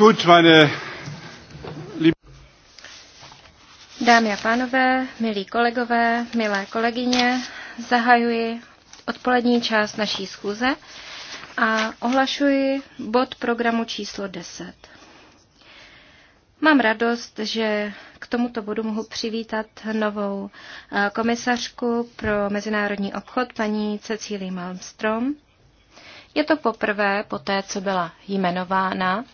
Gut, meine Dámy a pánové, milí kolegové, milé kolegyně, zahajuji odpolední část naší schůze a ohlašuji bod programu číslo 10. Mám radost, že k tomuto bodu mohu přivítat novou eh, komisařku pro mezinárodní obchod, paní Cecílii Malmstrom. Je to poprvé, po té, co byla jmenována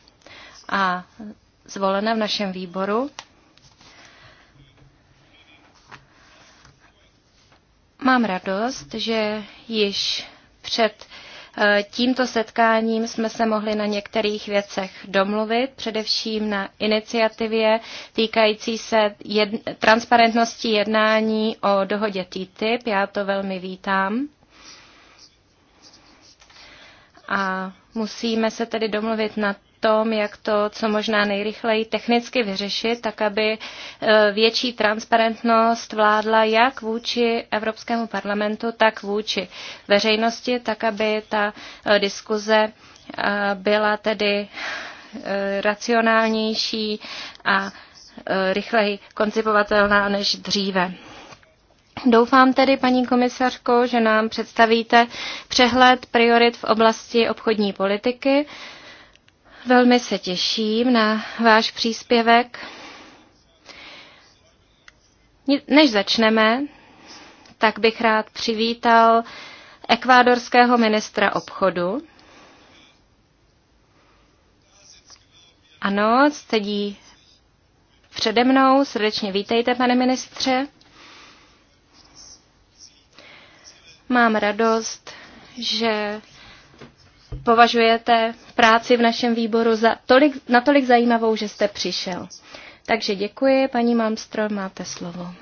a zvolena v našem výboru. Mám radost, že již před eh, tímto setkáním jsme se mohli na některých věcech domluvit, především na iniciativě týkající se jed, transparentnosti jednání o dohodě TTIP. Já to velmi vítám. A musíme se tedy domluvit na tom, jak to co možná nejrychleji technicky vyřešit, tak aby e, větší transparentnost vládla jak vůči Evropskému parlamentu, tak vůči veřejnosti, tak aby ta e, diskuze e, byla tedy racionálnější a rychleji koncipovatelná než dříve. Doufám tedy, paní komisařko, že nám představíte přehled priorit v oblasti obchodní politiky, Velmi se těším na váš příspěvek. Než začneme, tak bych rád přivítal ekvádorského ministra obchodu. Ano, sedí přede mnou. Srdečně vítejte, pane ministře. Mám radost, že považujete práci v našem výboru za tolik, natolik zajímavou, že jste přišel. Takže děkuji, paní Malmström, máte slovo.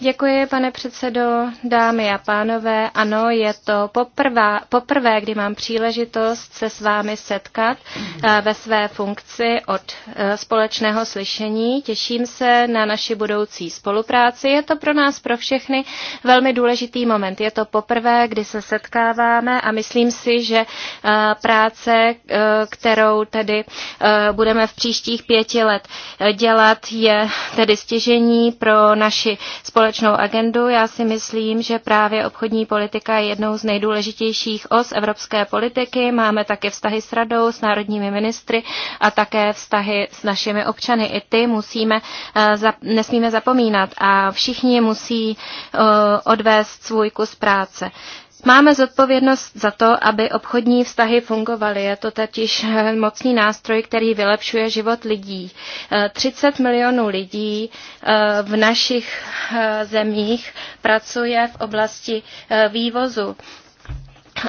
Děkuji, pane předsedo, dámy a pánové. Ano, je to poprvá, poprvé, kdy mám příležitost se s vámi setkat eh, ve své funkci od eh, společného slyšení. Těším se na naši budoucí spolupráci. Je to pro nás, pro všechny, velmi důležitý moment. Je to poprvé, kdy se setkáváme a myslím si, že eh, práce, kterou tedy budeme v příštích pěti let dělat, je tedy stěžení pro naši společnost společnou agendu. Já si myslím, že právě obchodní politika je jednou z nejdůležitějších os evropské politiky. Máme také vztahy s radou, s národními ministry a také vztahy s našimi občany. I ty musíme, eh, nesmíme zapomínat a všichni musí eh, odvést svůj kus práce. Máme zodpovědnost za to, aby obchodní vztahy fungovaly. Je to totiž mocný nástroj, který vylepšuje život lidí. 30 milionů lidí eh, v našich eh, zemích pracuje v oblasti eh, vývozu.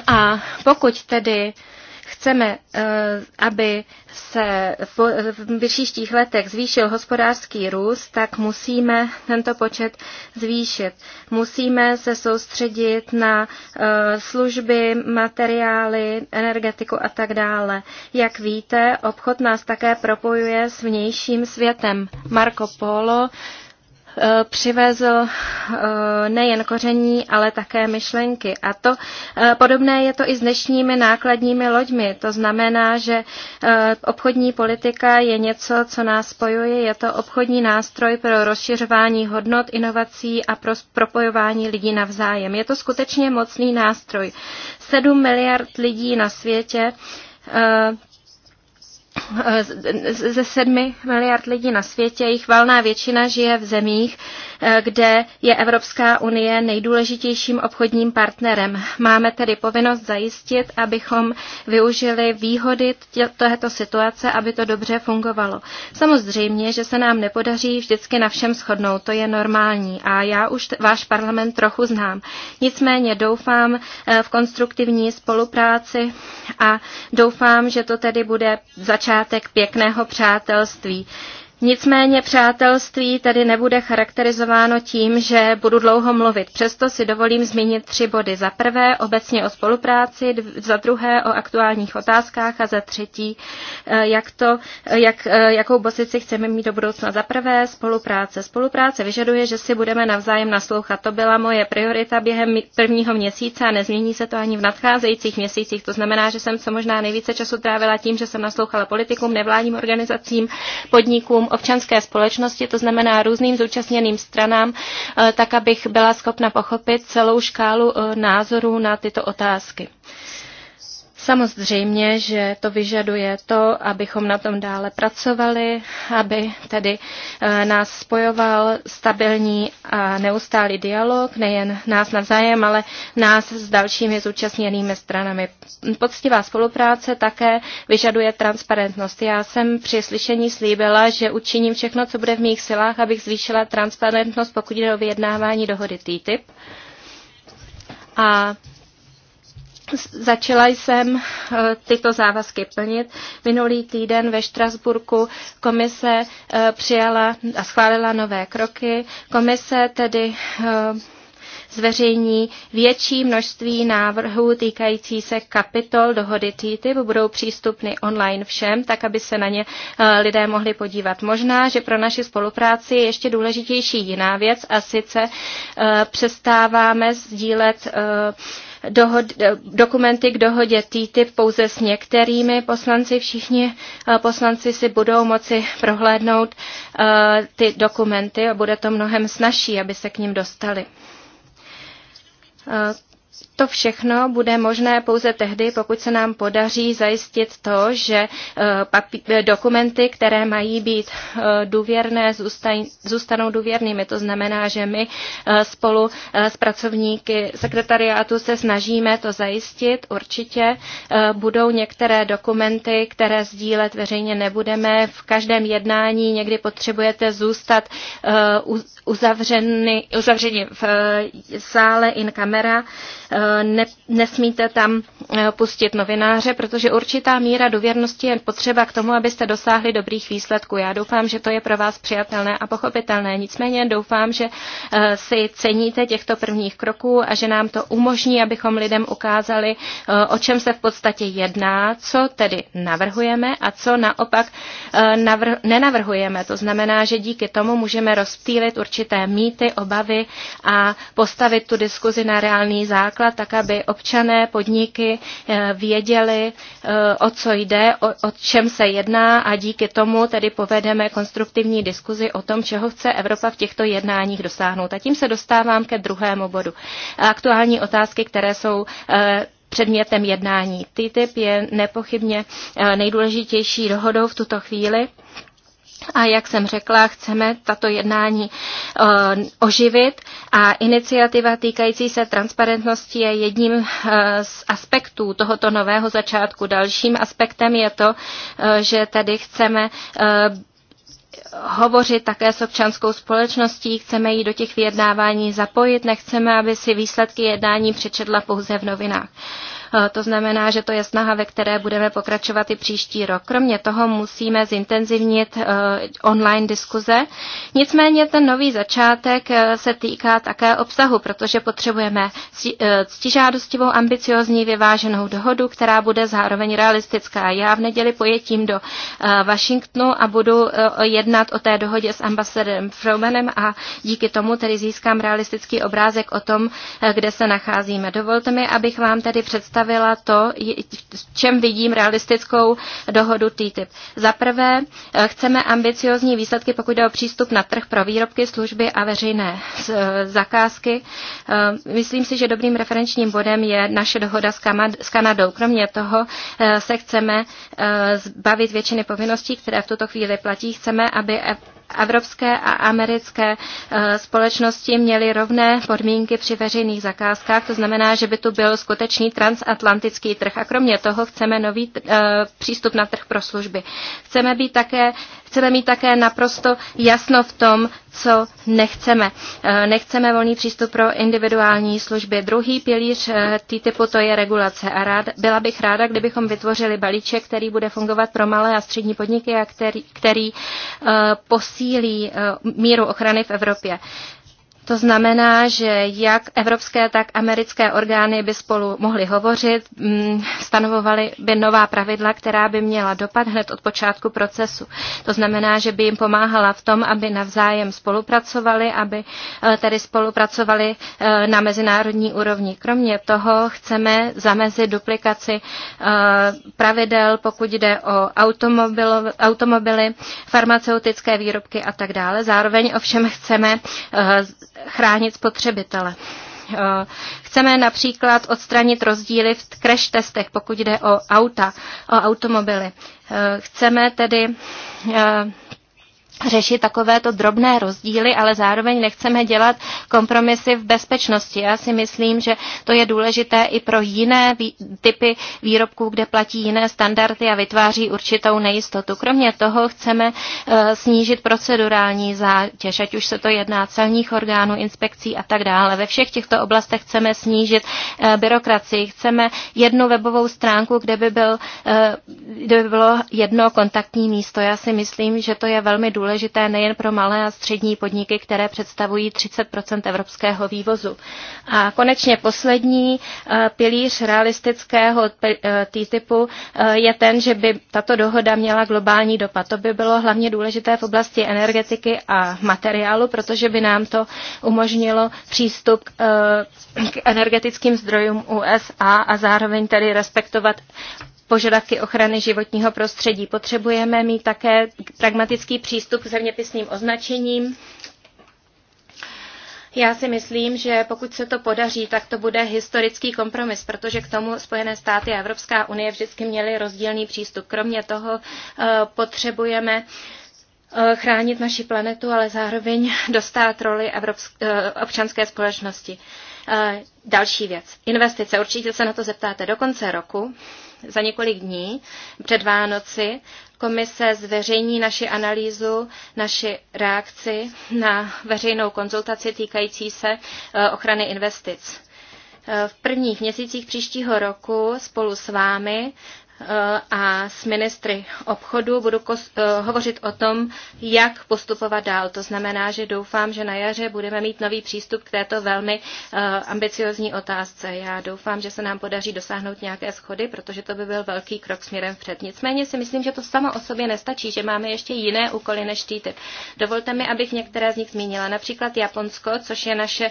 A pokud tedy uh, chceme, eh, aby se v vyšších letech zvýšil hospodářský růst, tak musíme tento počet zvýšit. Musíme se soustředit na eh, služby, materiály, energetiku a tak dále. Jak víte, obchod nás také propojuje s vnějším světem. Marco Polo Eh, přivezl eh, nejen koření, ale také myšlenky. A to eh, podobné je to i s dnešními nákladními loďmi. To znamená, že obchodní politika je něco, co nás spojuje. Je to obchodní nástroj pro rozšiřování hodnot, inovací a pro propojování lidí navzájem. Je to skutečně mocný nástroj. 7 miliard lidí na světě ze sedmi miliard lidí na světě, jich valná většina žije v zemích, eh, kde je Evropská unie nejdůležitějším obchodním partnerem. Máme tedy povinnost zajistit, abychom využili výhody této situace, aby to dobře fungovalo. Samozřejmě, že se nám nepodaří vždycky na všem shodnout, to je normální a já už váš parlament trochu znám. Nicméně doufám eh, v konstruktivní spolupráci a doufám, že to tedy bude začátek začátek pěkného přátelství. Nicméně přátelství tedy nebude charakterizováno tím, že budu dlouho mluvit. Přesto si dovolím zmínit tři body. Za prvé obecně o spolupráci, za druhé o aktuálních otázkách a za třetí, eh, jak to, eh, jak, eh, jakou pozici chceme mít do budoucna. Za prvé spolupráce. Spolupráce vyžaduje, že si budeme navzájem naslouchat. To byla moje priorita během prvního měsíce a nezmění se to ani v nadcházejících měsících. To znamená, že jsem se možná nejvíce času trávila tím, že jsem naslouchala politikům, nevládním organizacím, podnikům, občanské společnosti, to znamená různým zúčastněným stranám, eh, tak abych byla schopna pochopit celou škálu eh, názorů na tyto otázky. Samozřejmě, že to vyžaduje to, abychom na tom dále pracovali, aby tedy eh, nás spojoval stabilní a neustálý dialog, nejen nás navzájem, ale nás s dalšími zúčastněnými stranami. Poctivá spolupráce také vyžaduje transparentnost. Já jsem při slyšení slíbila, že učiním všechno, co bude v mých silách, abych zvýšila transparentnost, pokud jde o vyjednávání dohody TTIP. A Začala jsem eh, tyto závazky plnit. Minulý týden ve Štrasburku komise eh, přijala a schválila nové kroky. Komise tedy eh, zveřejní větší množství návrhů týkající se kapitol dohody TTIP, budou přístupny online všem, tak aby se na ně lidé mohli podívat. Možná, že pro naši spolupráci je ještě důležitější jiná věc a sice přestáváme sdílet dohod, eh, dokumenty k dohodě TTIP pouze s některými poslanci. Všichni eh, poslanci si budou moci prohlédnout eh, ty dokumenty a bude to mnohem snažší, aby se k ním dostali. To všechno bude možné pouze tehdy, pokud se nám podaří zajistit to, že eh, eh, dokumenty, které mají být eh, důvěrné, zůstanou důvěrnými. To znamená, že my spolu s pracovníky sekretariátu se snažíme to zajistit. Určitě budou některé dokumenty, které sdílet veřejně nebudeme. V každém jednání někdy potřebujete zůstat uzavřeny, uzavřeni v eh, sále in camera. Eh, ne, nesmíte tam eh, pustit novináře, protože určitá míra důvěrnosti je potřeba k tomu, abyste dosáhli dobrých výsledků. Já doufám, že to je pro vás přijatelné a pochopitelné. Nicméně doufám, že si ceníte těchto prvních kroků a že nám to umožní, abychom lidem ukázali, o čem se v podstatě jedná, co tedy navrhujeme a co naopak navr- nenavrhujeme. To znamená, že díky tomu můžeme rozptýlit určitě určité mýty, obavy a postavit tu diskuzi na reálný základ, tak aby občané, podniky eh, věděli, eh, o co jde, o, o čem se jedná a díky tomu tedy povedeme konstruktivní diskuzi o tom, čeho chce Evropa v těchto jednáních dosáhnout. A tím se dostávám ke druhému bodu. Aktuální otázky, které jsou eh, předmětem jednání. TTIP je nepochybně nejdůležitější dohodou v tuto chvíli. A jak jsem řekla, chceme tato jednání eh, oživit a iniciativa týkající se transparentnosti je jedním eh, z aspektů tohoto nového začátku. Dalším aspektem je to, eh, že tady chceme hovořit také s občanskou společností, chceme ji do těch vyjednávání zapojit, nechceme, aby si výsledky jednání přečetla pouze v novinách. Eh, to znamená, že to je snaha, ve které budeme pokračovat i příští rok. Kromě toho musíme zintenzivnit eh, online diskuze. Nicméně ten nový začátek eh, se týká také obsahu, protože potřebujeme ctižádostivou, ambiciozní, vyváženou dohodu, která bude zároveň realistická. Já v neděli pojetím do Washingtonu a budu jednat o té dohodě s ambasadorem Fromanem a díky tomu tedy získám realistický obrázek o tom, kde se nacházíme. Dovolte mi, abych vám tedy představil představila to, v čem vidím realistickou dohodu TTIP. Za prvé, eh, chceme ambiciozní výsledky, pokud jde o přístup na trh pro výrobky, služby a veřejné eh, zakázky. Eh, myslím si, že dobrým referenčním bodem je naše dohoda s Kanadou. Kromě toho se chceme zbavit většiny povinností, které v tuto chvíli platí. Chceme, aby evropské a americké eh, společnosti měly rovné podmínky při veřejných zakázkách, to znamená, že by tu byl skutečný transatlantický trh. A kromě toho chceme nový eh, přístup na trh pro služby. Chceme být také chceme mít také naprosto jasno v tom, co nechceme. Eh, nechceme volný přístup pro individuální služby. Druhý pilíř eh, TTIPu to je regulace a rád, byla bych ráda, kdybychom vytvořili balíček, který bude fungovat pro malé a střední podniky a který, který eh, posílí míru ochrany v Evropě. To znamená, že jak evropské, tak americké orgány by spolu mohly hovořit, mm, stanovovaly by nová pravidla, která by měla dopad hned od počátku procesu. To znamená, že by jim pomáhala v tom, aby navzájem spolupracovali, aby eh, tedy spolupracovali eh, na mezinárodní úrovni. Kromě toho chceme zamezit duplikaci eh, pravidel, pokud jde o automobily, farmaceutické výrobky a tak dále. Zároveň ovšem chceme chránit spotřebitele. Eh, chceme například odstranit rozdíly v crash testech, pokud jde o auta, o automobily. Eh, chceme tedy eh, řešit takovéto drobné rozdíly, ale zároveň nechceme dělat kompromisy v bezpečnosti. Já si myslím, že to je důležité i pro jiné vý, typy výrobků, kde platí jiné standardy a vytváří určitou nejistotu. Kromě toho chceme e, snížit procedurální zátěž, ať už se to jedná celních orgánů, inspekcí a tak dále. Ve všech těchto oblastech chceme snížit e, byrokracii. Chceme jednu webovou stránku, kde by, byl, e, kde by bylo jedno kontaktní místo. Já si myslím, že to je velmi důležité důležité nejen pro malé a střední podniky, které představují 30 evropského vývozu. A konečně poslední eh, pilíř realistického eh, TTIPu eh, je ten, že by tato dohoda měla globální dopad. To by bylo hlavně důležité v oblasti energetiky a materiálu, protože by nám to umožnilo přístup k energetickým zdrojům USA a zároveň tedy respektovat požadavky ochrany životního prostředí. Potřebujeme mít také pragmatický přístup k zeměpisným označením. Já si myslím, že pokud se to podaří, tak to bude historický kompromis, protože k tomu Spojené státy a Evropská unie vždycky měly rozdílný přístup. Kromě toho eh, potřebujeme eh, chránit naši planetu, ale zároveň dostat roli evropsk- eh, občanské společnosti. Další věc. Investice. Určitě se na to zeptáte do konce roku za několik dní před Vánoci komise zveřejní naši analýzu, naši reakci na veřejnou konzultaci týkající se eh, ochrany investic. Eh, v prvních měsících příštího roku spolu s vámi Eh, a s ministry obchodu budu eh, hovořit o tom, jak postupovat dál. To znamená, že doufám, že na jaře budeme mít nový přístup k této velmi eh, ambiciozní otázce. Já doufám, že se nám podaří dosáhnout nějaké schody, protože to by byl velký krok směrem vpřed. Nicméně si myslím, že to samo o sobě nestačí, že máme ještě jiné úkoly než TTIP. Dovolte mi, abych některé z nich zmínila. Například Japonsko, což je naše,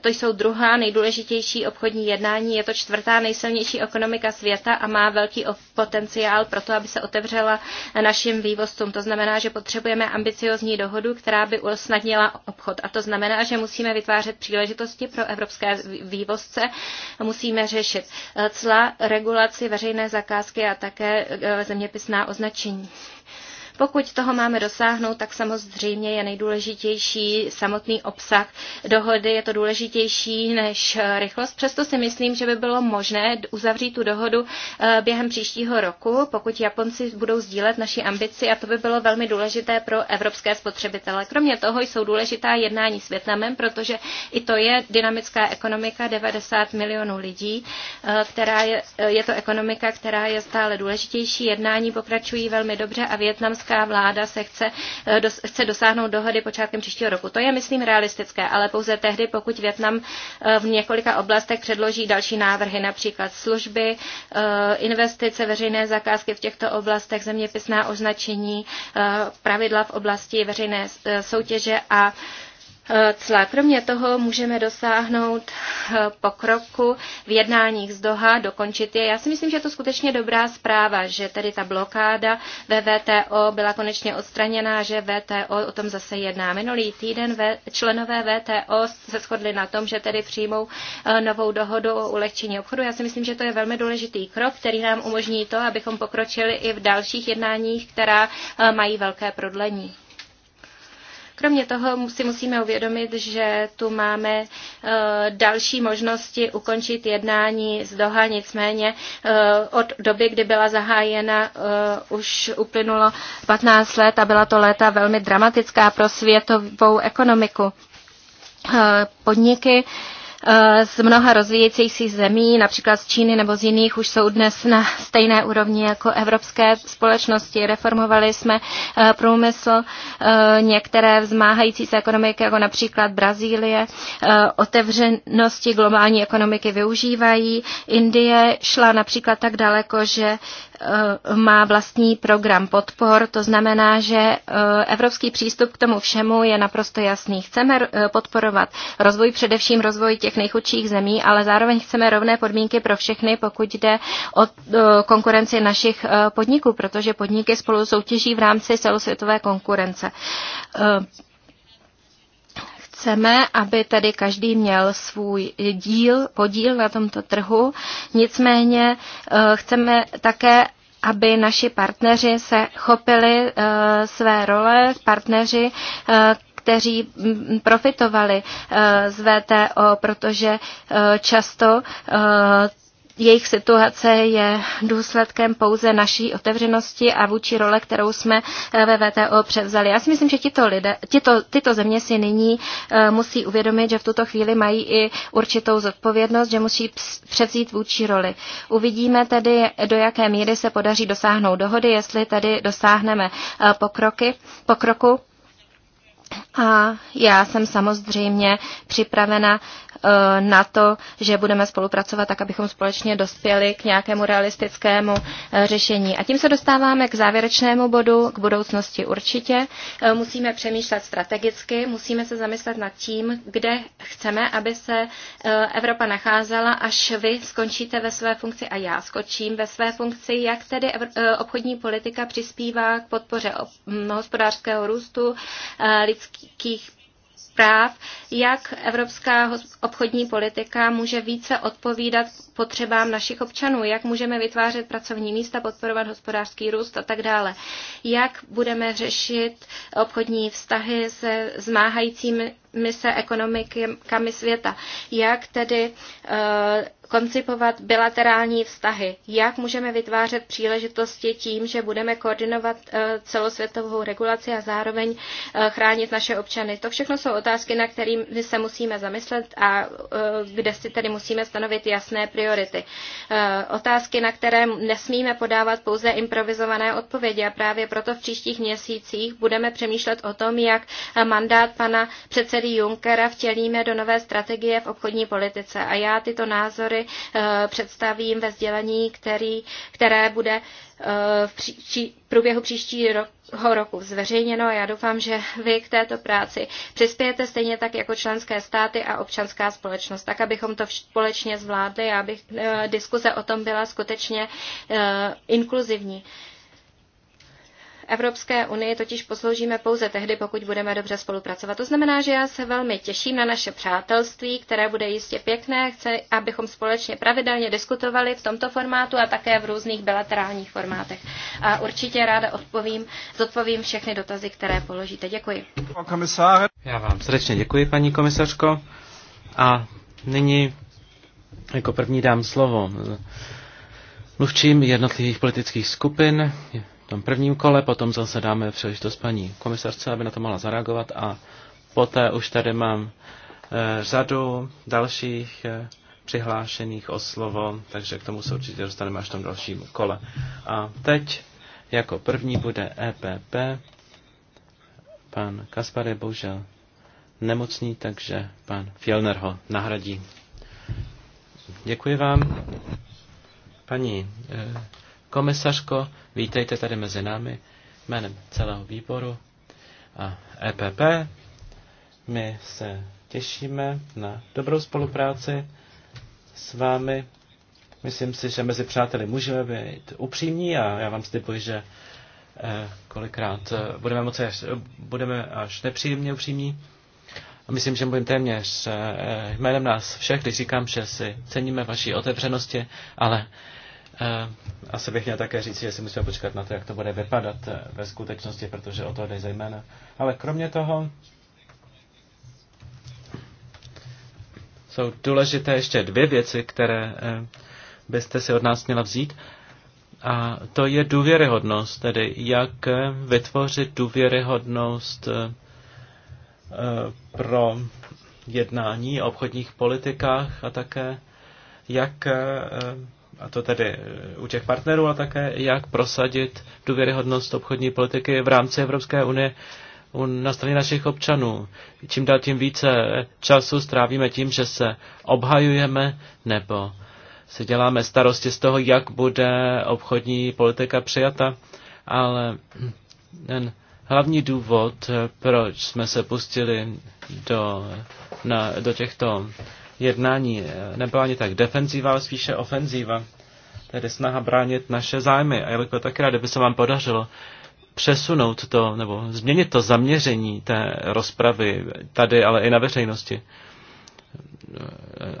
to jsou druhá nejdůležitější obchodní jednání, je to čtvrtá nejsilnější ekonomika světa a má velký velký potenciál pro to, aby se otevřela našim vývozcům. To znamená, že potřebujeme ambiciozní dohodu, která by usnadnila obchod. A to znamená, že musíme vytvářet příležitosti pro evropské vývozce, musíme řešit eh, cla, regulaci, veřejné zakázky a také eh, zeměpisná označení. Pokud toho máme dosáhnout, tak samozřejmě je nejdůležitější samotný obsah dohody, je to důležitější než rychlost. Přesto si myslím, že by bylo možné uzavřít tu dohodu eh, během příštího roku, pokud Japonci budou sdílet naši ambici a to by bylo velmi důležité pro evropské spotřebitele. Kromě toho jsou důležitá jednání s Větnamem, protože i to je dynamická ekonomika 90 milionů lidí, eh, která je, eh, je to ekonomika, která je stále důležitější. Jednání pokračují velmi dobře a větnamská irská vláda se chce, eh, dos, chce dosáhnout dohody počátkem příštího roku. To je, myslím, realistické, ale pouze tehdy, pokud Větnam eh, v několika oblastech předloží další návrhy, například služby, eh, investice, veřejné zakázky v těchto oblastech, zeměpisná označení, pravidla v oblasti veřejné soutěže a cla. Kromě toho můžeme dosáhnout eh, pokroku v jednáních z Doha, dokončit je. Já si myslím, že je to skutečně dobrá zpráva, že tedy ta blokáda ve VTO byla konečně odstraněná, že VTO o tom zase jedná. Minulý týden členové VTO se shodli na tom, že tedy přijmou eh, novou dohodu o ulehčení obchodu. Já si myslím, že to je velmi důležitý krok, který nám umožní to, abychom pokročili i v dalších jednáních, která eh, mají velké prodlení. Kromě toho si musíme uvědomit, že tu máme eh, další možnosti ukončit jednání z Doha, nicméně eh, od doby, kdy byla zahájena, eh, už uplynulo 15 let a byla to léta velmi dramatická pro světovou ekonomiku. Podniky Eh, z mnoha rozvíjejících si zemí, například z Číny nebo z jiných, už jsou dnes na stejné úrovni jako evropské společnosti. Reformovali jsme eh, průmysl, eh, některé vzmáhající se ekonomiky, jako například Brazílie, otevřenosti globální ekonomiky využívají. Indie šla například tak daleko, že Eh, má vlastní program podpor, to znamená, že eh, evropský přístup k tomu všemu je naprosto jasný. Chceme eh, podporovat rozvoj, především rozvoj těch nejchudších zemí, ale zároveň chceme rovné podmínky pro všechny, pokud jde o konkurenci našich podniků, protože podniky spolu soutěží v rámci celosvětové konkurence chceme, aby tady každý měl svůj díl, podíl na tomto trhu. Nicméně eh, chceme také, aby naši partneři se chopili eh, své role, partneři, eh, kteří mm, profitovali z VTO, protože často jejich situace je důsledkem pouze naší otevřenosti a vůči role, kterou jsme eh, ve VTO převzali. Já si myslím, že tito, lidé, tito, tyto země si nyní eh, musí uvědomit, že v tuto chvíli mají i určitou zodpovědnost, že musí převzít vůči roli. Uvidíme tedy, do jaké míry se podaří dosáhnout dohody, jestli tedy dosáhneme eh, pokroky, pokroku. A já jsem samozřejmě připravena Eh, na to, že budeme spolupracovat tak, abychom společně dospěli k nějakému realistickému eh, řešení. A tím se dostáváme k závěrečnému bodu, k budoucnosti určitě. Eh, musíme přemýšlet strategicky, musíme se zamyslet nad tím, kde chceme, aby se Evropa nacházela, až vy skončíte ve své funkci a já skočím ve své funkci, jak tedy obchodní politika přispívá k podpoře hospodářského růstu, lidských zpráv, jak evropská obchodní politika může více odpovídat potřebám našich občanů, jak můžeme vytvářet pracovní místa, podporovat hospodářský růst a tak dále. Jak budeme řešit obchodní vztahy se zmáhajícími se ekonomikami světa. Jak tedy eh, koncipovat bilaterální vztahy? Jak můžeme vytvářet příležitosti tím, že budeme koordinovat eh, celosvětovou regulaci a zároveň eh, chránit naše občany? To všechno jsou otázky, na kterými se musíme zamyslet a kde si tedy musíme stanovit jasné priority. Otázky, na které nesmíme podávat pouze improvizované odpovědi a právě proto v příštích měsících budeme přemýšlet o tom, jak mandát pana předsedy úsilí Junckera vtělíme do nové strategie v obchodní politice. A já tyto názory eh, představím ve sdělení, který, které bude eh, v příči, průběhu příštího roku zveřejněno a já doufám, že vy k této práci přispějete stejně tak jako členské státy a občanská společnost, tak abychom to společně zvládli a aby eh, diskuze o tom byla skutečně inkluzivní. Evropské unii totiž posloužíme pouze tehdy, pokud budeme dobře spolupracovat. To znamená, že já se velmi těším na naše přátelství, které bude jistě pěkné. Chci, abychom společně pravidelně diskutovali v tomto formátu a také v různých bilaterálních formátech. A určitě ráda odpovím, zodpovím všechny dotazy, které položíte. Děkuji. Já vám srdečně děkuji, paní komisařko. A nyní jako první dám slovo mluvčím jednotlivých politických skupin tom prvním kole, potom zase dáme příležitost paní komisarce, aby na to mohla zareagovat a poté už tady mám eh, řadu dalších eh, přihlášených o slovo, takže k tomu se určitě dostaneme až v tom dalším kole. A teď jako první bude EPP. Pan Kaspar je bohužel nemocný, takže pan Fjellner ho nahradí. Děkuji vám. Paní eh, komisařko, vítejte tady mezi námi jménem celého výboru a EPP. My se těšíme na dobrou spolupráci s vámi. Myslím si, že mezi přáteli můžeme být upřímní a já vám slibuji, že eh, kolikrát eh, budeme, moci až, budeme až nepříjemně upřímní. A myslím, že mluvím téměř eh, jménem nás všech, když říkám, že si ceníme vaší otevřenosti, ale asi bych měl také říct, že si musíme počkat na to, jak to bude vypadat eh, ve skutečnosti, protože o to jde zejména. Ale kromě toho jsou důležité ještě dvě věci, které eh, byste si od nás měla vzít. A to je důvěryhodnost, tedy jak eh, vytvořit důvěryhodnost pro jednání o obchodních politikách a také jak a to tedy e, u těch partnerů, ale také jak prosadit důvěryhodnost obchodní politiky v rámci Evropské unie na straně našich občanů. Čím dál tím více času strávíme tím, že se obhajujeme nebo si děláme starosti z toho, jak bude obchodní politika přijata, ale ten hlavní důvod, proč jsme se pustili do, na, do těchto jednání eh, nebyla ani tak defenzíva, ale spíše ofenzíva. Tedy snaha bránit naše zájmy. A já bych byl tak rád, kdyby se vám podařilo přesunout to, nebo změnit to zaměření té rozpravy tady, ale i na veřejnosti. Eh,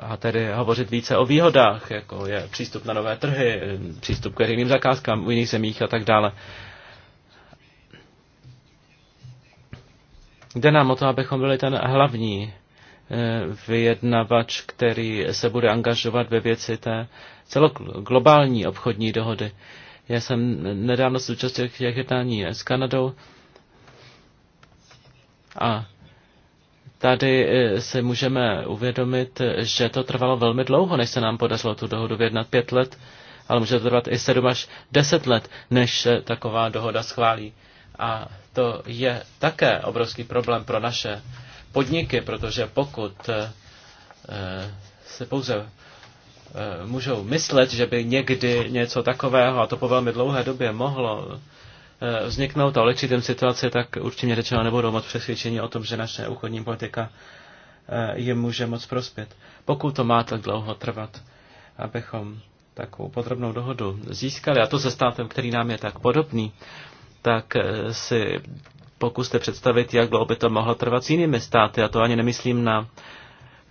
a tedy hovořit více o výhodách, jako je přístup na nové trhy, eh, přístup k veřejným zakázkám u jiných zemích a tak dále. Jde nám o to, abychom byli ten hlavní vyjednavač, který se bude angažovat ve věci té celoglobální obchodní dohody. Já jsem nedávno součástil těch jednání s Kanadou a tady eh, si můžeme uvědomit, že to trvalo velmi dlouho, než se nám podařilo tu dohodu vyjednat pět let, ale může to trvat i sedm až deset let, než se taková dohoda schválí. A to je také obrovský problém pro naše podniky, protože pokud eh, eh, se pouze eh, můžou myslet, že by někdy něco takového, a to po velmi dlouhé době, mohlo vzniknout a ulečit jim situaci, tak určitě řečeno nebudou moc přesvědčení o tom, že naše úchodní politika jim může moc prospět. Pokud to má tak dlouho trvat, abychom takovou podrobnou dohodu získali, a to se státem, který nám je tak podobný, tak si pokuste představit, jak dlouho by to mohlo trvat s jinými státy, a to ani nemyslím na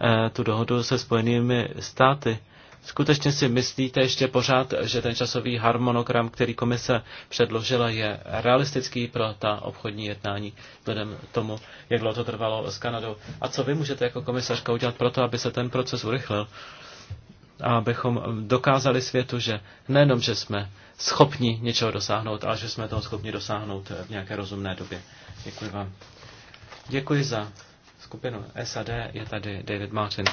eh, tu dohodu se spojenými státy. Skutečně si myslíte ještě pořád, že ten časový harmonogram, který komise předložila, je realistický pro ta obchodní jednání, vzhledem tomu, jak dlouho to trvalo s Kanadou? A co vy můžete jako komisařka udělat pro to, aby se ten proces urychlil? A abychom dokázali světu, že nejenom, že jsme schopni něčeho dosáhnout a že jsme toho schopni dosáhnout v nějaké rozumné době. Děkuji vám. Děkuji za skupinu SAD. Je tady David Martin.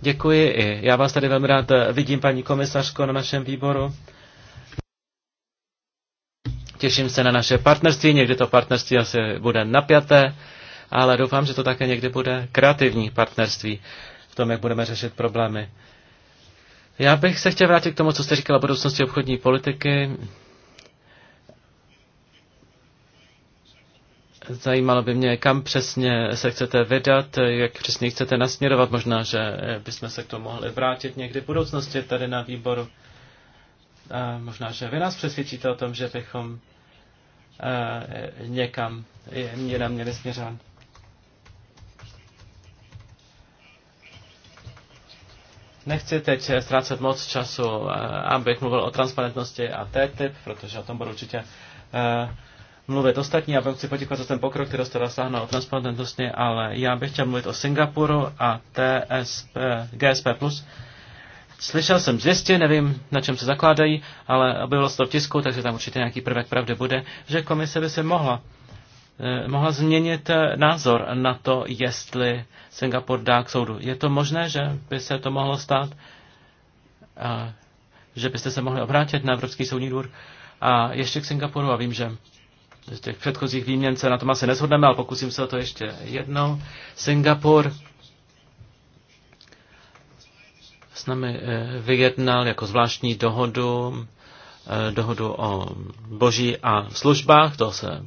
Děkuji i. Já vás tady velmi rád vidím, paní komisařko, na našem výboru. Těším se na naše partnerství, někdy to partnerství asi bude napjaté, ale doufám, že to také někdy bude kreativní partnerství tom, jak budeme řešit problémy. Já bych se chtěl vrátit k tomu, co jste říkala o budoucnosti obchodní politiky. Zajímalo by mě, kam přesně se chcete vydat, jak přesně chcete nasměrovat. Možná, že bychom se k tomu mohli vrátit někdy v budoucnosti tady na výboru. A možná, že vy nás přesvědčíte o tom, že bychom eh, někam jinam měli směřovat. Nechci teď eh, ztrácet moc času, eh, abych mluvil o transparentnosti a TTIP, protože o tom budu určitě eh, mluvit ostatní. Já vám chci poděkovat za ten pokrok, který jste dosáhnul o transparentnosti, ale já bych chtěl mluvit o Singapuru a TSP, GSP+. Slyšel jsem zvěstě, nevím, na čem se zakládají, ale objevilo se to v tisku, takže tam určitě nějaký prvek pravdy bude, že komise by se mohla Eh, mohla změnit eh, názor na to, jestli Singapur dá k soudu. Je to možné, že by se to mohlo stát, a, že byste se mohli obrátit na Evropský soudní dvůr a ještě k Singapuru a vím, že z těch předchozích výměn se na tom asi neshodneme, ale pokusím se o to ještě jednou. Singapur s námi eh, vyjednal jako zvláštní dohodu, dohodu o boží a službách, to se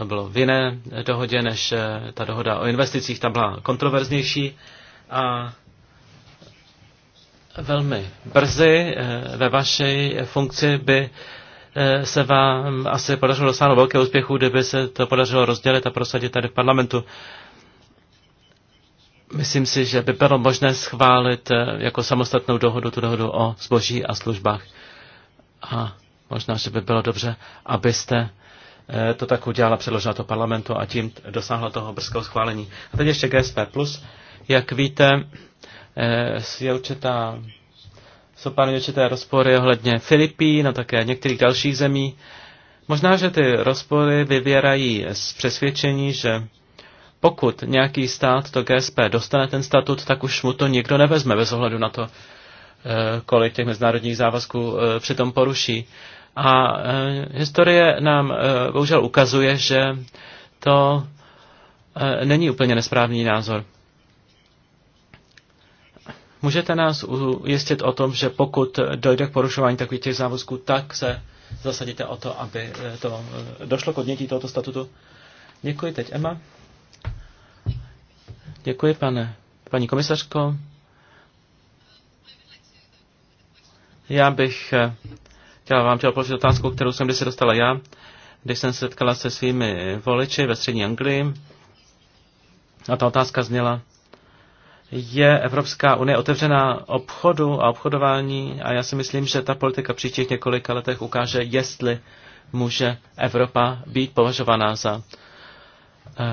to bylo v jiné dohodě než eh, ta dohoda o investicích, ta byla kontroverznější a velmi brzy eh, ve vaší funkci by eh, se vám asi podařilo dosáhnout velké úspěchu, kdyby se to podařilo rozdělit a prosadit tady v parlamentu. Myslím si, že by bylo možné schválit jako samostatnou dohodu tu dohodu o zboží a službách. A možná, že by bylo dobře, abyste Eh, to tak udělala, předložila to parlamentu a tím dosáhla toho brzkého schválení. A teď ještě GSP+. Jak víte, eh, je určitá, jsou pár určité rozpory ohledně Filipín a také některých dalších zemí. Možná, že ty rozpory vyvěrají z přesvědčení, že pokud nějaký stát to GSP dostane ten statut, tak už mu to nikdo nevezme bez ohledu na to, eh, kolik těch mezinárodních závazků přitom poruší. A e, historie nám e, bohužel ukazuje, že to e, není úplně nesprávný názor. Můžete nás ujistit o tom, že pokud dojde k porušování takových těch závazků, tak se zasadíte o to, aby to došlo k odnětí tohoto statutu? Děkuji teď, Emma. Děkuji, pane, paní komisařko. Já bych já vám chtěl položit otázku, kterou jsem kdysi dostala já, když jsem se setkala se svými voliči ve střední Anglii. A ta otázka zněla, je Evropská unie otevřená obchodu a obchodování a já si myslím, že ta politika při příštích několika letech ukáže, jestli může Evropa být považovaná za eh,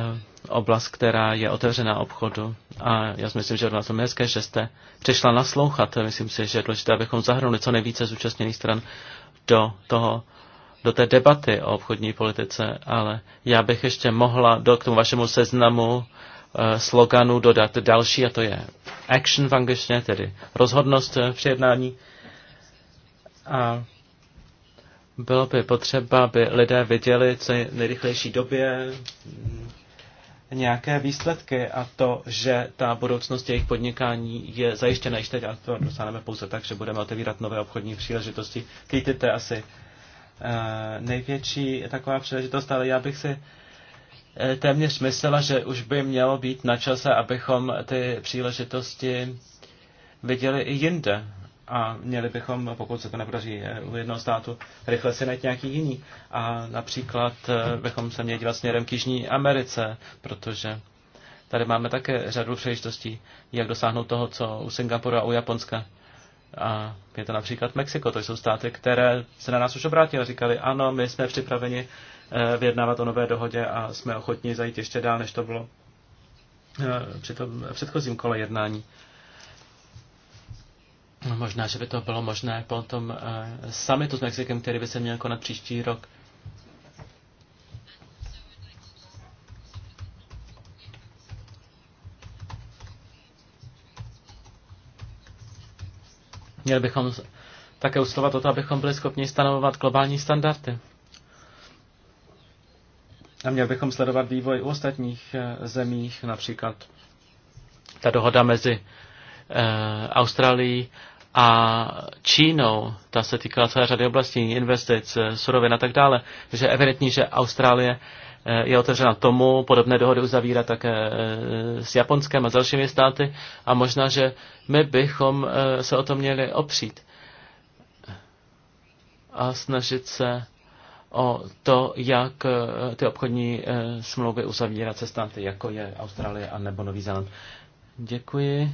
oblast, která je otevřená obchodu. A já si myslím, že od vás hezké, že jste přišla naslouchat. Myslím si, že je důležité, abychom zahrnuli co nejvíce zúčastněných stran do, toho, do té debaty o obchodní politice, ale já bych ještě mohla do, k tomu vašemu seznamu uh, eh, sloganů dodat další, a to je action v angličtině, tedy rozhodnost eh, při jednání. A bylo by potřeba, aby lidé viděli, co je nejrychlejší době, nějaké výsledky a to, že ta budoucnost jejich podnikání je zajištěna již teď a to dosáhneme pouze tak, že budeme otevírat nové obchodní příležitosti. to je asi eh, největší taková příležitost, ale já bych si eh, téměř myslela, že už by mělo být na čase, abychom ty příležitosti viděli i jinde a měli bychom, pokud se to nepodaří eh, u jednoho státu, rychle si najít nějaký jiný. A například eh, bychom se měli dívat směrem k Jižní Americe, protože tady máme také řadu příležitostí, jak dosáhnout toho, co u Singapuru a u Japonska. A je to například Mexiko, to jsou státy, které se na nás už obrátily a říkali, ano, my jsme připraveni eh, vyjednávat o nové dohodě a jsme ochotni zajít ještě dál, než to bylo při tom předchozím kole jednání. Možná, že by to bylo možné po tom eh, summitu s Mexikem, který by se měl konat příští rok. Měli bychom také usilovat o to, abychom byli schopni stanovovat globální standardy. A měli bychom sledovat vývoj u ostatních eh, zemích, například ta dohoda mezi Eh, Austrálií a Čínou. Ta se týkala celé řady oblastí, investic, eh, surovin a tak dále. Takže je evidentní, že Austrálie eh, je otevřena tomu, podobné dohody uzavírá také s Japonskem a s dalšími státy a možná, že my bychom se o to měli opřít a snažit se o to, jak ty obchodní smlouvy uzavírat se státy, jako je Austrálie a nebo Nový Zéland. Děkuji.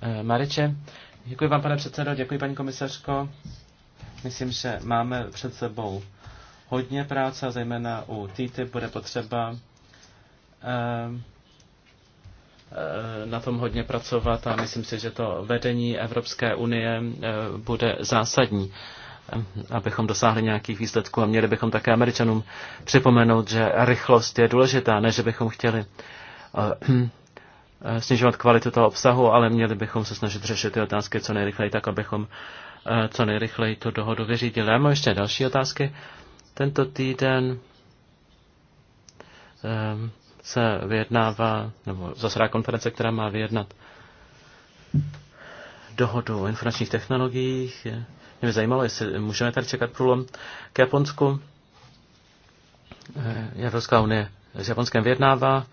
Eh, Mariče. Děkuji vám, pane předsedo, děkuji, paní komisařko. Myslím, že máme před sebou hodně práce, a zejména u TTIP bude potřeba eh, eh, na tom hodně pracovat a myslím si, že to vedení Evropské unie bude zásadní, abychom dosáhli nějakých výsledků a měli bychom také Američanům připomenout, že rychlost je důležitá, ne že bychom chtěli Eh, snižovat kvalitu toho obsahu, ale měli bychom se snažit řešit ty otázky co nejrychleji, tak abychom eh, co nejrychleji tu dohodu vyřídili. Já mám ještě další otázky. Tento týden ehm, se vyjednává, nebo zasedá konference, která má vyjednat dohodu o informačních technologiích. Mě by zajímalo, jestli můžeme tady čekat průlom k Japonsku. Eh, Evropská unie s Japonskem vyjednává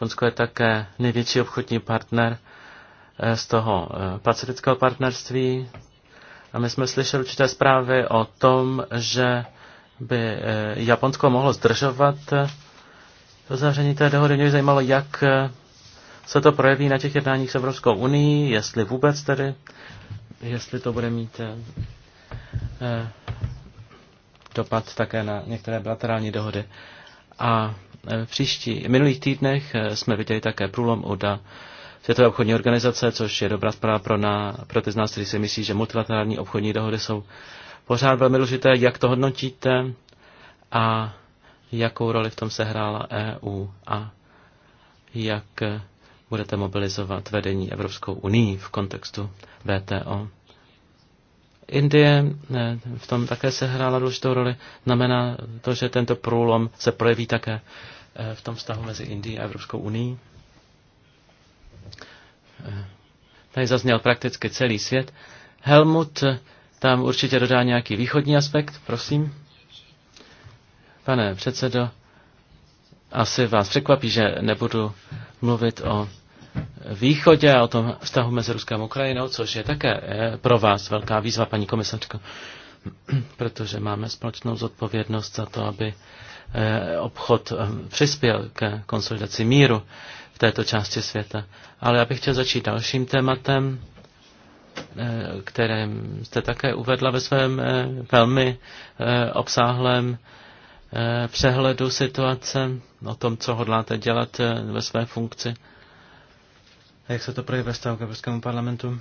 Japonsko je také největší obchodní partner eh, z toho eh, pacifického partnerství. A my jsme slyšeli určité zprávy o tom, že by eh, Japonsko mohlo zdržovat uzavření té dohody. Mě by zajímalo, jak se to projeví na těch jednáních s Evropskou unii, jestli vůbec tedy, jestli to bude mít dopad také na některé bilaterální dohody. A v eh, příští, minulých týdnech eh, jsme viděli také průlom ODA Světové obchodní organizace, což je dobrá zpráva pro, na, pro ty z nás, kteří si myslí, že multilaterální obchodní dohody jsou pořád velmi důležité. Jak to hodnotíte a jakou roli v tom se hrála EU a jak budete mobilizovat vedení Evropskou unii v kontextu VTO? Indie eh, v tom také se hrála důležitou roli. Znamená to, že tento průlom se projeví také eh, v tom vztahu mezi Indií a Evropskou unii. Eh, tady zazněl prakticky celý svět. Helmut tam určitě dodá nějaký východní aspekt, prosím. Pane předsedo, asi vás překvapí, že nebudu mluvit o východě a o tom vztahu mezi Ruskem a Ukrajinou, což je také eh, pro vás velká výzva, paní komisařko, protože máme společnou zodpovědnost za to, aby eh, obchod eh, přispěl ke konsolidaci míru v této části světa. Ale já bych chtěl začít dalším tématem, které jste také uvedla ve svém velmi obsáhlém přehledu situace o tom, co hodláte dělat ve své funkci jak se to projeví ve vztahu k Evropskému parlamentu.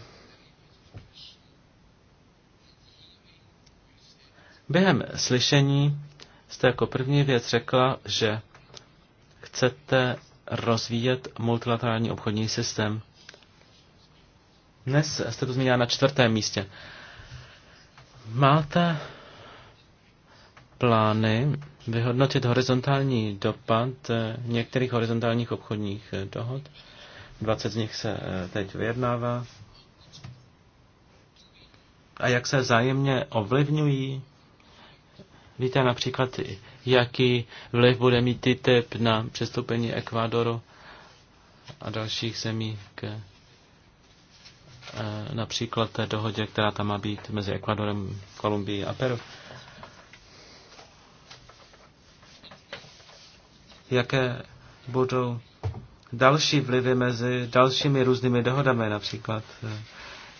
Během slyšení jste jako první věc řekla, že chcete rozvíjet multilaterální obchodní systém. Dnes jste to zmínila na čtvrtém místě. Máte plány vyhodnotit horizontální dopad eh, některých horizontálních obchodních eh, dohod 20 z nich se eh, teď vyjednává. A jak se vzájemně ovlivňují? Víte například, jaký vliv bude mít TTIP na přestoupení Ekvádoru a dalších zemí k eh, například té dohodě, která tam má být mezi Ekvádorem, Kolumbií a Peru. Jaké budou další vlivy mezi dalšími různými dohodami, například eh,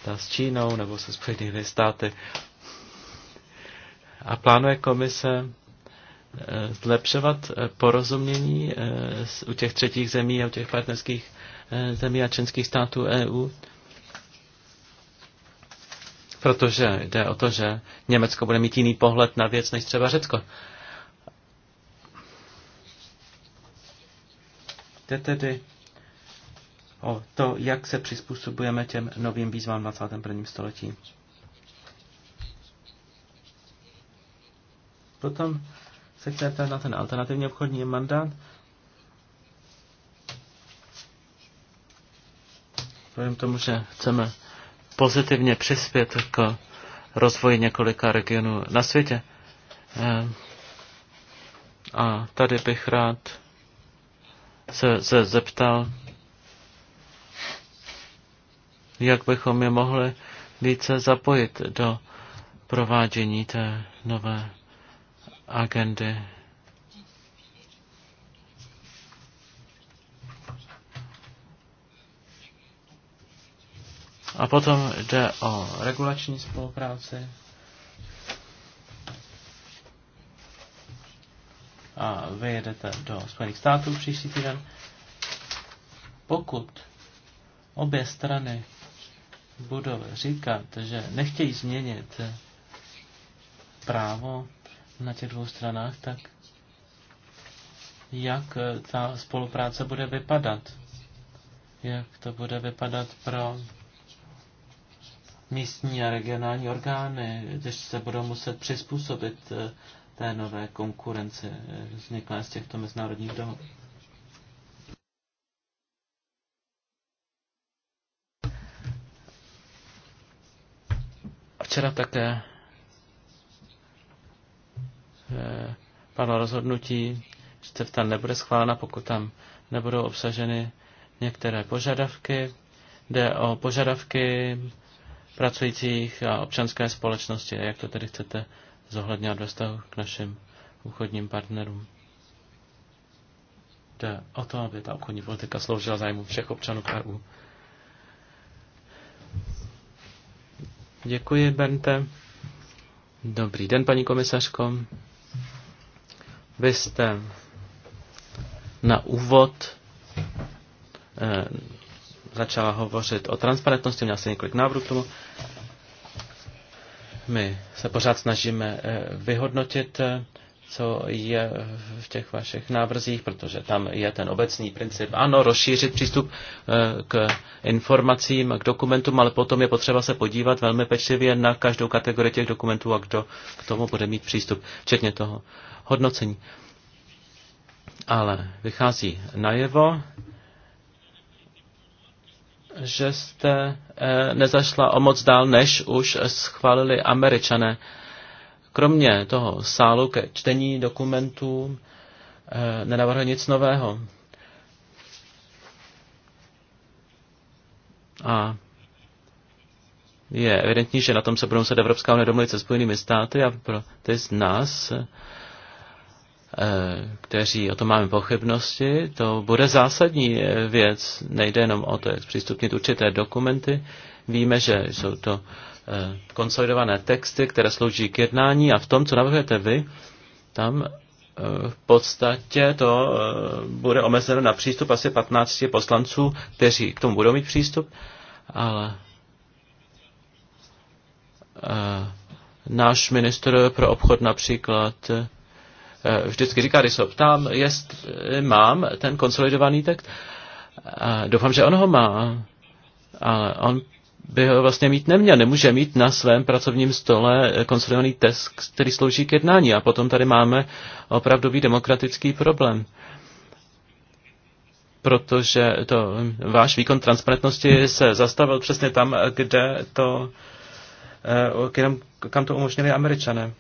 ta s Čínou nebo se Spojenými státy. A plánuje komise eh, zlepšovat eh, porozumění u těch třetích zemí a u těch partnerských zemí a členských států EU, protože jde o to, že Německo bude mít jiný pohled na věc než třeba Řecko. Jde tedy o to, jak se přizpůsobujeme těm novým výzvám 21. století. Potom se chce na ten alternativní obchodní mandát. Povím tomu, že chceme pozitivně přispět k rozvoji několika regionů na světě. Ehm, a tady bych rád se, se zeptal, jak bychom je mohli více zapojit do provádění té nové agendy. A potom jde o regulační spolupráci. a vy jedete do Spojených států příští týden, pokud obě strany budou říkat, že nechtějí změnit právo na těch dvou stranách, tak jak ta spolupráce bude vypadat? Jak to bude vypadat pro místní a regionální orgány, když se budou muset přizpůsobit eh, té nové konkurence eh, vzniklé z těchto mezinárodních dohod. Včera také eh, padlo rozhodnutí, že CEFTA nebude schválena, pokud tam nebudou obsaženy některé požadavky. Jde o požadavky pracujících a občanské společnosti. Jak to tedy chcete zohledňovat ve vztahu k našim obchodním partnerům. Jde o to, aby ta obchodní politika sloužila zájmu všech občanů KU. Děkuji, Bente. Dobrý den, paní komisařko. Vy jste na úvod eh, začala hovořit o transparentnosti, měla jste několik návrhů k tomu my se pořád snažíme eh, vyhodnotit, eh, co je v těch vašich návrzích, protože tam je ten obecný princip. Ano, rozšířit přístup eh, k informacím, k dokumentům, ale potom je potřeba se podívat velmi pečlivě na každou kategorii těch dokumentů a kdo k tomu bude mít přístup, včetně toho hodnocení. Ale vychází najevo, že jste eh, nezašla o moc dál, než už schválili američané. Kromě toho sálu ke čtení dokumentů eh, nenavrhl nic nového. A je evidentní, že na tom se budou muset Evropská unie domluvit se Spojenými státy a pro ty z nás, Eh, kteří o tom máme pochybnosti, to bude zásadní eh, věc. Nejde jenom o to, jak zpřístupnit určité dokumenty. Víme, že jsou to eh, konsolidované texty, které slouží k jednání a v tom, co navrhujete vy, tam v podstatě to bude omezeno na přístup asi 15 poslanců, kteří k tomu budou mít přístup, ale náš minister pro obchod například Eh, vždycky říká, když se ptám, jestli eh, mám ten konsolidovaný text. A doufám, že on ho má, ale on by ho vlastně mít neměl. Nemůže mít na svém pracovním stole eh, konsolidovaný text, který slouží k jednání. A potom tady máme opravdový demokratický problém protože to, váš výkon transparentnosti se zastavil přesně tam, kde to, kam, kam to umožnili američané.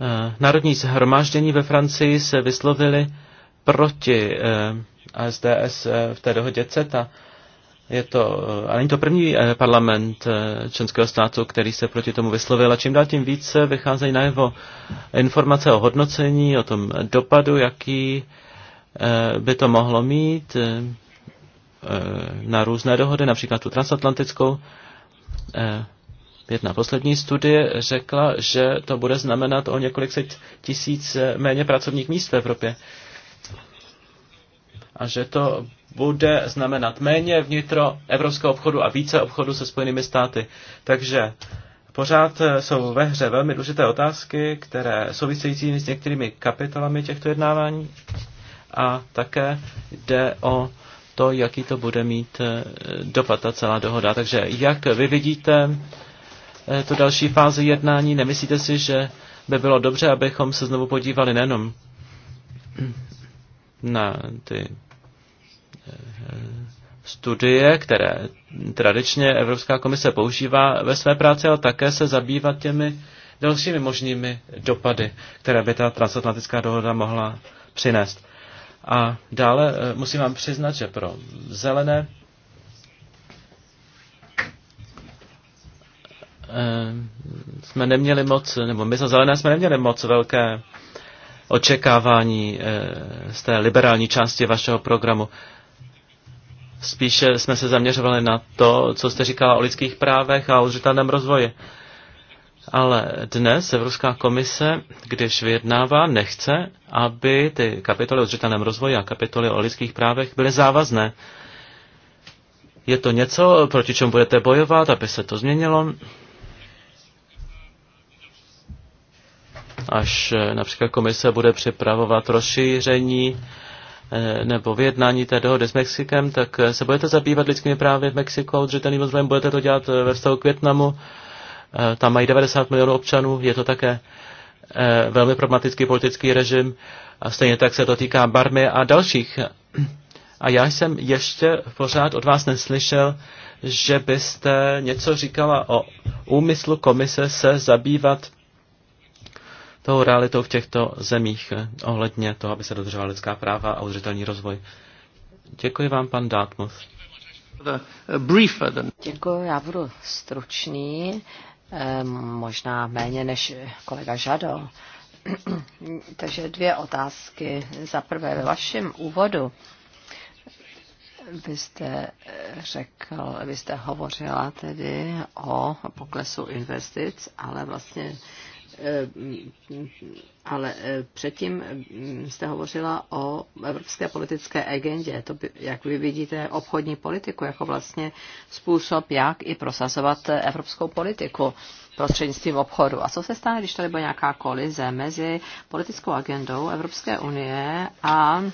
Eh, národní shromáždění ve Francii se vyslovili proti SDS eh, eh, v té dohodě CETA. Je to, ale není to první parlament členského státu, který se proti tomu vyslovil a čím dál tím více vycházejí jeho informace o hodnocení, o tom dopadu, jaký by to mohlo mít na různé dohody, například tu transatlantickou Jedna poslední studie řekla, že to bude znamenat o několik set tisíc eh, méně pracovních míst v Evropě. A že to bude znamenat méně vnitro evropského obchodu a více obchodu se Spojenými státy. Takže pořád eh, jsou ve hře velmi důležité otázky, které související s některými kapitolami těchto jednávání a také jde o to, jaký to bude mít eh, dopad ta celá dohoda. Takže jak vy vidíte Eh, tu další fázi jednání? Nemyslíte si, že by bylo dobře, abychom se znovu podívali nejenom na ty eh, studie, které tradičně Evropská komise používá ve své práci, ale také se zabývat těmi dalšími možnými dopady, které by ta transatlantická dohoda mohla přinést. A dále eh, musím vám přiznat, že pro zelené Eh, jsme neměli moc, nebo my za zelené jsme neměli moc velké očekávání eh, z té liberální části vašeho programu. Spíše jsme se zaměřovali na to, co jste říkala o lidských právech a o udržitelném rozvoji. Ale dnes Evropská komise, když vyjednává, nechce, aby ty kapitoly o zřetelném rozvoji a kapitoly o lidských právech byly závazné. Je to něco, proti čemu budete bojovat, aby se to změnilo? až eh, například komise bude připravovat rozšíření eh, nebo vyjednání té dohody s Mexikem, tak eh, se budete zabývat lidskými právy v Mexiku a udržitelným rozvojem, budete to dělat ve vztahu k Větnamu. Tam mají 90 milionů občanů, je to také velmi problematický politický režim a stejně tak se to týká Barmy a dalších. A já jsem ještě pořád od vás neslyšel, že byste něco říkala o úmyslu komise se zabývat tou realitou v těchto zemích eh, ohledně toho, aby se dodržovala lidská práva a udržitelný rozvoj. Děkuji vám, pan Dartmouth. Děkuji, já budu stručný, eh, možná méně než kolega Žado. Takže dvě otázky. Za prvé, ve vašem úvodu vy jste řekl, vy jste hovořila tedy o poklesu investic, ale vlastně Eh, ale eh, předtím mm, jste hovořila o evropské politické agendě. To, by, jak vy vidíte, obchodní politiku jako vlastně způsob, jak i prosazovat eh, evropskou politiku prostřednictvím obchodu. A co se stane, když tady bude nějaká kolize mezi politickou agendou Evropské unie a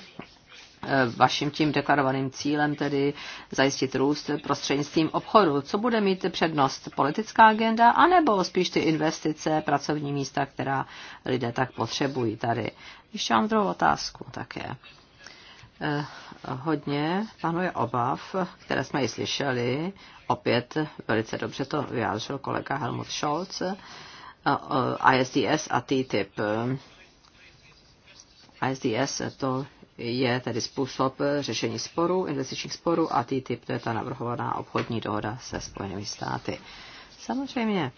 Eh, vaším tím deklarovaným cílem, tedy zajistit růst prostřednictvím obchodu. Co bude mít přednost? Politická agenda, anebo spíš ty investice, pracovní místa, která lidé tak potřebují tady? Ještě mám druhou otázku také. Eh, hodně panuje obav, které jsme ji slyšeli, opět velice dobře to vyjádřil kolega Helmut Scholz, eh, ISDS a TTIP. ISDS to je tedy způsob řešení sporů, investičních sporů a TTIP, to je ta navrhovaná obchodní dohoda se Spojenými státy. Samozřejmě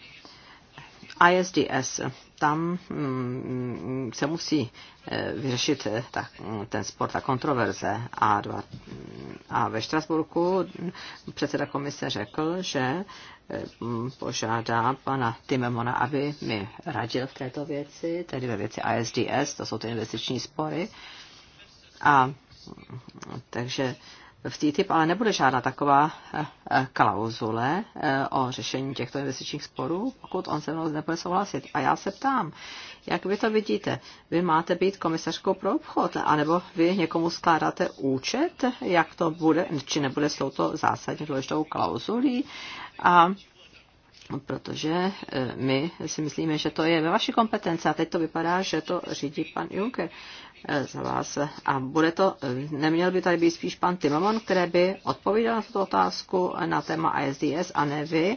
ISDS, tam mm, se musí eh, vyřešit eh, ta, ten spor, ta kontroverze. A, dva, mm, a ve Štrasburku předseda komise řekl, že eh, mm, požádá pana Timemona, aby mi radil v této věci, tedy ve věci ISDS, to jsou ty investiční spory. A takže v TTIP ale nebude žádná taková eh, eh, klauzule eh, o řešení těchto investičních sporů, pokud on se mnou nebude souhlasit. A já se ptám, jak vy to vidíte? Vy máte být komisařkou pro obchod, anebo vy někomu skládáte účet, jak to bude, či nebude s touto zásadně důležitou klauzulí? A protože my si myslíme, že to je ve vaší kompetenci a teď to vypadá, že to řídí pan Juncker za vás. A bude to, neměl by tady být spíš pan Timomon, který by odpověděl na tuto otázku na téma ISDS a ne vy,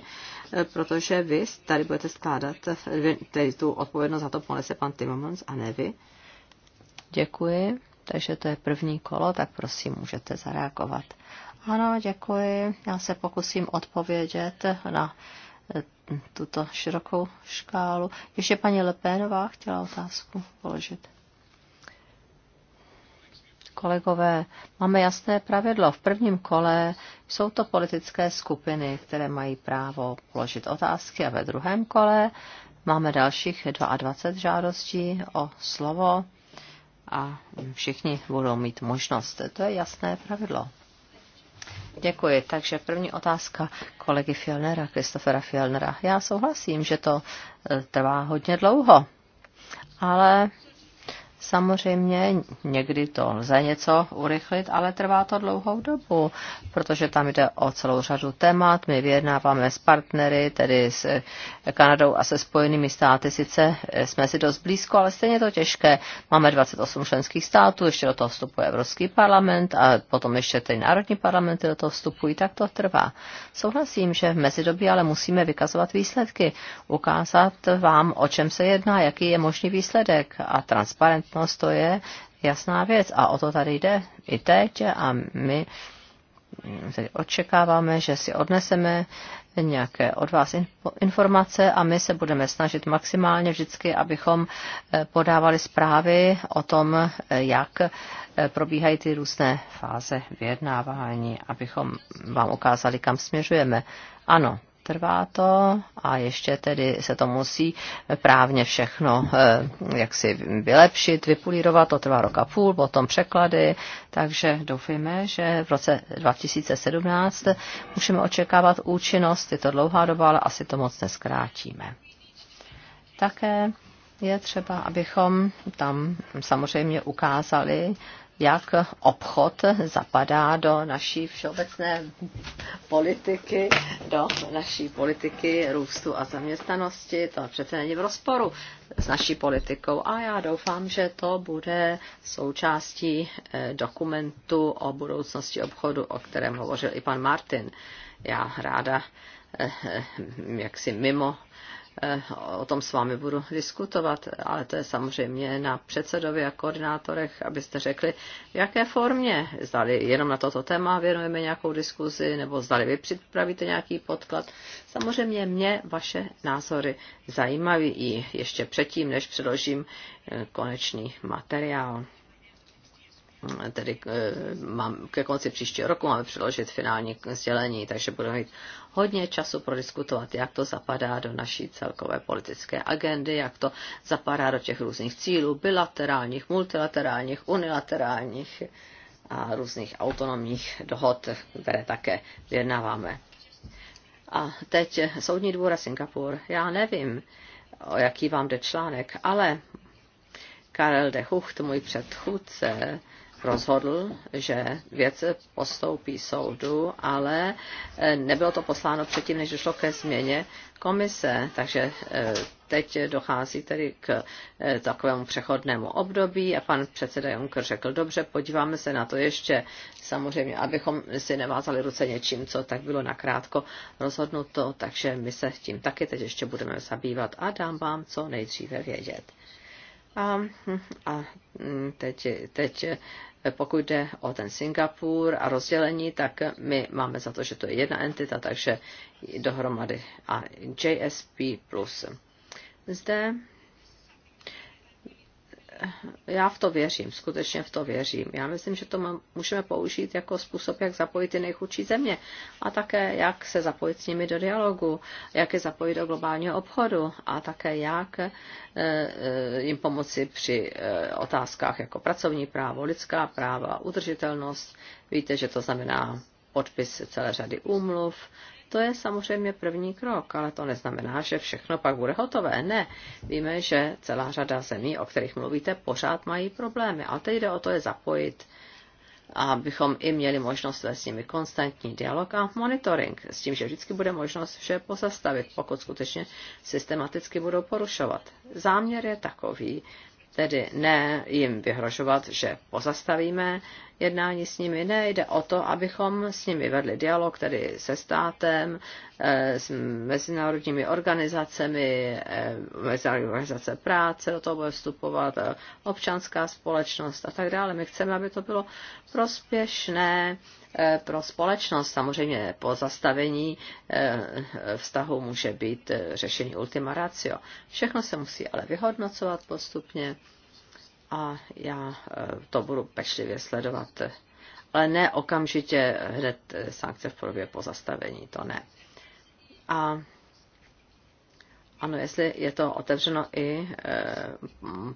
protože vy tady budete skládat, tedy tu odpovědnost za to ponese pan Timomons a ne vy. Děkuji. Takže to je první kolo, tak prosím, můžete zareagovat. Ano, děkuji. Já se pokusím odpovědět na eh, tuto širokou škálu. Ještě paní Lepénová chtěla otázku položit kolegové, máme jasné pravidlo. V prvním kole jsou to politické skupiny, které mají právo položit otázky a ve druhém kole máme dalších 22 žádostí o slovo a všichni budou mít možnost. To je jasné pravidlo. Děkuji. Takže první otázka kolegy Fielnera, Kristofera Fielnera. Já souhlasím, že to eh, trvá hodně dlouho, ale Samozřejmě někdy to lze něco urychlit, ale trvá to dlouhou dobu, protože tam jde o celou řadu témat. My vyjednáváme s partnery, tedy s Kanadou a se Spojenými státy. Sice jsme si dost blízko, ale stejně to těžké. Máme 28 členských států, ještě do toho vstupuje Evropský parlament a potom ještě ty národní parlamenty do toho vstupují, tak to trvá. Souhlasím, že v mezidobí ale musíme vykazovat výsledky, ukázat vám, o čem se jedná, jaký je možný výsledek a transparent transparentnost, to je jasná věc a o to tady jde i teď a my mm, tedy očekáváme, že si odneseme nějaké od vás informace a my se budeme snažit maximálně vždycky, abychom eh, podávali zprávy o tom, eh, jak eh, probíhají ty různé fáze vyjednávání, abychom vám ukázali, kam směřujeme. Ano, trvá to a ještě tedy se to musí právně všechno eh, jak si vylepšit, vypulírovat, to trvá rok a půl, potom překlady, takže doufáme, že v roce 2017 můžeme očekávat účinnost, je to dlouhá doba, ale asi to moc neskrátíme. Také je třeba, abychom tam samozřejmě ukázali jak obchod zapadá do naší všeobecné politiky, do naší politiky růstu a zaměstnanosti. To přece není v rozporu s naší politikou a já doufám, že to bude součástí eh, dokumentu o budoucnosti obchodu, o kterém hovořil i pan Martin. Já ráda eh, eh, jaksi mimo Eh, o tom s vámi budu diskutovat, ale to je samozřejmě na předsedovi a koordinátorech, abyste řekli, v jaké formě, zdali jenom na toto téma věnujeme nějakou diskuzi, nebo zdali vy připravíte nějaký podklad. Samozřejmě mě vaše názory zajímají i ještě předtím, než předložím eh, konečný materiál tedy eh, mám, ke konci příštího roku máme předložit finální sdělení, takže budeme mít hodně času prodiskutovat, jak to zapadá do naší celkové politické agendy, jak to zapadá do těch různých cílů, bilaterálních, multilaterálních, unilaterálních a různých autonomních dohod, které také vyjednáváme. A teď Soudní dvůr a Singapur. Já nevím, o jaký vám jde článek, ale Karel de Hucht, můj předchůdce, rozhodl, že věc postoupí soudu, ale eh, nebylo to posláno předtím, než došlo ke změně komise, takže eh, teď dochází tedy k eh, takovému přechodnému období a pan předseda Juncker řekl, dobře, podíváme se na to ještě, samozřejmě, abychom si nevázali ruce něčím, co tak bylo nakrátko rozhodnuto, takže my se tím taky teď ještě budeme zabývat a dám vám co nejdříve vědět. A, hm, a hm, teď, teď pokud jde o ten Singapur a rozdělení, tak my máme za to, že to je jedna entita, takže dohromady a JSP+. Zde já v to věřím, skutečně v to věřím. Já myslím, že to můžeme použít jako způsob, jak zapojit ty nejchudší země a také jak se zapojit s nimi do dialogu, jak je zapojit do globálního obchodu a také jak eh, eh, jim pomoci při eh, otázkách jako pracovní právo, lidská práva, udržitelnost. Víte, že to znamená podpis celé řady úmluv, to je samozřejmě první krok, ale to neznamená, že všechno pak bude hotové. Ne, víme, že celá řada zemí, o kterých mluvíte, pořád mají problémy. A teď jde o to je zapojit, abychom i měli možnost s nimi konstantní dialog a monitoring, s tím, že vždycky bude možnost vše pozastavit, pokud skutečně systematicky budou porušovat. Záměr je takový, tedy ne jim vyhrožovat, že pozastavíme jednání s nimi, ne, jde o to, abychom s nimi vedli dialog, tedy se státem, eh, s mezinárodními organizacemi, eh, mezinárodní organizace práce, do toho bude vstupovat eh, občanská společnost a tak dále. My chceme, aby to bylo prospěšné Eh, pro společnost. Samozřejmě po zastavení eh, vztahu může být eh, řešení ultima ratio. Všechno se musí ale vyhodnocovat postupně a já to budu pečlivě sledovat. Ale ne okamžitě hned sankce v podobě pozastavení, to ne. A ano, jestli je to otevřeno i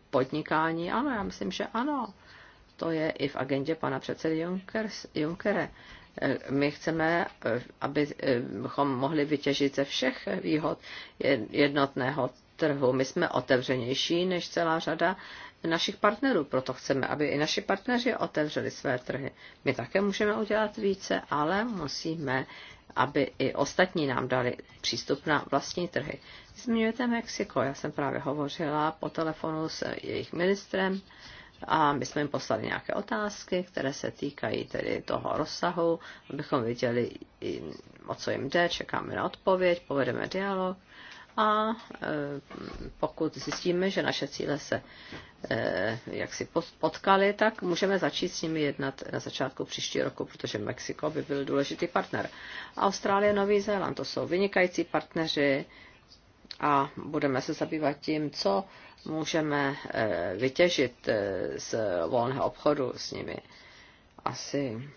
podnikání, ano, já myslím, že ano to je i v agendě pana předsedy Junckere. Eh, my chceme, eh, abychom eh, mohli vytěžit ze všech výhod jednotného trhu. My jsme otevřenější než celá řada našich partnerů, proto chceme, aby i naši partneři otevřeli své trhy. My také můžeme udělat více, ale musíme, aby i ostatní nám dali přístup na vlastní trhy. Zmiňujete Mexiko, já jsem právě hovořila po telefonu s jejich ministrem a my jsme jim poslali nějaké otázky, které se týkají tedy toho rozsahu, abychom viděli, o co jim jde, čekáme na odpověď, povedeme dialog a e, pokud zjistíme, že naše cíle se e, jak si potkaly, tak můžeme začít s nimi jednat na začátku příští roku, protože Mexiko by byl důležitý partner. Austrálie, Nový Zéland, to jsou vynikající partneři, a budeme se zabývat tím, co můžeme eh, vytěžit eh, z volného obchodu s nimi. Asi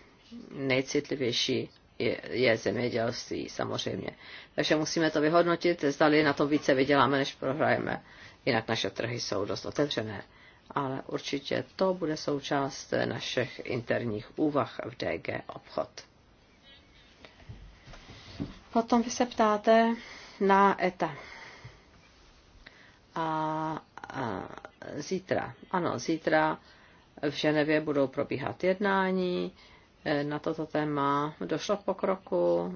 nejcitlivější je, je zemědělství samozřejmě. Takže musíme to vyhodnotit, zdali na to více vyděláme, než prohrajeme. Jinak naše trhy jsou dost otevřené. Ale určitě to bude součást eh, našich interních úvah v DG obchod. Potom vy se ptáte na ETA a, a zítra, ano, zítra v Ženevě budou probíhat jednání e, na toto téma. Došlo k pokroku,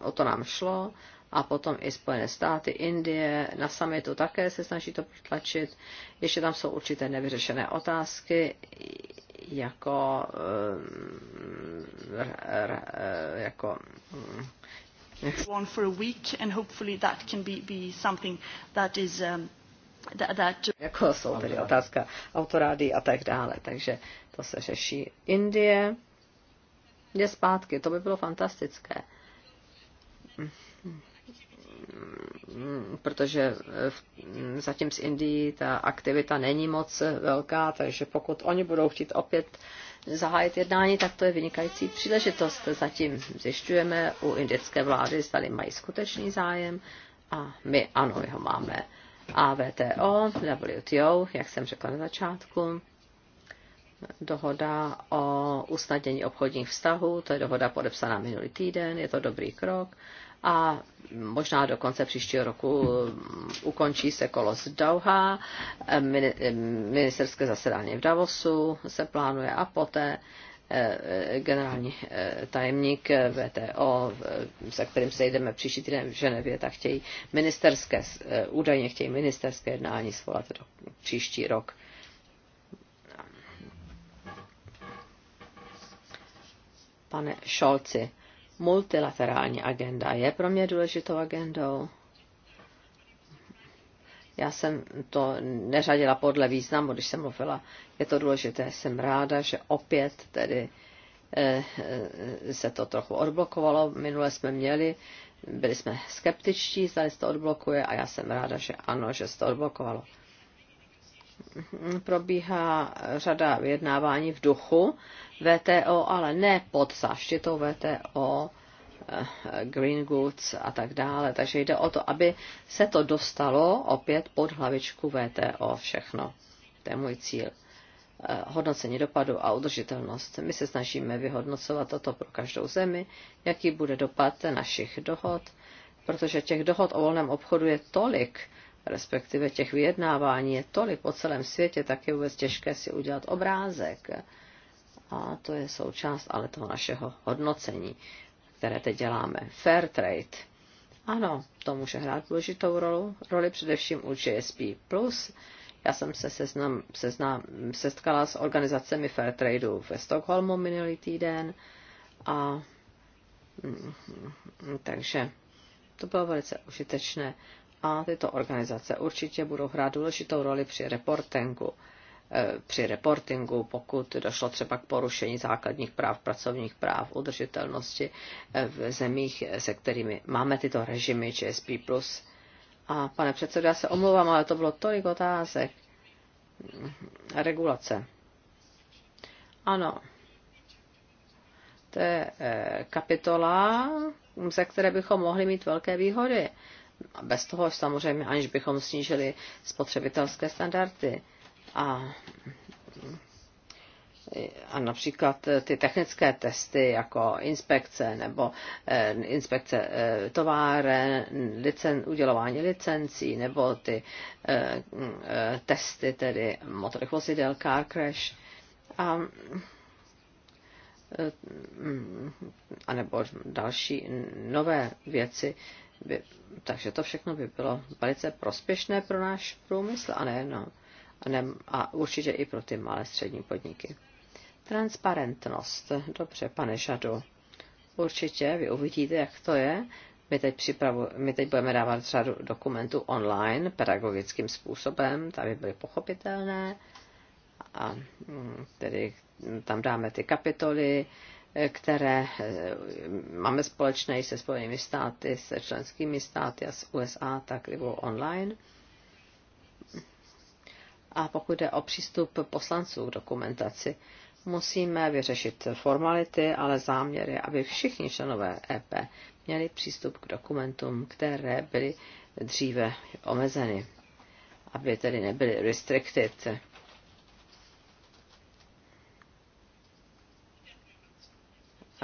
o to nám šlo a potom i Spojené státy, Indie, na samitu také se snaží to protlačit. Ještě tam jsou určité nevyřešené otázky, jako, e, e, jako on for a week and hopefully that can be, be something that is um, that, that... Jako jsou tedy otázka autorády a tak dále, takže to se řeší. Indie je zpátky, to by bylo fantastické. Protože eh, zatím z Indii ta aktivita není moc eh, velká, takže pokud oni budou chtít opět zahájit jednání, tak to je vynikající příležitost. Zatím zjišťujeme u indické vlády, zdali mají skutečný zájem a my ano, jeho máme. A VTO, WTO, jak jsem řekla na začátku, dohoda o usnadnění obchodních vztahů, to je dohoda podepsaná minulý týden, je to dobrý krok a možná do konce příštího roku mm, ukončí se kolo z Dauha, eh, eh, ministerské zasedání v Davosu se plánuje a poté eh, generální tajemník VTO, se kterým se jdeme příští týden v Ženevě, tak chtějí ministerské, údajně chtějí ministerské jednání svolat do příští rok. Pane Šolci, Multilaterální agenda je pro mě důležitou agendou. Já jsem to neřadila podle významu, když jsem mluvila. Je to důležité. Jsem ráda, že opět tedy eh, eh, se to trochu odblokovalo. Minule jsme měli, byli jsme skeptičtí, zda se to odblokuje a já jsem ráda, že ano, že se to odblokovalo probíhá řada vyjednávání v duchu VTO, ale ne pod záštitou VTO, eh, Green Goods a tak dále. Takže jde o to, aby se to dostalo opět pod hlavičku VTO všechno. To je můj cíl. Eh, hodnocení dopadu a udržitelnost. My se snažíme vyhodnocovat toto pro každou zemi, jaký bude dopad našich dohod, protože těch dohod o volném obchodu je tolik, respektive těch vyjednávání je tolik po celém světě, tak je vůbec těžké si udělat obrázek. A to je součást ale toho našeho hodnocení, které teď děláme. Fair trade. Ano, to může hrát důležitou roli, roli především u GSP+. Já jsem se seznam, seznam, setkala s organizacemi Tradeu ve Stockholmu minulý týden a mm, mm, takže to bylo velice užitečné a tyto organizace určitě budou hrát důležitou roli při reportingu. Eh, při reportingu, pokud došlo třeba k porušení základních práv, pracovních práv, udržitelnosti eh, v zemích, eh, se kterými máme tyto režimy ČSP+. A pane předsedo, já se omlouvám, ale to bylo tolik otázek. Mm, regulace. Ano. To je kapitola, ze které bychom mohli mít velké výhody a bez toho samozřejmě, aniž bychom snížili spotřebitelské standardy. A, a například ty technické testy jako inspekce nebo eh, inspekce eh, továre, licen, udělování licencí nebo ty eh, eh, testy tedy motorových vozidel, car crash. A, eh, mm, nebo další nové věci, by, takže to všechno by bylo velice prospěšné pro náš průmysl a nejenom. No, a, ne, a určitě i pro ty malé střední podniky. Transparentnost. Dobře, pane Žadu. Určitě, vy uvidíte, jak to je. My teď, připravu, my teď budeme dávat řadu dokumentů online pedagogickým způsobem, aby byly pochopitelné. A mm, tedy tam dáme ty kapitoly, které eh, máme společné i se Spojenými státy, se členskými státy a s USA, tak i online. A pokud jde o přístup poslanců k dokumentaci, musíme vyřešit formality, ale záměry, aby všichni členové EP měli přístup k dokumentům, které byly dříve omezeny, aby tedy nebyly restricted.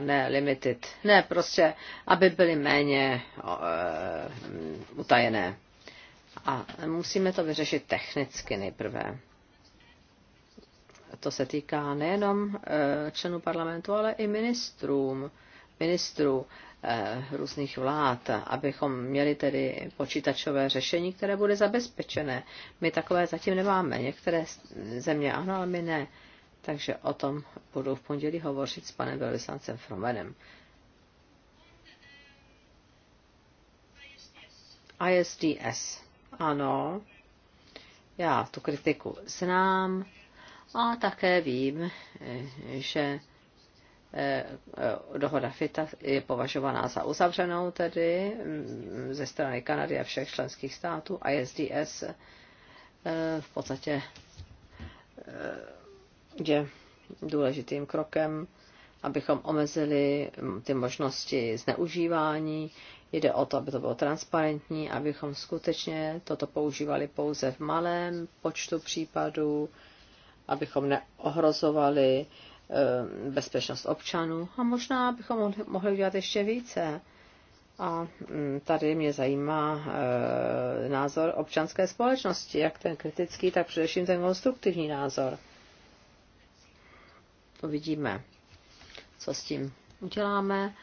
ne limited, ne prostě, aby byly méně uh, utajené. A musíme to vyřešit technicky nejprve. To se týká nejenom uh, členů parlamentu, ale i ministrům, ministrů uh, různých vlád, abychom měli tedy počítačové řešení, které bude zabezpečené. My takové zatím nemáme. Některé země ano, ale my ne. Uh, takže o tom budu v pondělí hovořit s panem velvyslancem Fromenem. ISDS. Ano, já tu kritiku znám a také vím, že eh, eh, dohoda FITA je považovaná za uzavřenou tedy mm, ze strany Kanady a všech členských států ISDS eh, v podstatě je důležitým krokem, abychom omezili mm, ty možnosti zneužívání. Jde o to, aby to bylo transparentní, abychom skutečně toto používali pouze v malém počtu případů, abychom neohrozovali eh, bezpečnost občanů a možná bychom mohli udělat ještě více. A mm, tady mě zajímá eh, názor občanské společnosti, jak ten kritický, tak především ten konstruktivní názor. Uvidíme, co s tím uděláme,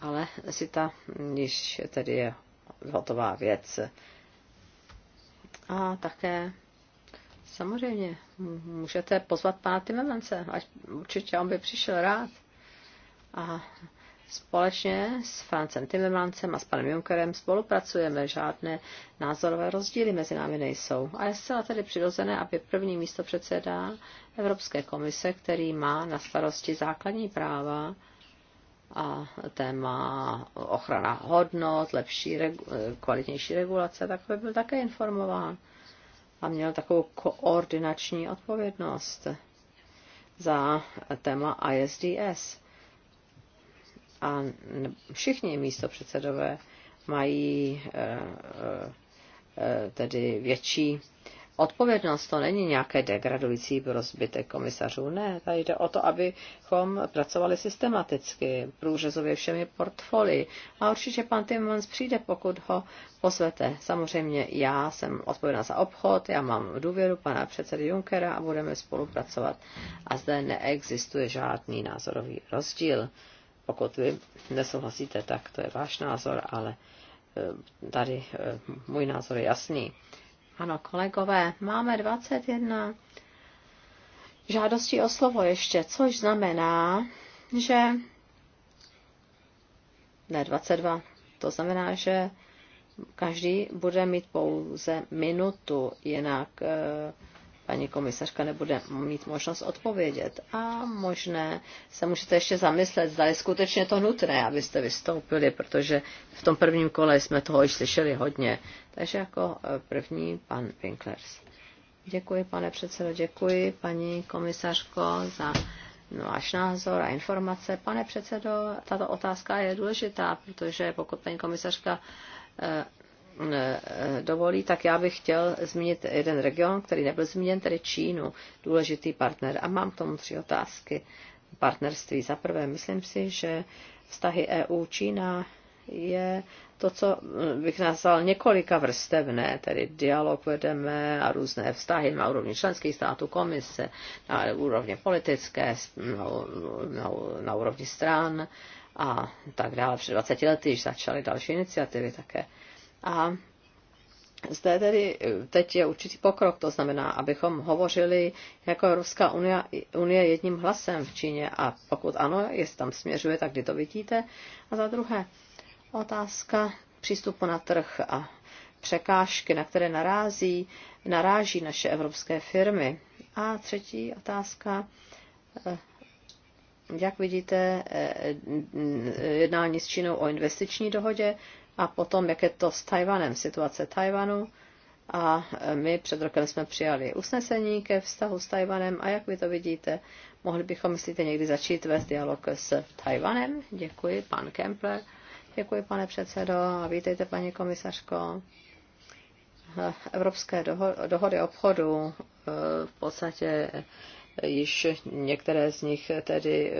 ale si ta když tedy je hotová věc. A také samozřejmě můžete pozvat pana Timemence, ať určitě on by přišel rád. A Společně s Francem Timmermansem a s panem Junckerem spolupracujeme, žádné názorové rozdíly mezi námi nejsou. A je zcela tedy přirozené, aby první místo předseda Evropské komise, který má na starosti základní práva, a téma ochrana hodnot, lepší, kvalitnější regulace, tak by byl také informován a měl takovou koordinační odpovědnost za téma ISDS a všichni místo předsedové mají eh, eh, tedy větší odpovědnost. To není nějaké degradující pro zbytek komisařů. Ne, tady jde o to, abychom pracovali systematicky, průřezově všemi portfolii. A určitě pan Timmons přijde, pokud ho pozvete. Samozřejmě já jsem odpovědná za obchod, já mám důvěru pana předsedy Junckera a budeme spolupracovat. A zde neexistuje žádný názorový rozdíl. Pokud vy nesouhlasíte, tak to je váš názor, ale eh, tady eh, můj názor je jasný. Ano, kolegové, máme 21 žádostí o slovo ještě, což znamená, že ne 22, to znamená, že každý bude mít pouze minutu, jinak eh, paní komisařka nebude mít možnost odpovědět. A možné se můžete ještě zamyslet, zda je skutečně to nutné, abyste vystoupili, protože v tom prvním kole jsme toho již slyšeli hodně. Takže jako eh, první pan Winklers. Děkuji, pane předsedo, děkuji, paní komisařko, za váš názor a informace. Pane předsedo, tato otázka je důležitá, protože pokud paní komisařka eh, Eh, dovolí, tak já bych chtěl zmínit jeden region, který nebyl zmíněn, tedy Čínu, důležitý partner. A mám k tomu tři otázky. Partnerství. Za prvé, myslím si, že vztahy EU-Čína je to, co eh, bych nazval několika vrstevné, tedy dialog vedeme a různé vztahy na úrovni členských států, komise, na úrovni politické, na, na, na úrovni stran a tak dále. Před 20 lety již začaly další iniciativy také. A zde tedy teď je určitý pokrok, to znamená, abychom hovořili jako Evropská unie, unie jedním hlasem v Číně a pokud ano, jestli tam směřuje, tak kdy to vidíte. A za druhé, otázka přístupu na trh a překážky, na které narází, naráží naše evropské firmy. A třetí otázka, eh, jak vidíte eh, jednání s Čínou o investiční dohodě a potom, jak je to s Tajvanem, situace Tajvanu. A e, my před rokem jsme přijali usnesení ke vztahu s Tajvanem a jak vy to vidíte, mohli bychom, myslíte, někdy začít vést dialog s Tajvanem. Děkuji, pan Kempler. Děkuji, pane předsedo, a vítejte, paní komisařko. E, Evropské dohody obchodu e, v podstatě již některé z nich tedy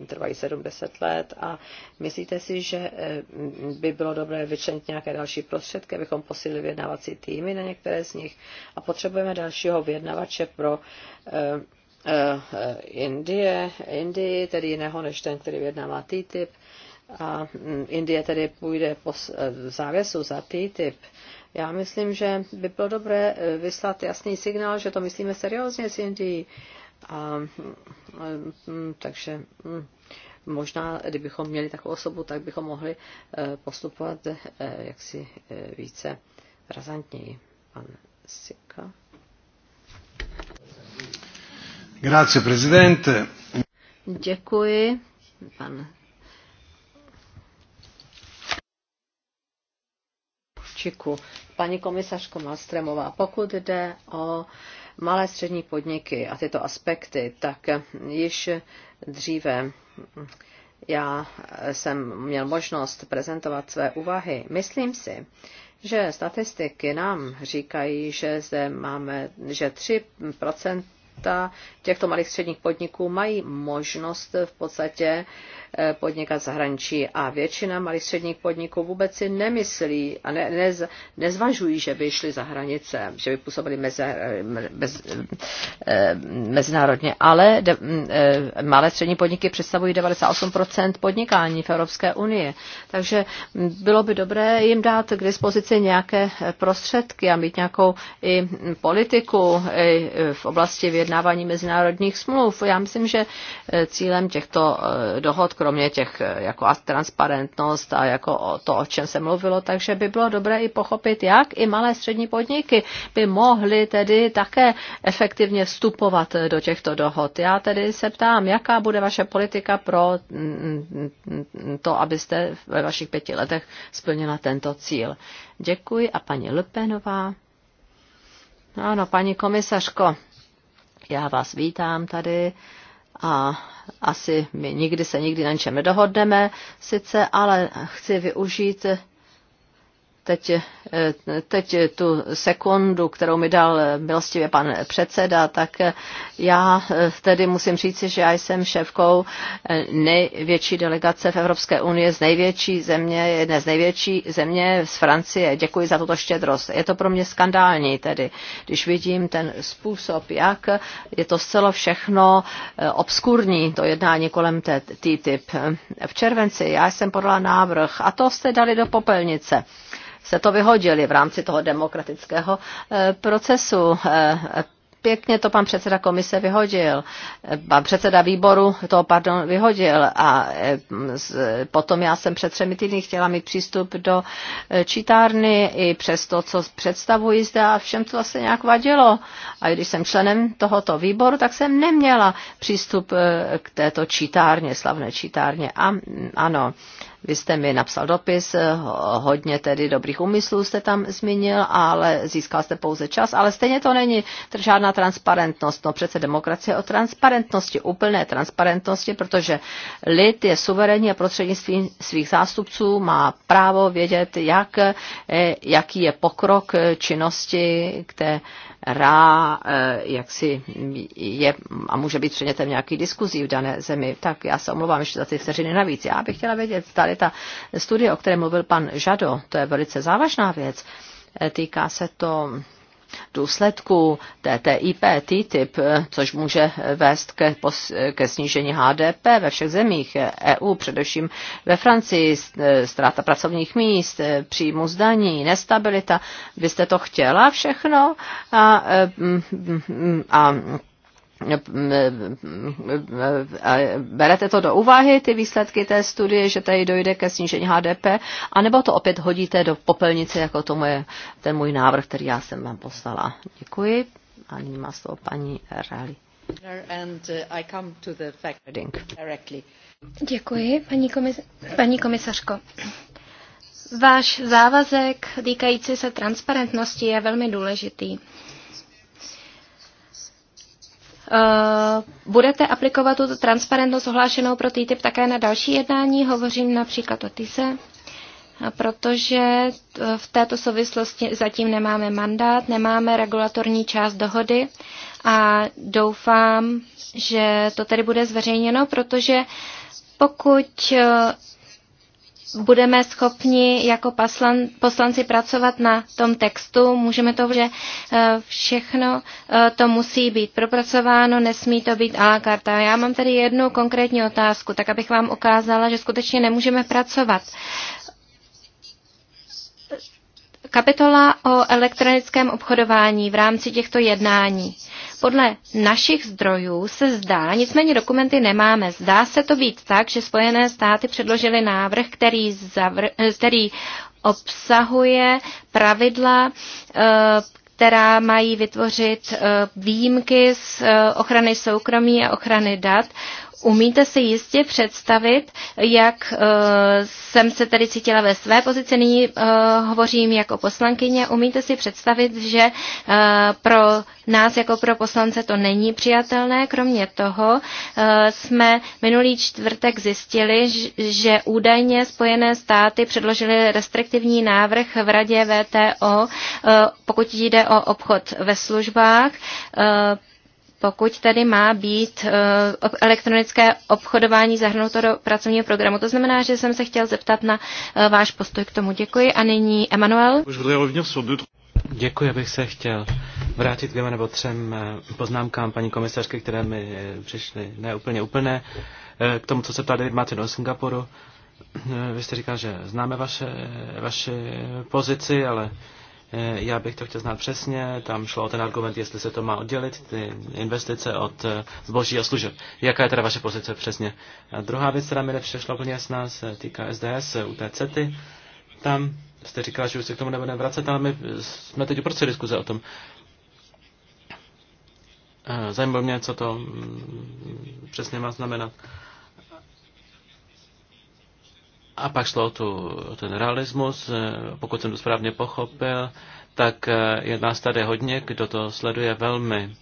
eh, trvají 70 let a myslíte si, že eh, by bylo dobré vyčlenit nějaké další prostředky, abychom posílili vyjednávací týmy na některé z nich a potřebujeme dalšího vyjednavače pro eh, Indie, Indii, tedy jiného než ten, který vyjednává TTIP a mm, Indie tedy půjde po e, závěsu za TTIP, já myslím, že by bylo dobré e, vyslat jasný signál, že to myslíme seriózně s Indií. A, mm, mm, takže možná, kdybychom měli takovou osobu, tak bychom mohli e, postupovat jaksi více razantněji. Pan Sika. Grazie, prezidente. Děkuji, pan rejstříku. Paní komisařko Malstremová, pokud jde o malé střední podniky a tyto aspekty, tak již dříve já jsem měl možnost prezentovat své úvahy. Myslím si, že statistiky nám říkají, že zde máme, že 3% těchto malých středních podniků mají možnost v podstatě uh, Eh, podnikat v zahraničí. A většina malých středních podniků vůbec si nemyslí a ne, ne, nezvažují, že by šli za hranice, že by působili mezi, mez, eh, mezinárodně. Ale de, mm, eh, malé střední podniky představují 98% podnikání v Evropské unii. Takže mm, bylo by dobré jim dát k dispozici nějaké prostředky a mít nějakou i politiku i v oblasti vyjednávání mezinárodních smluv. Já myslím, že cílem těchto dohod kromě těch eh, jako a transparentnost a jako to, o čem se mluvilo, takže by bylo dobré i pochopit, jak i malé střední podniky by mohly tedy také efektivně vstupovat eh, do těchto dohod. Já tedy se ptám, jaká bude vaše politika pro mm, mm, mm, to, abyste ve vašich pěti letech splnila tento cíl. Děkuji a paní Lupenová. Ano, paní komisařko, já vás vítám tady a asi my nikdy se nikdy na ničem nedohodneme, sice, ale chci využít teď, eh, teď tu sekundu, kterou mi dal milostivě pan předseda, tak eh, já eh, tedy musím říci, že já jsem šéfkou největší delegace v Evropské unii z největší země, jedné z největší země z Francie. Děkuji za tuto štědrost. Je to pro mě skandální tedy, když vidím ten způsob, jak je to zcela všechno obskurní, to jednání kolem TTIP. V červenci já jsem podala návrh a to jste dali do popelnice se to vyhodili v rámci toho demokratického eh, procesu eh, pěkně to pan předseda komise vyhodil, eh, pan předseda výboru to, pardon, vyhodil a potom já jsem před třemi týdny chtěla mít přístup do čítárny i přes to, co představuji zde a všem to vlastně nějak vadilo. A když jsem členem tohoto výboru, tak jsem neměla přístup k této čítárně, slavné čítárně. A mm, ano, vy jste mi napsal dopis, eh, hodně tedy dobrých úmyslů jste tam zmínil, ale získal jste pouze čas, ale stejně to není žádná transparentnost. No přece demokracie o transparentnosti, úplné transparentnosti, protože lid je suverénní a prostřednictvím svých zástupců má právo vědět, jak, eh, jaký je pokrok eh, činnosti, rá, jak si je a může být předmětem nějaký diskuzí v dané zemi. Tak já se omlouvám ještě za ty vteřiny navíc. Já bych chtěla vědět, zda tady ta studie, o které mluvil pan Žado, to je velice závažná věc. E, týká se to důsledku TTIP, TTIP, e, což může vést ke, ke snížení HDP ve všech zemích EU, především ve Francii, e, ztráta pracovních míst, příjmu zdaní, nestabilita. Vy jste to chtěla všechno a, a, a berete to do úvahy, ty výsledky té studie, že tady dojde ke snížení HDP, anebo to opět hodíte do popelnice, jako to moje, ten můj návrh, který já jsem vám poslala. Děkuji. A nyní má slovo paní Rally. Uh, Děkuji, paní, komis- paní komisařko. Váš závazek týkající se transparentnosti je velmi důležitý. Eh, budete aplikovat tuto transparentnost ohlášenou pro TTIP také na další jednání? Hovořím například o TISE, eh, protože eh, v této souvislosti zatím nemáme mandát, nemáme regulatorní část dohody a doufám, že to tedy bude zveřejněno, protože pokud budeme schopni jako paslan, poslanci pracovat na tom textu. Můžeme to, že eh, všechno eh, to musí být propracováno, nesmí to být a la Já mám tady jednu konkrétní otázku, tak abych vám ukázala, že skutečně nemůžeme pracovat. Kapitola o elektronickém obchodování v rámci těchto jednání. Podle našich zdrojů se zdá, nicméně dokumenty nemáme, zdá se to být tak, že Spojené státy předložily návrh, který, zavr, který obsahuje pravidla, eh, která mají vytvořit eh, výjimky z eh, ochrany soukromí a ochrany dat. Umíte si jistě představit, jak eh, jsem se tady cítila ve své pozici, nyní eh, hovořím jako poslankyně, umíte si představit, že eh, pro nás jako pro poslance to není přijatelné. Kromě toho jsme minulý čtvrtek zjistili, že údajně Spojené státy předložily restriktivní návrh v radě VTO, pokud jde o obchod ve službách pokud tady má být eh, elektronické obchodování zahrnuto do pracovního programu. To znamená, že jsem se chtěl zeptat na eh, váš postoj k tomu. Děkuji. A nyní Emanuel. Děkuji, abych se chtěl vrátit k dvěma nebo třem eh, poznámkám paní komisařky, které mi přišly neúplně úplné. K tomu, co se tady David Martin o Singapuru. Vy jste říkal, že známe vaše, vaše pozici, ale Eh, já bych to chtěl znát přesně, tam šlo o ten argument, jestli se to má oddělit, ty investice od eh, zboží a služeb. Jaká je teda vaše pozice přesně? A druhá věc, která mi nepřišla úplně jasná, se týká SDS, eh, u té CETY. Tam jste říkala, že už se k tomu nebudeme vracet, ale my jsme teď uprostřed diskuze o tom. Zajímalo mě, co to mm, přesně má znamenat. A pak šlo tu, ten realismus, e, pokud jsem to správně pochopil, tak e, je nás tady hodně, kdo to sleduje velmi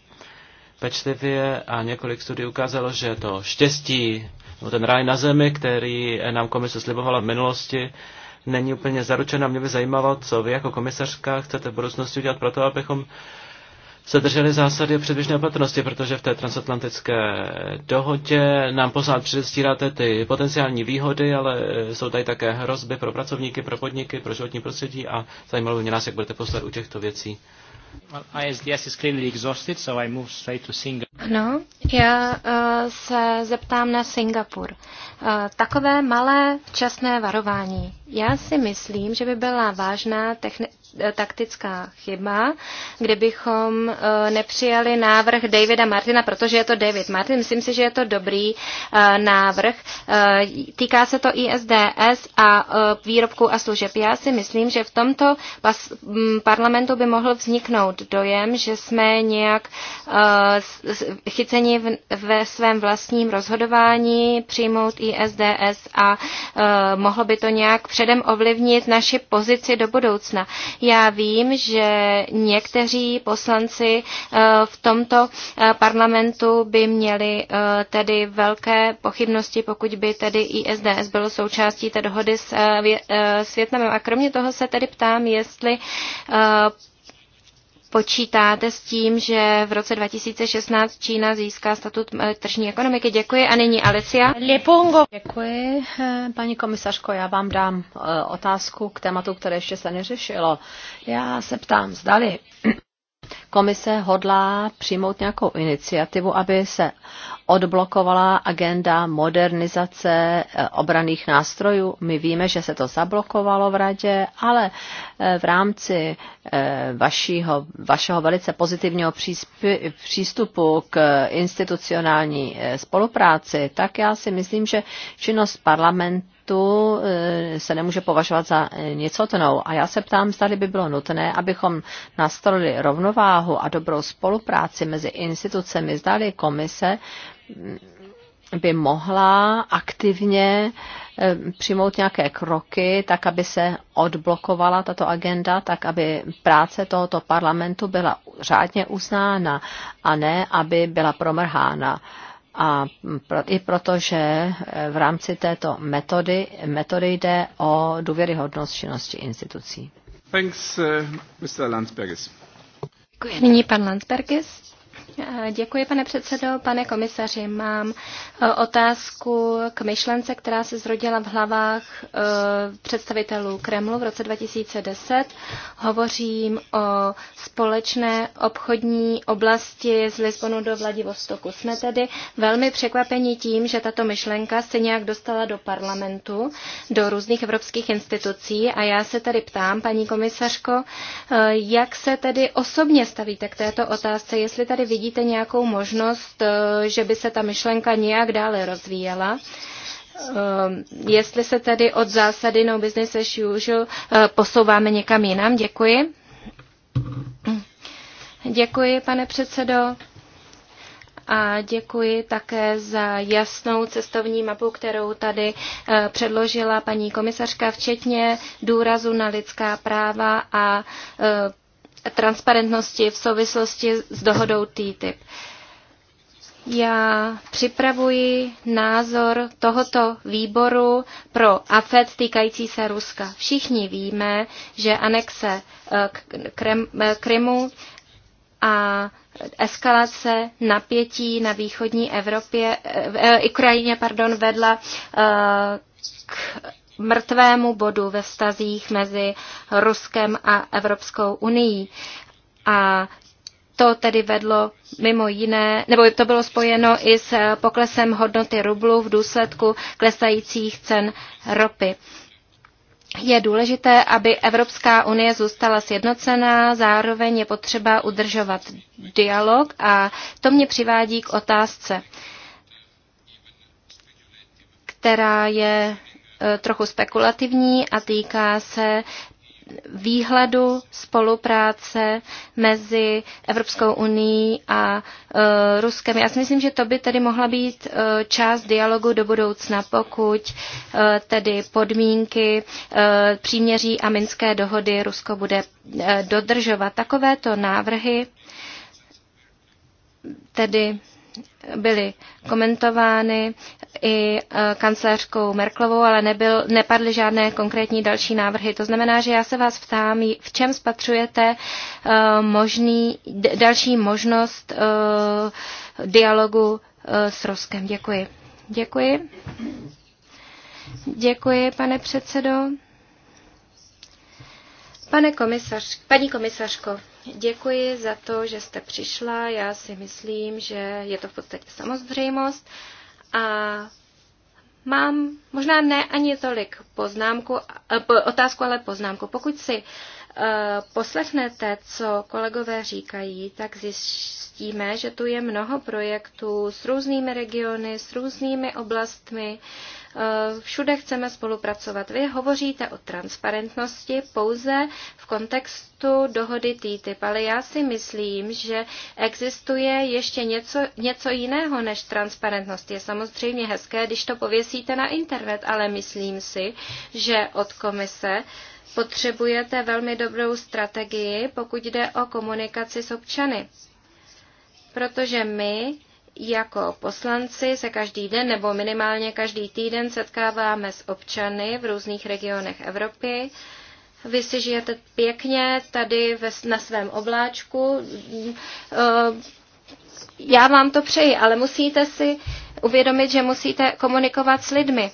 pečlivě a několik studií ukázalo, že to štěstí, no ten ráj na zemi, který nám komise slibovala v minulosti, není úplně zaručen a mě by zajímalo, co vy jako komisařka chcete v budoucnosti udělat pro to, abychom se drželi zásady předběžné opatrnosti, protože v té transatlantické dohodě nám pořád předstíráte ty potenciální výhody, ale eh, jsou tady také hrozby pro pracovníky, pro podniky, pro životní prostředí a zajímalo by mě nás, jak budete postupovat u těchto věcí. No, já uh, se zeptám na Singapur takové malé včasné varování. Já si myslím, že by byla vážná eh, taktická chyba, kdybychom eh, nepřijali návrh Davida Martina, protože je to David Martin. Myslím si, že je to dobrý eh, návrh. Týká se to ISDS a výrobků a služeb. Já si myslím, že v tomto mm, parlamentu by mohl vzniknout dojem, že jsme nějak chyceni ve svém vlastním rozhodování přijmout ISDS SDS a e, mohlo by to nějak předem ovlivnit naši pozici do budoucna. Já vím, že někteří poslanci e, v tomto e, parlamentu by měli tedy velké pochybnosti, pokud by tedy ISDS bylo součástí té dohody s, s Větnamem. A kromě toho se tedy ptám, jestli počítáte s tím, že v roce 2016 Čína získá statut eh, tržní ekonomiky. Děkuji a nyní Alicia. Lepongo. Děkuji, eh, paní komisařko, já vám dám eh, otázku k tématu, které ještě se neřešilo. Já se ptám, zdali komise hodlá přijmout nějakou iniciativu, aby se odblokovala agenda modernizace eh, obraných nástrojů. My víme, že se to zablokovalo v radě, ale eh, v rámci eh, vašího, vašeho velice pozitivního přístupu k institucionální spolupráci, tak já si myslím, že činnost parlamentu kvalitu eh, se nemůže považovat za eh, nicotnou. A já se ptám, zda by bylo nutné, abychom nastavili rovnováhu a dobrou spolupráci mezi institucemi, zda komise mm, by mohla aktivně eh, přijmout nějaké kroky, tak aby se odblokovala tato agenda, tak aby práce tohoto parlamentu byla řádně uznána a ne, aby byla promrhána. A i protože eh, v rámci této metody, metody jde o důvěryhodnost činnosti institucí. Thanks, uh, Mr. Landsbergis. Nyní pan Landsbergis. Děkuji, pane předsedo. Pane komisaři, mám e, otázku k myšlence, která se zrodila v hlavách e, představitelů Kremlu v roce 2010. Hovořím o společné obchodní oblasti z Lisbonu do Vladivostoku. Jsme tedy velmi překvapeni tím, že tato myšlenka se nějak dostala do parlamentu, do různých evropských institucí a já se tady ptám, paní komisařko, e, jak se tedy osobně stavíte k této otázce, jestli tady vidíte vidíte nějakou možnost, eh, že by se ta myšlenka nějak dále rozvíjela? Eh, jestli se tedy od zásady no business as usual eh, posouváme někam jinam? Děkuji. Děkuji, pane předsedo. A děkuji také za jasnou cestovní mapu, kterou tady předložila paní komisařka, včetně důrazu na lidská práva a transparentnosti v souvislosti s dohodou TTIP. Já připravuji názor tohoto výboru pro AFED týkající se Ruska. Všichni víme, že anexe eh, eh, Krymu a eskalace napětí na východní Evropě, eh, v Ukrajině pardon, vedla k mrtvému bodu ve vztazích mezi Ruskem a Evropskou unii. A to tedy vedlo mimo jiné, nebo to bylo spojeno i s poklesem hodnoty rublu v důsledku klesajících cen ropy. Je důležité, aby Evropská unie zůstala sjednocená, zároveň je potřeba udržovat dialog a to mě přivádí k otázce, která je trochu spekulativní a týká se výhledu spolupráce mezi Evropskou unii a e, Ruskem. Já si myslím, že to by tedy mohla být e, část dialogu do budoucna, pokud e, tedy podmínky e, příměří a minské dohody Rusko bude e, dodržovat. Takovéto návrhy tedy byly komentovány i e, kancelářkou Merklovou, ale nebyl, nepadly žádné konkrétní další návrhy. To znamená, že já se vás ptám, v čem spatřujete e, možný, další možnost e, dialogu s Ruskem. Děkuji. Děkuji. Děkuji, pane předsedo. Pane komisař, paní komisařko, Děkuji za to, že jste přišla. Já si myslím, že je to v podstatě samozřejmost. A mám možná ne ani tolik poznámku, eh, otázku, ale poznámku. Pokud si eh, poslechnete, co kolegové říkají, tak zjistíme, že tu je mnoho projektů s různými regiony, s různými oblastmi, Eh, všude chceme spolupracovat. Vy hovoříte o transparentnosti pouze v kontextu dohody TTIP, ale já si myslím, že existuje ještě něco, něco jiného než transparentnost. Je samozřejmě hezké, když to pověsíte na internet, ale myslím si, že od komise potřebujete velmi dobrou strategii, pokud jde o komunikaci s občany. Protože my jako poslanci se každý den nebo minimálně každý týden setkáváme s občany v různých regionech Evropy. Vy si žijete pěkně tady ve, na svém obláčku. Eh, já vám to přeji, ale musíte si uvědomit, že musíte komunikovat s lidmi.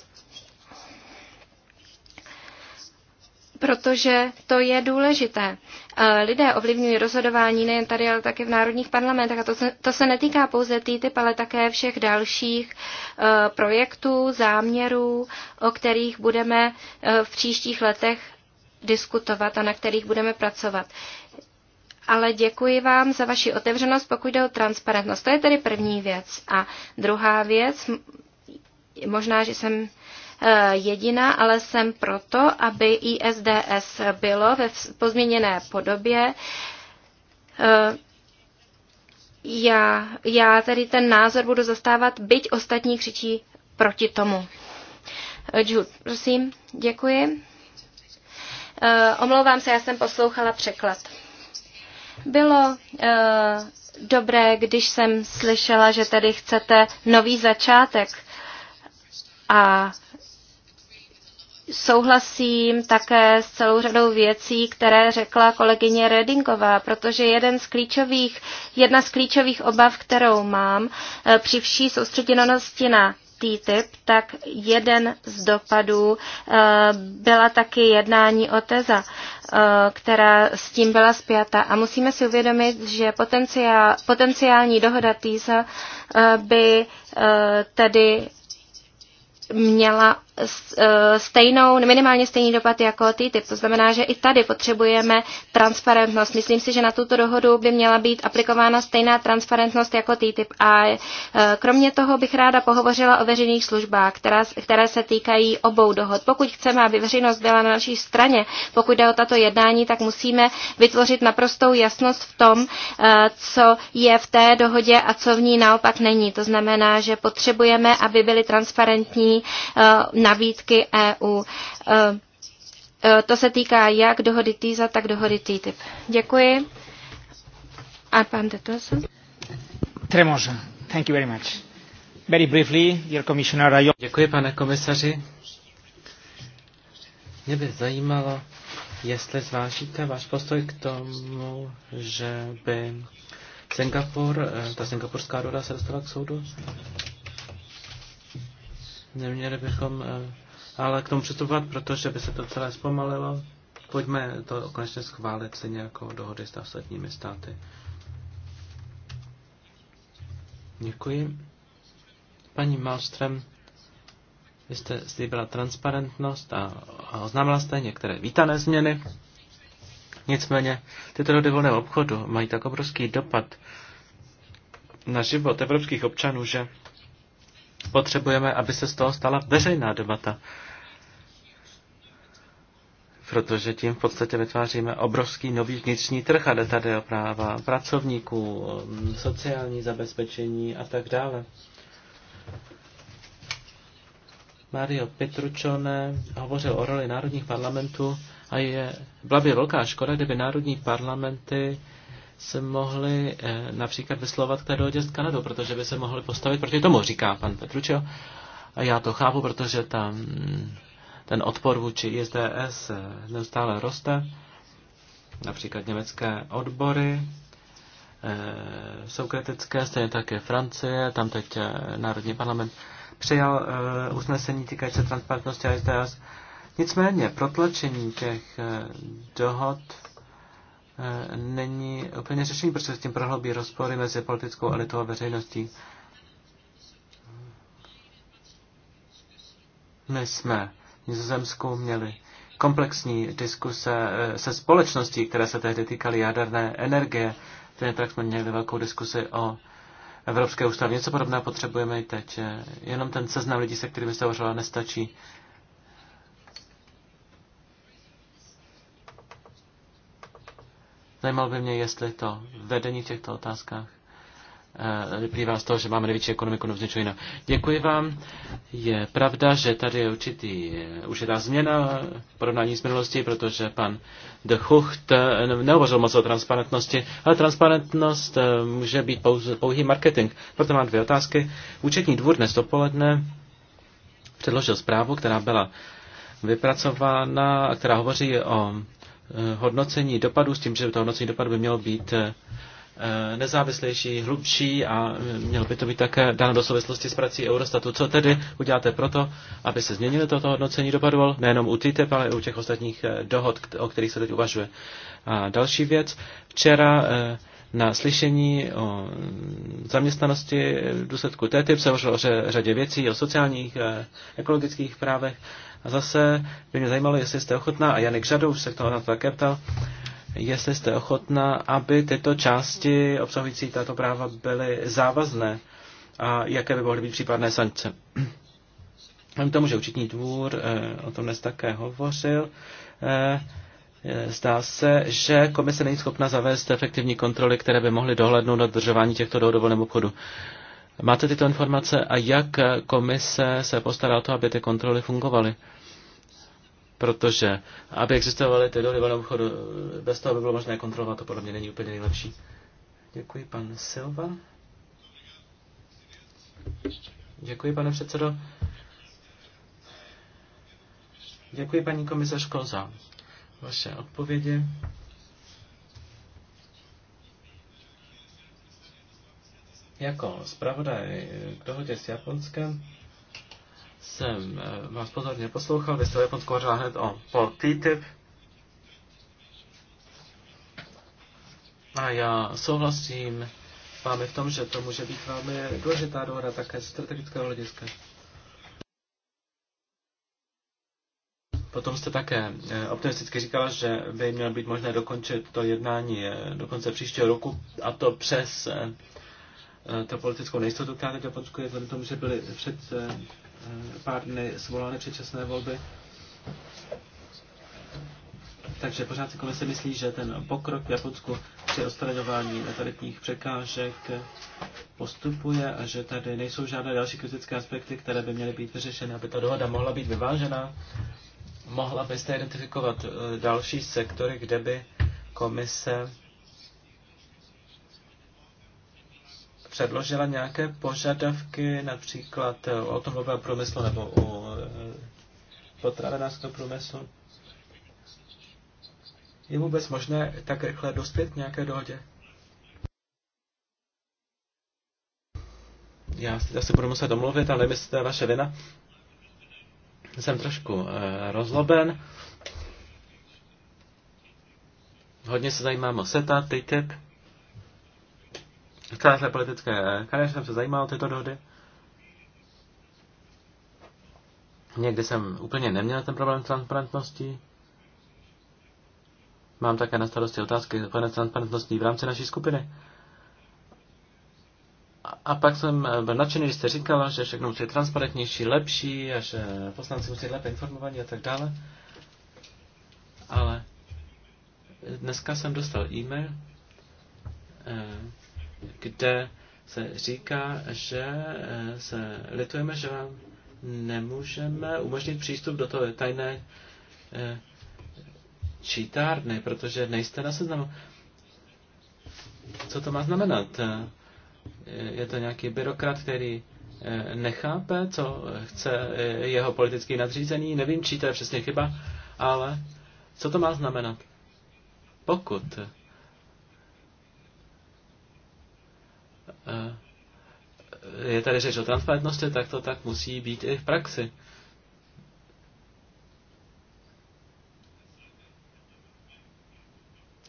protože to je důležité. Eh, lidé ovlivňují rozhodování nejen tady, ale také v národních parlamentech. A to se, to se netýká pouze TTIP, ale také všech dalších eh, projektů, záměrů, o kterých budeme eh, v příštích letech diskutovat a na kterých budeme pracovat. Ale děkuji vám za vaši otevřenost, pokud jde o transparentnost. To je tedy první věc. A druhá věc, možná, že jsem Eh, jediná, ale jsem proto, aby ISDS bylo ve pozměněné podobě. Eh, já, já tady ten názor budu zastávat, byť ostatní křičí proti tomu. Eh, Jude, prosím, děkuji. Omlouvám se, já jsem poslouchala překlad. Bylo dobré, když jsem slyšela, že tady chcete nový začátek. A souhlasím také s celou řadou věcí, které řekla kolegyně Redingová, protože jeden z klíčových, jedna z klíčových obav, kterou mám eh, při vší soustředěnosti na TTIP, tak jeden z dopadů eh, byla taky jednání o TEZA, eh, která s tím byla spjata. A musíme si uvědomit, že potenciál, potenciální dohoda TISA by tedy měla eh, stejnou, minimálně stejný dopad jako TTIP. To znamená, že i tady potřebujeme transparentnost. Myslím si, že na tuto dohodu by měla být aplikována stejná transparentnost jako TTIP. A eh, kromě toho bych ráda pohovořila o veřejných službách, která, které se týkají obou dohod. Pokud chceme, aby veřejnost byla na naší straně, pokud jde o tato jednání, tak musíme vytvořit naprostou jasnost v tom, eh, co je v té dohodě a co v ní naopak není. To znamená, že potřebujeme, aby byly transparentní konkrétní eh, nabídky EU. Eh, eh, to se týká jak dohody TISA, tak dohody TTIP. Děkuji. A pan Detos? Tremosa. Thank you very much. Very briefly, dear commissioner, I... Děkuji, pane komisaři. Mě by zajímalo, jestli zvážíte váš postoj k tomu, že by Singapur, ta singapurská roda se dostala k soudu Neměli bychom eh, ale k tomu přistupovat, protože by se to celé zpomalilo. Pojďme to konečně schválit se jako dohody s ostatními státy. Děkuji. Paní Malström, vy jste slíbila transparentnost a, a oznámila jste některé vítané změny. Nicméně tyto dohody volného obchodu mají tak obrovský dopad na život evropských občanů, že potřebujeme, aby se z toho stala veřejná debata. Protože tím v podstatě vytváříme obrovský nový vnitřní trh a jde tady o práva pracovníků, sociální zabezpečení a tak dále. Mario Petručone hovořil o roli národních parlamentů a je, byla by velká škoda, kdyby národní parlamenty se mohli eh, například vyslovat k té dohodě s Kanadou, protože by se mohli postavit proti tomu, říká pan Petručo. A já to chápu, protože tam ten odpor vůči ISDS eh, neustále roste. Například německé odbory eh, jsou kritické, stejně také Francie, tam teď Národní parlament přijal usnesení týkající transparentnosti ISDS. Nicméně protlačení těch dohod není úplně řešení, protože s tím prohloubí rozpory mezi politickou elitou a veřejností. My jsme v Nizozemsku měli komplexní diskuse eh, se společností, které se tehdy týkaly jaderné energie. Ten tak jsme měli velkou diskusi o Evropské ústavě. Něco podobného potřebujeme i teď. Eh, jenom ten seznam lidí, se kterými se hovořila, nestačí. Zajímalo by mě, jestli to vedení v těchto otázkách eh, vyplývá z toho, že máme největší ekonomiku než něco jiného. Děkuji vám. Je pravda, že tady je určitý, eh, určitá změna v porovnání s minulostí, protože pan de Hucht eh, nehovořil moc o transparentnosti, ale transparentnost může být pouhý marketing. Proto mám dvě otázky. Účetní dvůr dnes dopoledne předložil zprávu, která byla vypracována, která hovoří o Eh, hodnocení dopadu s tím, že to hodnocení dopadu by mělo být eh, nezávislejší, hlubší a eh, mělo by to být také dáno do souvislosti s prací Eurostatu. Co tedy uděláte proto, aby se změnilo toto hodnocení dopadu, nejenom u TTIP, ale i u těch ostatních dohod, o kterých se teď uvažuje. A další věc. Včera na slyšení o mm, zaměstnanosti v důsledku TTIP se hovořilo o řadě věcí, o sociálních, ekologických právech a zase by mě zajímalo, jestli jste ochotná, a Janik Žadov se k na to také ptal, jestli jste ochotná, aby tyto části obsahující tato práva byly závazné a jaké by mohly být případné sankce. K tomu, že účetní dvůr eh, o tom dnes také hovořil, eh, Zdá se, že komise není schopna zavést efektivní kontroly, které by mohly dohlednout na dodržování těchto dohod o volném obchodu. Máte tyto informace a jak komise se postará o to, aby ty kontroly fungovaly? protože aby existovaly ty doly volného obchodu, bez toho by bylo možné kontrolovat, to podle mě není úplně nejlepší. Děkuji, pan Silva. Děkuji, pane předsedo. Děkuji, paní komisařko, za vaše odpovědi. Jako zpravodaj k dohodě s Japonskem jsem eh, vás pozorně poslouchal, vy jste o Japonsku hned o, po TTIP. A já souhlasím s vámi v tom, že to může být velmi důležitá dohoda také z strategického hlediska. Potom jste také eh, optimisticky říkala, že by mělo být možné dokončit to jednání eh, do konce příštího roku, a to přes to politickou nejistotu, která teď Japonsku je, vzhledem tomu, že byly před Eh, pár dny svolány předčasné volby. Takže pořád si komise myslí, že ten pokrok v Japonsku při odstraňování netaritních překážek postupuje a že tady nejsou žádné další kritické aspekty, které by měly být vyřešeny, aby ta dohoda mohla být vyvážená. Mohla byste identifikovat eh, další sektory, kde by komise předložila nějaké požadavky například o automobilového průmyslu nebo o eh, potravinářského průmyslu? Je vůbec možné tak rychle dospět k nějaké dohodě? Já si zase budu muset domluvit, ale myslím, to je vaše vina. Jsem trošku eh, rozloben. Hodně se zajímám o SETA, TTIP. V celé své politické kariéře jsem se zajímal o tyto dohody. Někdy jsem úplně neměl ten problém transparentnosti. Mám také na starosti otázky spojené transparentností v rámci naší skupiny. A pak jsem byl nadšený, když jste říkala, že všechno musí transparentnější, lepší a že poslanci musí lépe informovaní a tak dále. Ale dneska jsem dostal e-mail, eh, kde se říká, že eh, se litujeme, že vám nemůžeme umožnit přístup do toho tajné eh, čítárny, protože nejste na seznamu. Co to má znamenat? Eh, je to nějaký byrokrat, který nechápe, co chce jeho politický nadřízení. Nevím, čí to je přesně chyba, ale co to má znamenat? Pokud Eh, je tady řeč o transparentnosti, tak to tak musí být i v praxi.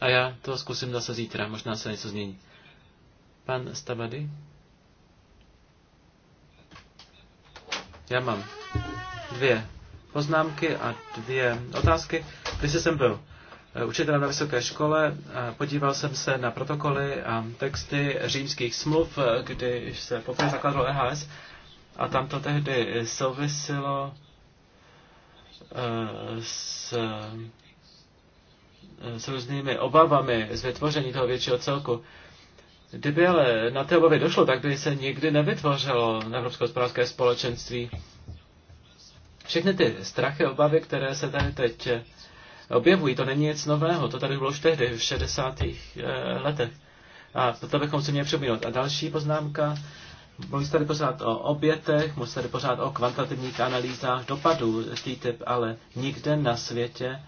A já to zkusím zase zítra, možná se něco změní. Pan Stabady? Já mám dvě poznámky a dvě otázky. Když jsem byl Eh, učitelem na vysoké škole. Eh, podíval jsem se na protokoly a texty římských smluv, eh, kdy se poprvé zakládalo EHS a tam to tehdy souvisilo s, s různými obavami z vytvoření toho většího celku. Kdyby ale na té obavy došlo, tak by se nikdy nevytvořilo Evropské hospodářské společenství. Všechny ty strachy, obavy, které se tady teď objevují. To není nic nového, to tady bylo už tehdy, v 60. Eh, letech. A to bychom se měli připomínat. A další poznámka, mluví se tady pořád o obětech, mluví se tady pořád o kvantitativních analýzách dopadů TTIP, ale nikde na světě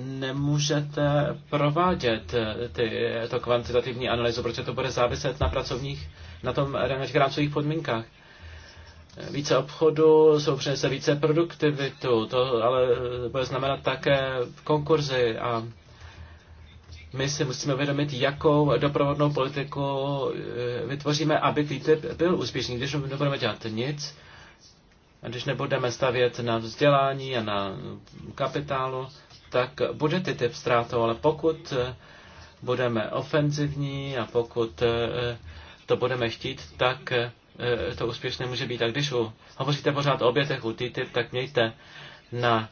nemůžete provádět eh, ty, eh, to kvantitativní analýzu, protože to bude záviset na pracovních, na tom rámcových podmínkách více obchodu, jsou přinese více produktivitu, to ale bude znamenat také konkurzy a my si musíme uvědomit, jakou doprovodnou politiku eh, vytvoříme, aby TTIP byl úspěšný. Když nebudeme dělat nic, a když nebudeme stavět na vzdělání a na kapitálu, tak bude TTIP ztrátou, ale pokud eh, budeme ofenzivní a pokud eh, to budeme chtít, tak Eh, to úspěšné může být. A když u, hovoříte pořád o obětech u TTIP, tak mějte na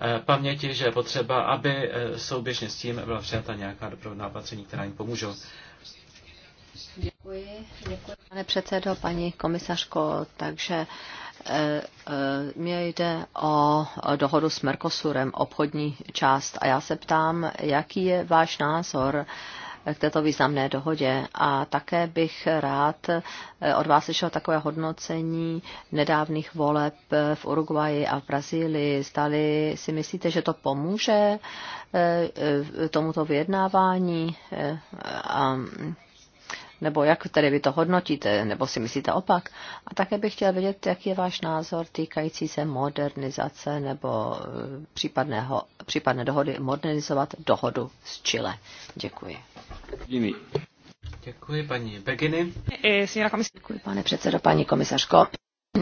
eh, paměti, že je potřeba, aby eh, souběžně s tím byla přijata nějaká doprovodná opatření, která jim pomůžou. Děkuji, děkuji, pane předsedo, paní komisařko. Takže mě jde o dohodu s Mercosurem, obchodní část. A já se ptám, jaký je váš názor k této významné dohodě. A také bych rád eh, od vás slyšel takové hodnocení nedávných voleb eh, v Uruguayi a v Brazílii. Stali si myslíte, že to pomůže eh, tomuto vyjednávání? A nebo jak tedy vy to hodnotíte, nebo si myslíte opak? A také bych chtěl vědět, jaký je váš názor týkající se modernizace nebo eh, případného, případné dohody modernizovat dohodu s Chile. Děkuji. Jiný. Děkuji paní Beginy. Eh, Děkuji pane předsedo, paní komisařko.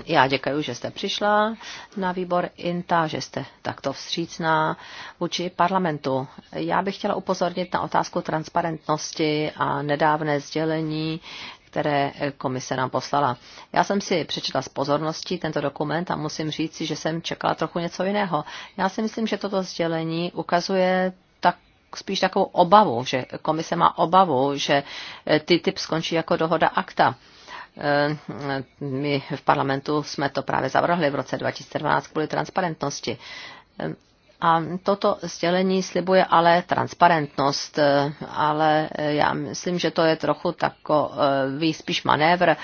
Já děkuji, že jste přišla na výbor INTA, že jste takto vstřícná vůči parlamentu. Já bych chtěla upozornit na otázku transparentnosti a nedávné sdělení které komise nám poslala. Já jsem si přečetla s pozorností tento dokument a musím říct, že jsem čekala trochu něco jiného. Já si myslím, že toto sdělení ukazuje spíš takovou obavu, že komise má obavu, že eh, ty skončí jako dohoda akta. Eh, my v parlamentu jsme to právě zavrhli v roce 2012 kvůli transparentnosti. Eh, a toto sdělení slibuje ale transparentnost, eh, ale já myslím, že to je trochu takový spíš manévr,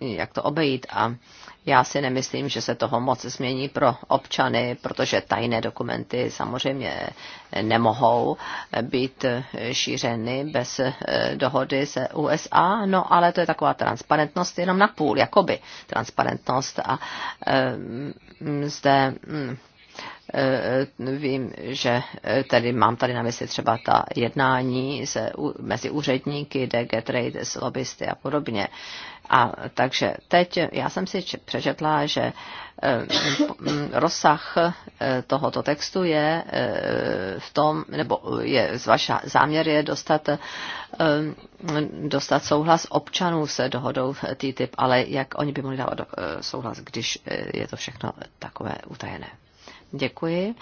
jak to obejít. A já si nemyslím, že se toho moc změní pro občany, protože tajné dokumenty samozřejmě nemohou být šířeny bez eh, dohody se USA, no ale to je taková transparentnost jenom na půl, jakoby transparentnost a eh, zde mm, Eh, eh, vím, že eh, tady mám tady na mysli třeba ta jednání se, mezi úředníky, DG Trade s lobbysty a podobně. A takže teď já jsem si přečetla, že rozsah tohoto textu je v tom, nebo je, vaša záměr je dostat, dostat souhlas občanů se dohodou TTIP, ale jak oni by mohli dávat souhlas, když je to všechno takové utajené. Děkuji.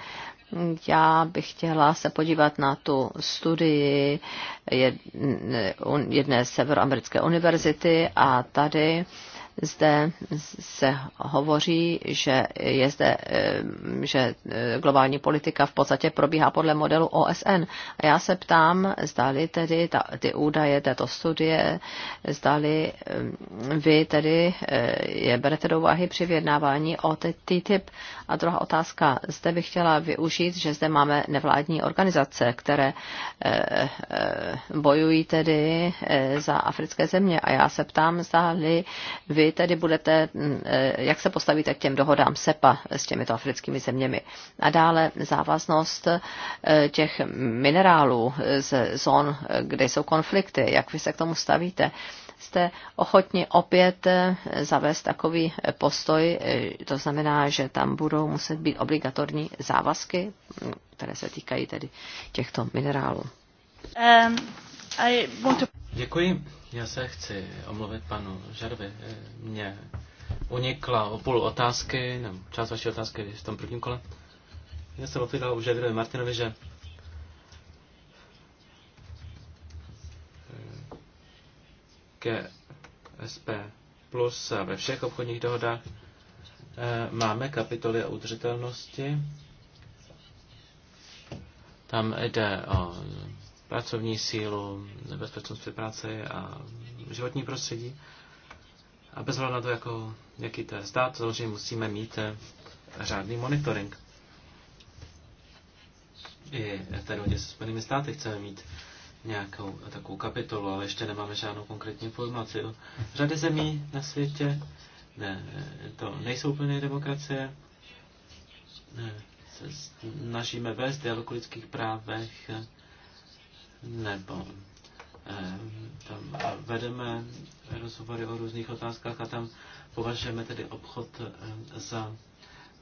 Já bych chtěla se podívat na tu studii jedné severoamerické univerzity a tady zde se hovoří, že je zde, eh, že eh, globální politika v podstatě probíhá podle modelu OSN. A já se ptám, zdali tedy ta, ty údaje této studie, zdali eh, vy tedy je berete do úvahy při vyjednávání o TTIP. A druhá otázka, zde bych chtěla využít, že zde máme nevládní organizace, které bojují tedy za africké země. A já se ptám, zdali vy tedy budete, mm, eh, jak se postavíte k těm dohodám SEPA s těmito africkými zeměmi. A dále závaznost eh, těch minerálů z zón, eh, kde jsou konflikty, jak vy se k tomu stavíte jste ochotni opět zavést takový postoj, to znamená, že tam budou muset být obligatorní závazky, mm, které se týkají tedy těchto minerálů. Um, Děkuji. Já se chci omluvit panu Žarvi. Mně unikla o půl otázky, nebo část vaší otázky v tom prvním kole. Já jsem odpovídal u Žarvi Martinovi, že ke eh, SP plus ve všech obchodních dohodách eh, máme kapitoly o udržitelnosti. Tam jde o pracovní sílu, bezpečnost při práci a životní prostředí. A bez ohledu na to, jako, jaký to je stát, samozřejmě musíme mít eh, řádný monitoring. I té dohodě se Spojenými státy chceme mít nějakou takovou kapitolu, ale ještě nemáme žádnou konkrétní informaci. Řady zemí na světě ne, to nejsou plné demokracie. Ne, se snažíme vést dialog o lidských právech, nebo eh, tam vedeme rozhovory o různých otázkách a tam považujeme tedy obchod eh, za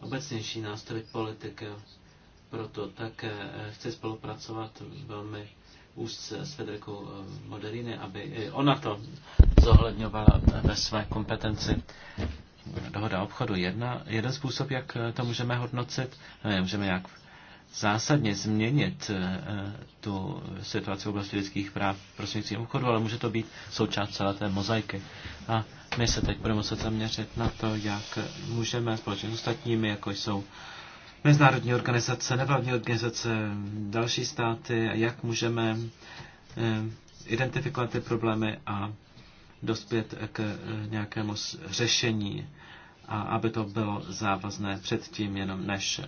obecnější nástroj politiky. Proto také eh, chci spolupracovat velmi úzce s Federikou Moderiny, aby i ona to zohledňovala ve své kompetenci. Dohoda obchodu jedna, jeden způsob, jak to můžeme hodnocit, ne, můžeme jak zásadně změnit eh, tu situaci v oblasti lidských práv prostřednictvím obchodu, ale může to být součást celé té mozaiky. A my se teď budeme muset zaměřit na to, jak můžeme společně s ostatními, jako jsou mezinárodní organizace, nevládní organizace, další státy, jak můžeme eh, identifikovat ty problémy a dospět k eh, nějakému řešení, a aby to bylo závazné předtím, jenom než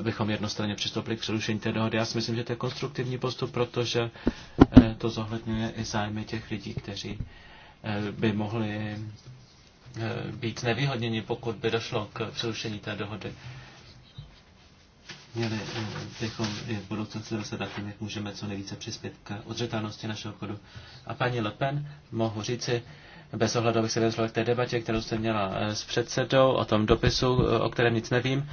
bychom jednostranně přistoupili k přerušení té dohody. Já si myslím, že to je konstruktivní postup, protože eh, to zohledňuje i zájmy těch lidí, kteří eh, by mohli eh, být nevýhodněni, pokud by došlo k přerušení té dohody. Měli bychom i v budoucnosti rozhledat tím, jak můžeme co nejvíce přispět k odřetelnosti našeho chodu. A paní Le Pen, mohu říci, bez ohledu, abych se vyjadřoval k té debatě, kterou jste měla s předsedou o tom dopisu, o kterém nic nevím,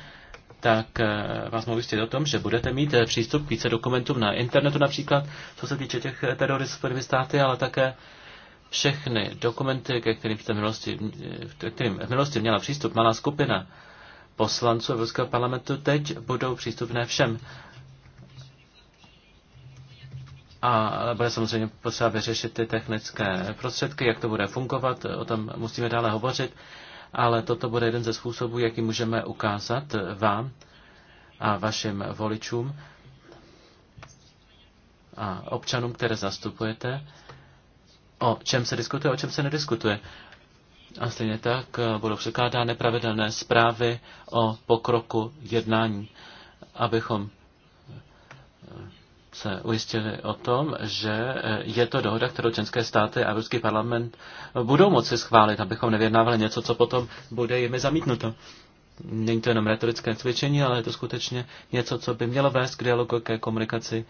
tak eh, vás mohu jistit o tom, že budete mít eh, přístup k více dokumentům na internetu například, co se týče těch eh, teroristů státy, ale také všechny dokumenty, ke kterým, jste minulosti, ke kterým v minulosti měla přístup malá skupina poslanců Evropského parlamentu, teď budou přístupné všem. A bude samozřejmě potřeba vyřešit ty technické prostředky, jak to bude fungovat, o tom musíme dále hovořit ale toto bude jeden ze způsobů, jaký můžeme ukázat vám a vašim voličům a občanům, které zastupujete, o čem se diskutuje, o čem se nediskutuje. A stejně tak eh, budou překládány pravidelné zprávy o pokroku jednání, abychom se ujistili o tom, že eh, je to dohoda, kterou české státy a Evropský parlament budou moci schválit, abychom nevědnávali něco, co potom bude jimi zamítnuto. Není to jenom retorické cvičení, ale je to skutečně něco, co by mělo vést k dialogu, ke komunikaci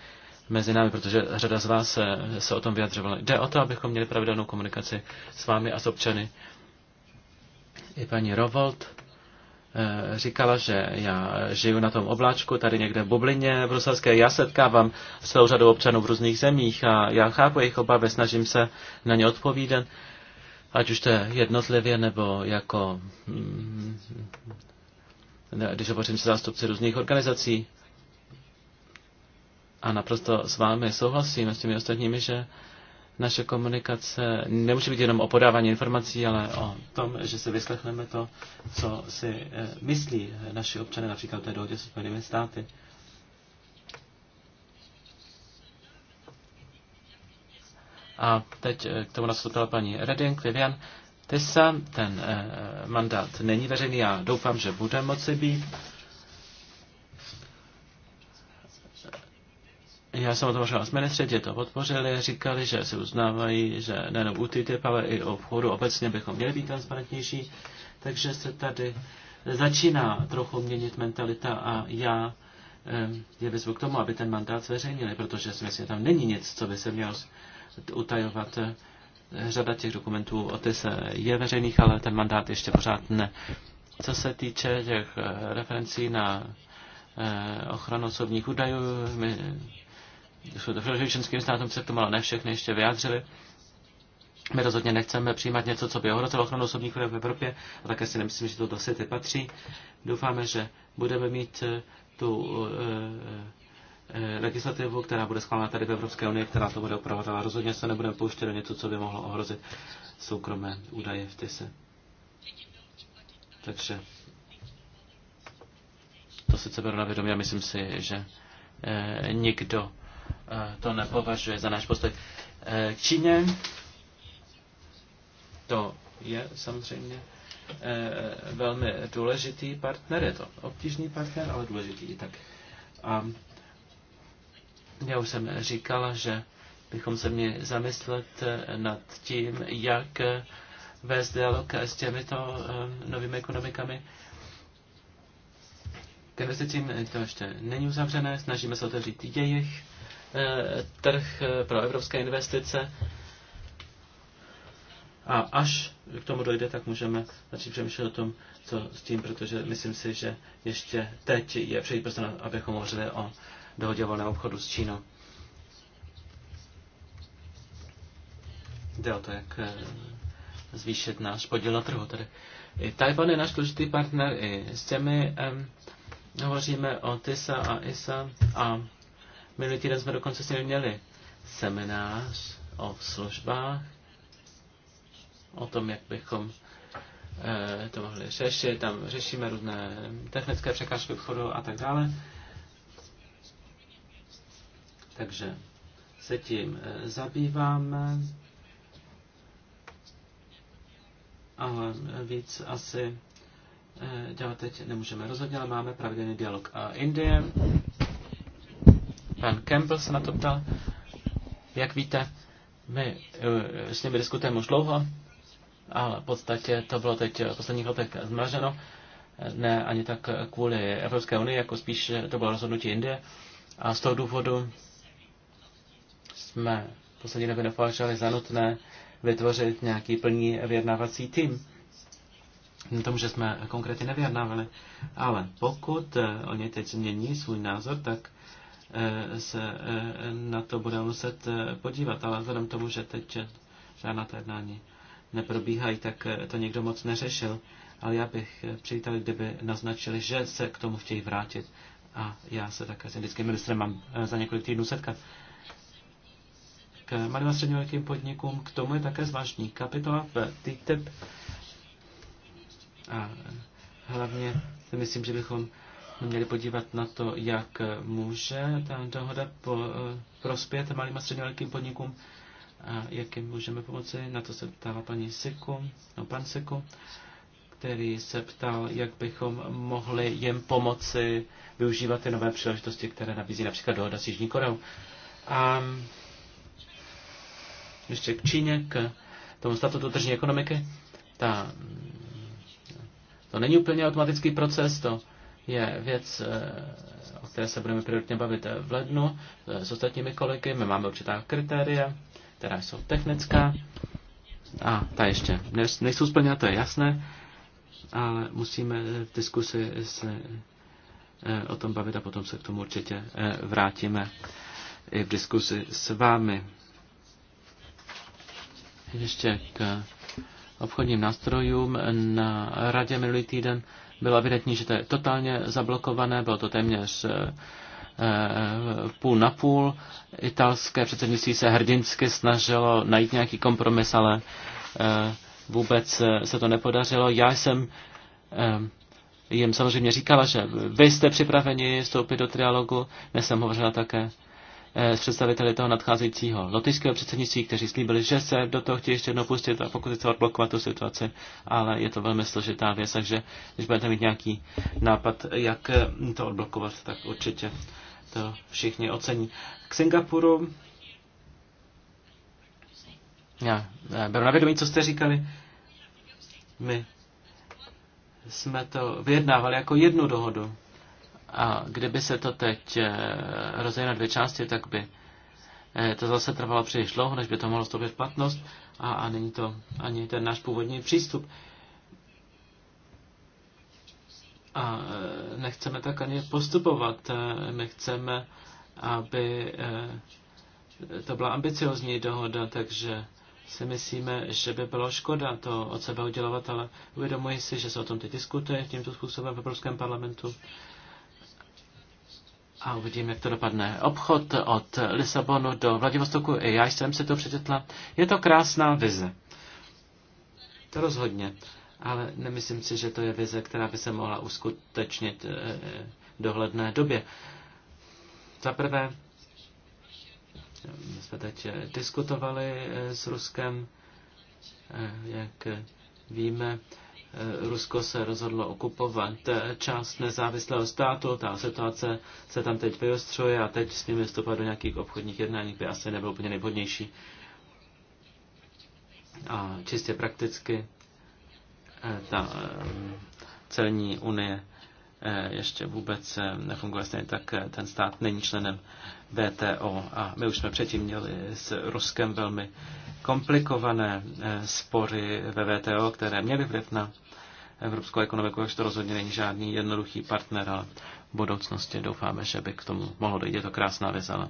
mezi námi, protože řada z vás se, eh, se o tom vyjadřovala. Jde o to, abychom měli pravidelnou komunikaci s vámi a s občany. I paní Rovold Eh, říkala, že já žiju na tom obláčku, tady někde v bublině bruselské. Já setkávám celou řadu občanů v různých zemích a já chápu jejich obavy, snažím se na ně odpovídat, ať už to je jednotlivě nebo jako, mm, když hovořím se zástupci různých organizací. A naprosto s vámi souhlasím a s těmi ostatními, že naše komunikace nemůže být jenom o podávání informací, ale o tom, že si vyslechneme to, co si eh, myslí naši občané, například té dohodě s Spojenými státy. A teď eh, k tomu nastoupila paní Reding, Vivian. Tessa, ten eh, mandát není veřejný, já doufám, že bude moci být Já jsem o tom hovořila s ministry, ti to podpořili, říkali, že se uznávají, že nejenom u TTIP, ale i o obchodu obecně bychom měli být transparentnější, takže se tady začíná trochu měnit mentalita a já je vyzvu k tomu, aby ten mandát zveřejnili, protože si myslím, že tam není nic, co by se mělo utajovat. Řada těch dokumentů o ty se je veřejných, ale ten mandát ještě pořád ne. Co se týče těch eh, referencí na eh, ochranu osobních údajů, my jsou to všechny členským státům se k tomu, ale ne všechny ještě vyjádřili. My rozhodně nechceme přijímat něco, co by ohrozilo ochranu osobních údajů v Evropě a také si nemyslím, že to do světy patří. Doufáme, že budeme mít eh, tu eh, eh, legislativu, která bude schválena tady v Evropské unii, která to bude opravovat, ale rozhodně se nebudeme pouštět do něco, co by mohlo ohrozit soukromé údaje v TISE. Takže to sice beru na vědomí a myslím si, že nikdo Eh, to nepovažuje za náš postoj. Eh, k Číně to je samozřejmě eh, velmi důležitý partner, je to obtížný partner, ale důležitý i tak. A já už jsem říkala, že bychom se měli zamyslet nad tím, jak vést dialog s těmito novými ekonomikami. K investicím to ještě není uzavřené, snažíme se otevřít jejich Eh, trh eh, pro evropské investice. A až k tomu dojde, tak můžeme začít přemýšlet o tom, co s tím, protože myslím si, že ještě teď je přejít prostě, abychom hovořili o dohodě o obchodu s Čínou. Jde o to, jak eh, zvýšit náš podíl na trhu. Tady. I Tajvan je náš důležitý partner, i s těmi um, hovoříme o TISA a ISA a Minulý týden jsme dokonce s nimi měli seminář o službách, o tom, jak bychom eh, to mohli řešit. Tam řešíme různé technické překážky obchodu a tak dále. Takže se tím eh, zabýváme, ale víc asi eh, dělat teď nemůžeme rozhodně, ale máme pravidelný dialog. A Indie, Pan Campbell se na to ptal. Jak víte, my eh, s nimi diskutujeme už dlouho, ale v podstatě to bylo teď v posledních letech zmraženo. Ne ani tak kvůli Evropské unii, jako spíš to bylo rozhodnutí Indie. A z toho důvodu jsme v poslední době nepovažovali za nutné vytvořit nějaký plný vyjednávací tým. Na tom, že jsme konkrétně nevyjednávali. Ale pokud eh, oni teď změní svůj názor, tak Eh, se eh, na to budeme muset eh, podívat, ale vzhledem tomu, že teď žádná ta jednání neprobíhají, tak to někdo moc neřešil. Ale já bych přítel, kdyby naznačili, že se k tomu chtějí vrátit. A já se také s indickým ministrem mám za několik týdnů setkat. K malým a středním velkým podnikům, k tomu je také zvláštní kapitola v TTIP. A hlavně si myslím, že bychom měli podívat na to, jak může ta dohoda po, eh, prospět malým a středně velkým podnikům a jak jim můžeme pomoci. Na to se ptala paní Siku, no pan Siku, který se ptal, jak bychom mohli jim pomoci využívat ty nové příležitosti, které nabízí například dohoda s Jižní Koreou. A ještě k Číně, k tomu statutu tržní ekonomiky. Ta, to není úplně automatický proces, to je věc, eh, o které se budeme prioritně bavit v lednu eh, s ostatními kolegy. My máme určitá kritéria, která jsou technická a ta ještě nejsou splněna, to je jasné, ale musíme eh, v diskusi se o tom bavit a potom se k tomu určitě vrátíme i v diskusi s vámi. Ještě k obchodním nástrojům. Na radě minulý týden bylo evidentní, že to je totálně zablokované, bylo to téměř eh, eh, půl na půl. Italské předsednictví se hrdinsky snažilo najít nějaký kompromis, ale eh, vůbec se to nepodařilo. Já jsem jim samozřejmě říkala, že vy jste připraveni vstoupit do trialogu. Dnes jsem hovořila také Eh, s představiteli toho nadcházejícího lotyšského předsednictví, kteří slíbili, že se do toho chtějí ještě jednou pustit a pokusit se odblokovat tu situaci, ale je to velmi složitá věc, takže když budete mít nějaký nápad, jak eh, to odblokovat, tak určitě to všichni ocení. K Singapuru já beru na vědomí, co jste říkali. My jsme to vyjednávali jako jednu dohodu. A kdyby se to teď eh, rozdělilo na dvě části, tak by eh, to zase trvalo příliš dlouho, než by to mohlo stoupit v platnost a, a není to ani ten náš původní přístup. A eh, nechceme tak ani postupovat. My chceme, aby to byla ambiciozní dohoda, takže si myslíme, že by bylo škoda to od sebe udělovat, ale uvědomuji si, že se o tom teď diskutuje tímto způsobem v Evropském parlamentu. A uvidíme, jak to dopadne. Obchod od Lisabonu do Vladivostoku, i já jsem se to přečetla. Je to krásná vize. To rozhodně. Ale nemyslím si, že to je vize, která by se mohla uskutečnit eh, v dohledné době. Za prvé, my jsme teď eh, diskutovali eh, s Ruskem, jak víme, Eh, Rusko se rozhodlo okupovat eh, část nezávislého státu, ta situace se tam teď vyostřuje a teď s nimi vstupovat do nějakých obchodních jednání by asi nebylo úplně nejvhodnější. A čistě prakticky eh, ta celní unie Eh, ještě vůbec eh, nefunguje stejně, tak eh, ten stát není členem VTO a my už jsme předtím měli s Ruskem velmi komplikované spory ve VTO, které měly vliv na evropskou ekonomiku, takže to rozhodně není žádný jednoduchý partner, ale v budoucnosti doufáme, že by k tomu mohlo dojít. Je to krásná věc, ale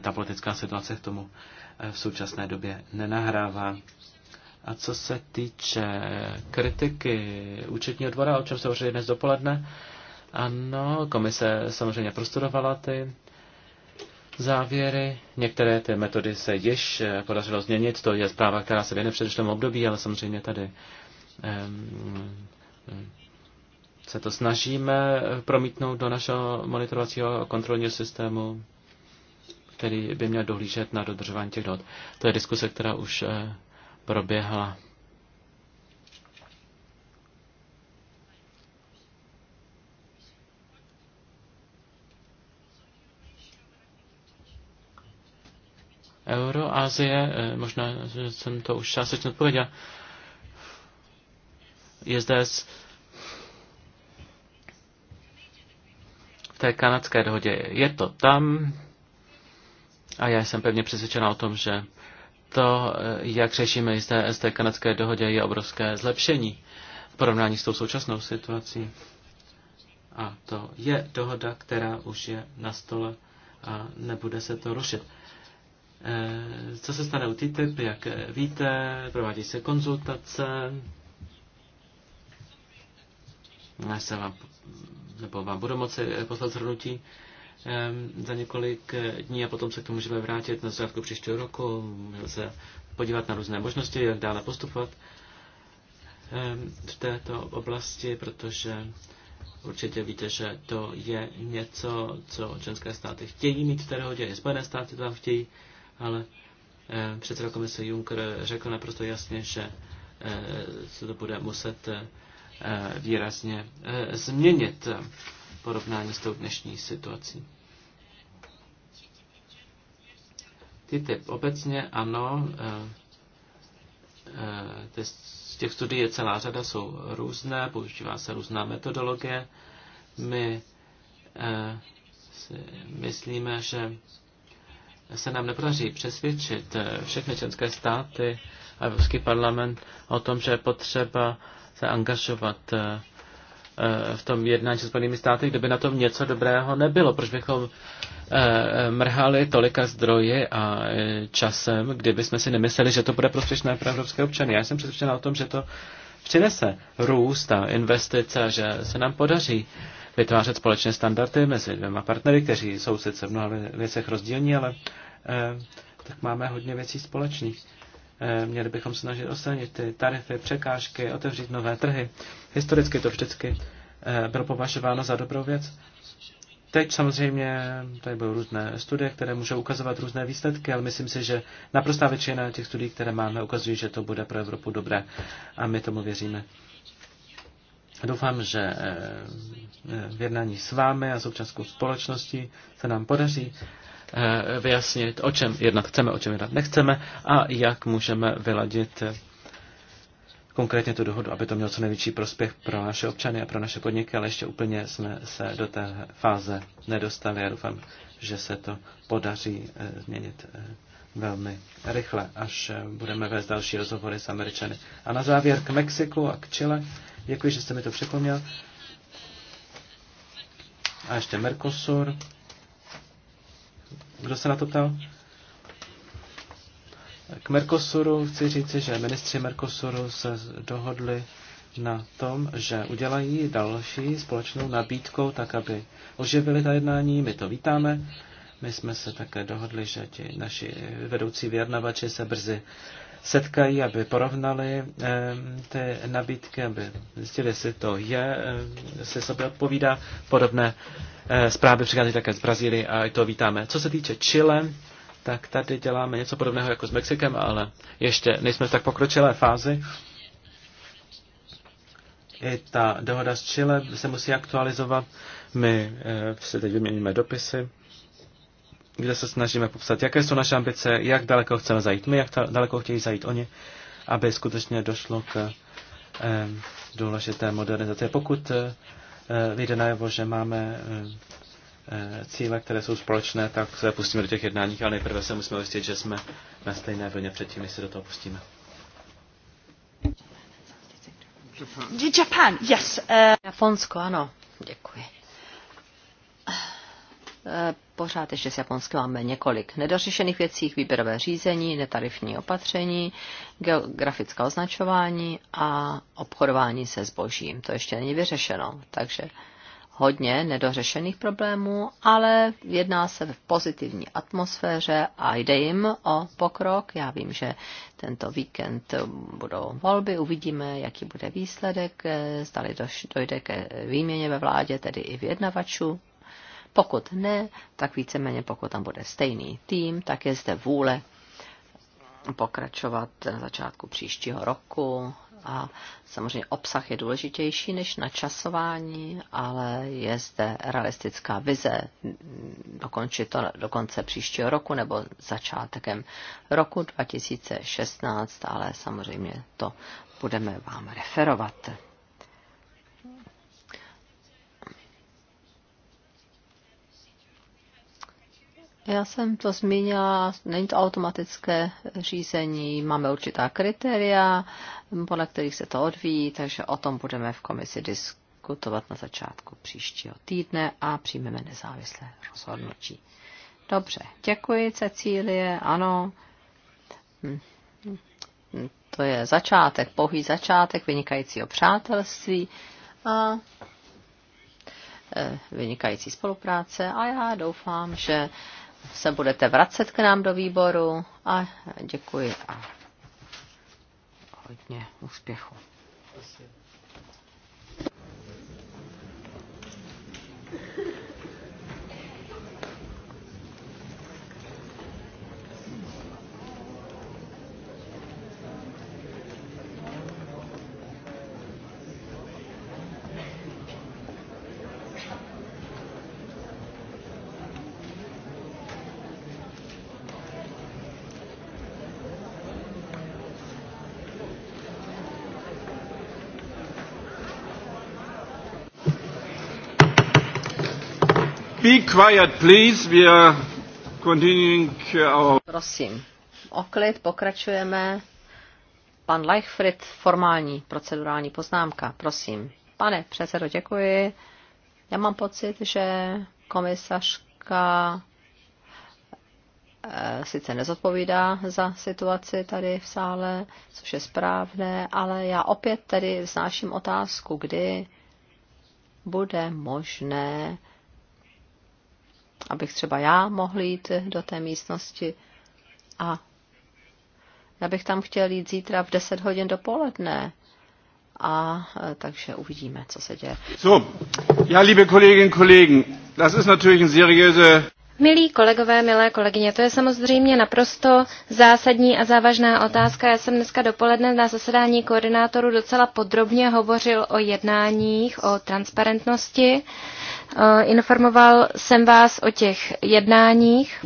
ta politická situace k tomu v současné době nenahrává. A co se týče kritiky účetního dvora, o čem se hovořili dnes dopoledne, ano, komise samozřejmě prostudovala ty závěry. Některé ty metody se již podařilo změnit, to je zpráva, která se věnuje předešlém období, ale samozřejmě tady se to snažíme promítnout do našeho monitorovacího kontrolního systému, který by měl dohlížet na dodržování těch dot. To je diskuse, která už eh, proběhla. Euroazie, eh, možná že jsem to už částečně odpověděl, je zde v té kanadské dohodě. Je to tam a já jsem pevně přesvědčena o tom, že to, eh, jak řešíme jisté z té kanadské dohodě, je obrovské zlepšení v porovnání s tou současnou situací. A to je dohoda, která už je na stole a nebude se to rušit. Eh, co se stane u TTIP, jak víte, provádí se konzultace. Já se vám, nebo vám budu moci poslat zhrnutí za několik eh, dní a potom se k tomu můžeme vrátit na začátku příštího roku, můžeme se podívat na různé možnosti, jak dále postupovat v této oblasti, protože určitě víte, že to je něco, co členské státy chtějí mít v té dohodě, i Spojené státy to tam chtějí, ale předseda komise Juncker řekl naprosto jasně, že eh, se to bude muset eh, výrazně změnit porovnání s tou dnešní situací. TTIP obecně ano, eh, eh, z těch studií je celá řada, jsou různé, používá se různá metodologie. My eh, si myslíme, že se nám nepodaří přesvědčit všechny členské státy a Evropský parlament o tom, že je potřeba se angažovat Eh, v tom jednání se Spojenými státy, kdyby na tom něco dobrého nebylo. Proč bychom eh, mrhali tolika zdroji a eh, časem, kdyby jsme si nemysleli, že to bude prospěšné pro evropské občany. Já jsem přesvědčena o tom, že to přinese růst a investice, že se nám podaří vytvářet společné standardy mezi dvěma partnery, kteří jsou sice v mnoha věcech rozdílní, ale eh, tak máme hodně věcí společných. Eh, měli bychom se snažit odstranit ty tarify, překážky, otevřít nové trhy. Historicky to vždycky eh, bylo považováno za dobrou věc. Teď samozřejmě tady byly různé studie, které můžou ukazovat různé výsledky, ale myslím si, že naprostá většina těch studií, které máme, ukazují, že to bude pro Evropu dobré a my tomu věříme. Doufám, že eh, v jednání s vámi a s občanskou společností se nám podaří Eh, vyjasnit, o čem jednat chceme, o čem jednat nechceme a jak můžeme vyladit eh, konkrétně tu dohodu, aby to mělo co největší prospěch pro naše občany a pro naše podniky, ale ještě úplně jsme se do té fáze nedostali. Já doufám, že se to podaří eh, změnit velmi rychle, až budeme vést další rozhovory s Američany. A na závěr k Mexiku a k Chile. Děkuji, že jste mi to připomněl. A ještě Mercosur. Kdo se na to ptal? K Mercosuru chci říci, že ministři Mercosuru se dohodli na tom, že udělají další společnou nabídkou, tak aby oživili ta jednání. My to vítáme. My jsme se také dohodli, že ti naši vedoucí vyjednavači se brzy setkají, aby porovnali ty nabídky, aby zjistili, jestli to je, se sobě odpovídá. Podobné eh, zprávy přichází také z Brazílie a i to vítáme. Co se týče Chile, tak tady děláme něco podobného jako s Mexikem, ale ještě nejsme v tak pokročilé fázi. I ta dohoda s Chile se musí aktualizovat. My eh, se teď vyměníme dopisy kde se snažíme popsat, jaké jsou naše ambice, jak daleko chceme zajít my, jak daleko chtějí zajít oni, aby skutečně došlo k eh, důležité modernizaci. Pokud eh, eh vyjde najevo, že máme eh, eh, cíle, které jsou společné, tak se pustíme do těch jednání, ale nejprve se musíme ujistit, že jsme na stejné vlně předtím, než se do toho pustíme. Japan, yes. Uh... Japonsko, ano. Děkuji. Eh, pořád ještě s Japonskem máme několik nedořešených věcí, výběrové řízení, netarifní opatření, geografické označování a obchodování se zbožím. To ještě není vyřešeno, takže hodně nedořešených problémů, ale jedná se v pozitivní atmosféře a jde jim o pokrok. Já vím, že tento víkend budou volby, uvidíme, jaký bude výsledek, eh, zdali dojde ke výměně ve vládě, tedy i vyjednavačů pokud ne, tak víceméně pokud tam bude stejný tým, tak je zde vůle pokračovat na začátku příštího roku a samozřejmě obsah je důležitější než načasování, ale je zde realistická vize dokončit to do konce příštího roku nebo začátkem roku 2016, ale samozřejmě to budeme vám referovat. Já jsem to zmínila, není to automatické řízení, máme určitá kritéria, podle kterých se to odvíjí, takže o tom budeme v komisi diskutovat na začátku příštího týdne a přijmeme nezávislé rozhodnutí. Dobře, děkuji Cecílie, ano. To je začátek, pouhý začátek vynikajícího přátelství a e, vynikající spolupráce a já doufám, že se budete vracet k nám do výboru a děkuji a hodně úspěchu. Be quiet, please. We are continuing our... Prosím, oklid, pokračujeme. Pan Leichfried, formální procedurální poznámka, prosím. Pane předsedo, děkuji. Já mám pocit, že komisařka eh, sice nezodpovídá za situaci tady v sále, což je správné, ale já opět tedy znáším otázku, kdy bude možné abych třeba já mohl jít do té místnosti a já bych tam chtěl jít zítra v 10 hodin dopoledne. A e, takže uvidíme, co se děje. So, ja, liebe Kolleginnen Kollegen, das ist natürlich ein seriöse Milí kolegové, milé kolegyně, to je samozřejmě naprosto zásadní a závažná otázka. Já jsem dneska dopoledne na zasedání koordinátorů docela podrobně hovořil o jednáních, o transparentnosti. Eh, informoval jsem vás o těch jednáních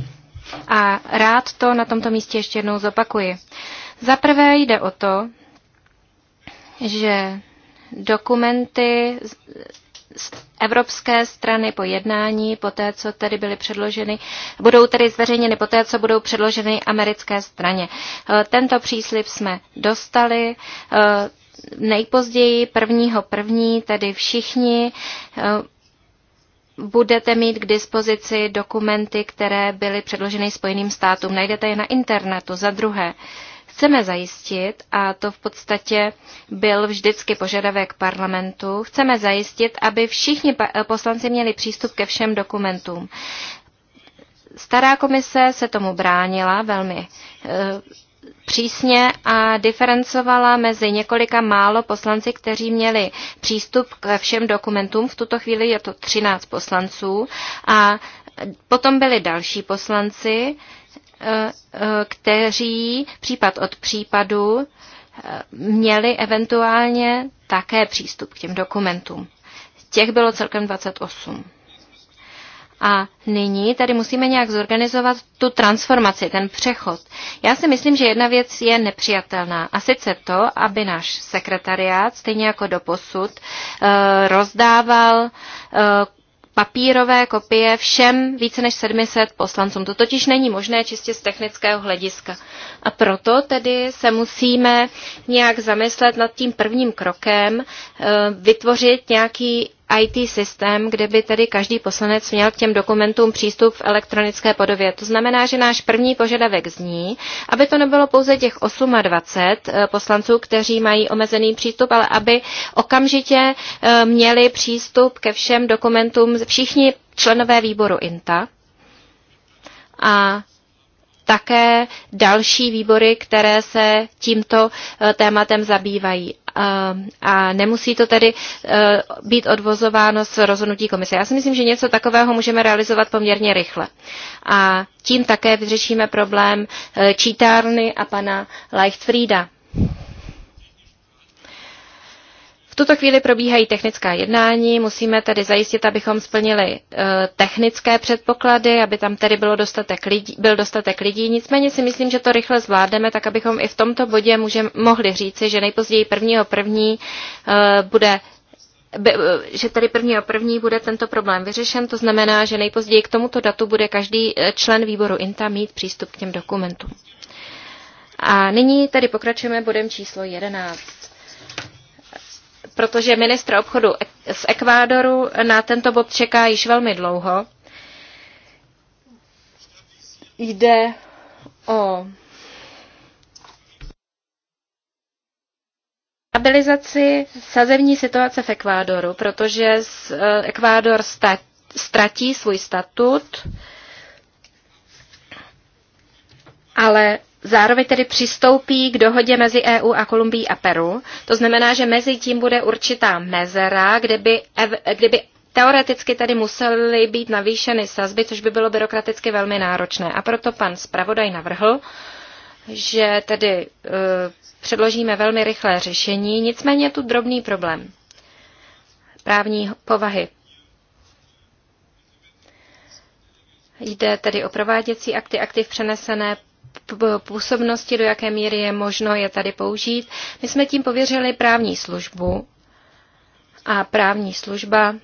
a rád to na tomto místě ještě jednou zopakuji. Za prvé jde o to, že dokumenty z evropské strany po jednání, po té, co tedy byly předloženy, budou tedy zveřejněny po té, co budou předloženy americké straně. Eh, tento příslip jsme dostali eh, nejpozději 1.1., tedy všichni budete mít k dispozici dokumenty, které byly předloženy Spojeným státům. Najdete je na internetu. Za druhé, chceme zajistit, a to v podstatě byl vždycky požadavek parlamentu, chceme zajistit, aby všichni poslanci měli přístup ke všem dokumentům. Stará komise se tomu bránila velmi eh, přísně a diferencovala mezi několika málo poslanci, kteří měli přístup k všem dokumentům. V tuto chvíli je to 13 poslanců a potom byli další poslanci, e, e, kteří případ od případu e, měli eventuálně také přístup k těm dokumentům. Těch bylo celkem 28. A nyní tady musíme nějak zorganizovat tu transformaci, ten přechod. Já si myslím, že jedna věc je nepřijatelná. A sice to, aby náš sekretariát, stejně jako doposud, eh, rozdával eh, papírové kopie všem více než 700 poslancům. To totiž není možné čistě z technického hlediska. A proto tedy se musíme nějak zamyslet nad tím prvním krokem, eh, vytvořit nějaký IT systém, kde by tedy každý poslanec měl k těm dokumentům přístup v elektronické podobě. To znamená, že náš první požadavek zní, aby to nebylo pouze těch 28 eh, poslanců, kteří mají omezený přístup, ale aby okamžitě eh, měli přístup ke všem dokumentům všichni členové výboru INTA a také další výbory, které se tímto eh, tématem zabývají a nemusí to tedy e, být odvozováno z rozhodnutí komise. Já si myslím, že něco takového můžeme realizovat poměrně rychle. A tím také vyřešíme problém e, čítárny a pana Leichtfrieda. V tuto chvíli probíhají technická jednání, musíme tedy zajistit, abychom splnili eh, technické předpoklady, aby tam tedy bylo dostatek lidí, byl dostatek lidí. Nicméně si myslím, že to rychle zvládneme, tak abychom i v tomto bodě můžeme, mohli říci, že nejpozději prvního první eh, bude eh, že tedy prvního první bude tento problém vyřešen, to znamená, že nejpozději k tomuto datu bude každý člen výboru INTA mít přístup k těm dokumentům. A nyní tedy pokračujeme bodem číslo 11 protože ministr obchodu z Ekvádoru na tento bod čeká již velmi dlouho. Jde o stabilizaci sazební situace v Ekvádoru, protože e, Ekvádor ztratí svůj statut, ale Zároveň tedy přistoupí k dohodě mezi EU a Kolumbií a Peru. To znamená, že mezi tím bude určitá mezera, kde by, kde by Teoreticky tedy musely být navýšeny sazby, což by bylo byrokraticky velmi náročné. A proto pan zpravodaj navrhl, že tedy e, předložíme velmi rychlé řešení, nicméně je tu drobný problém právní povahy. Jde tedy o prováděcí akty, akty v přenesené působnosti, do jaké míry je možno je tady použít. My jsme tím pověřili právní službu a právní služba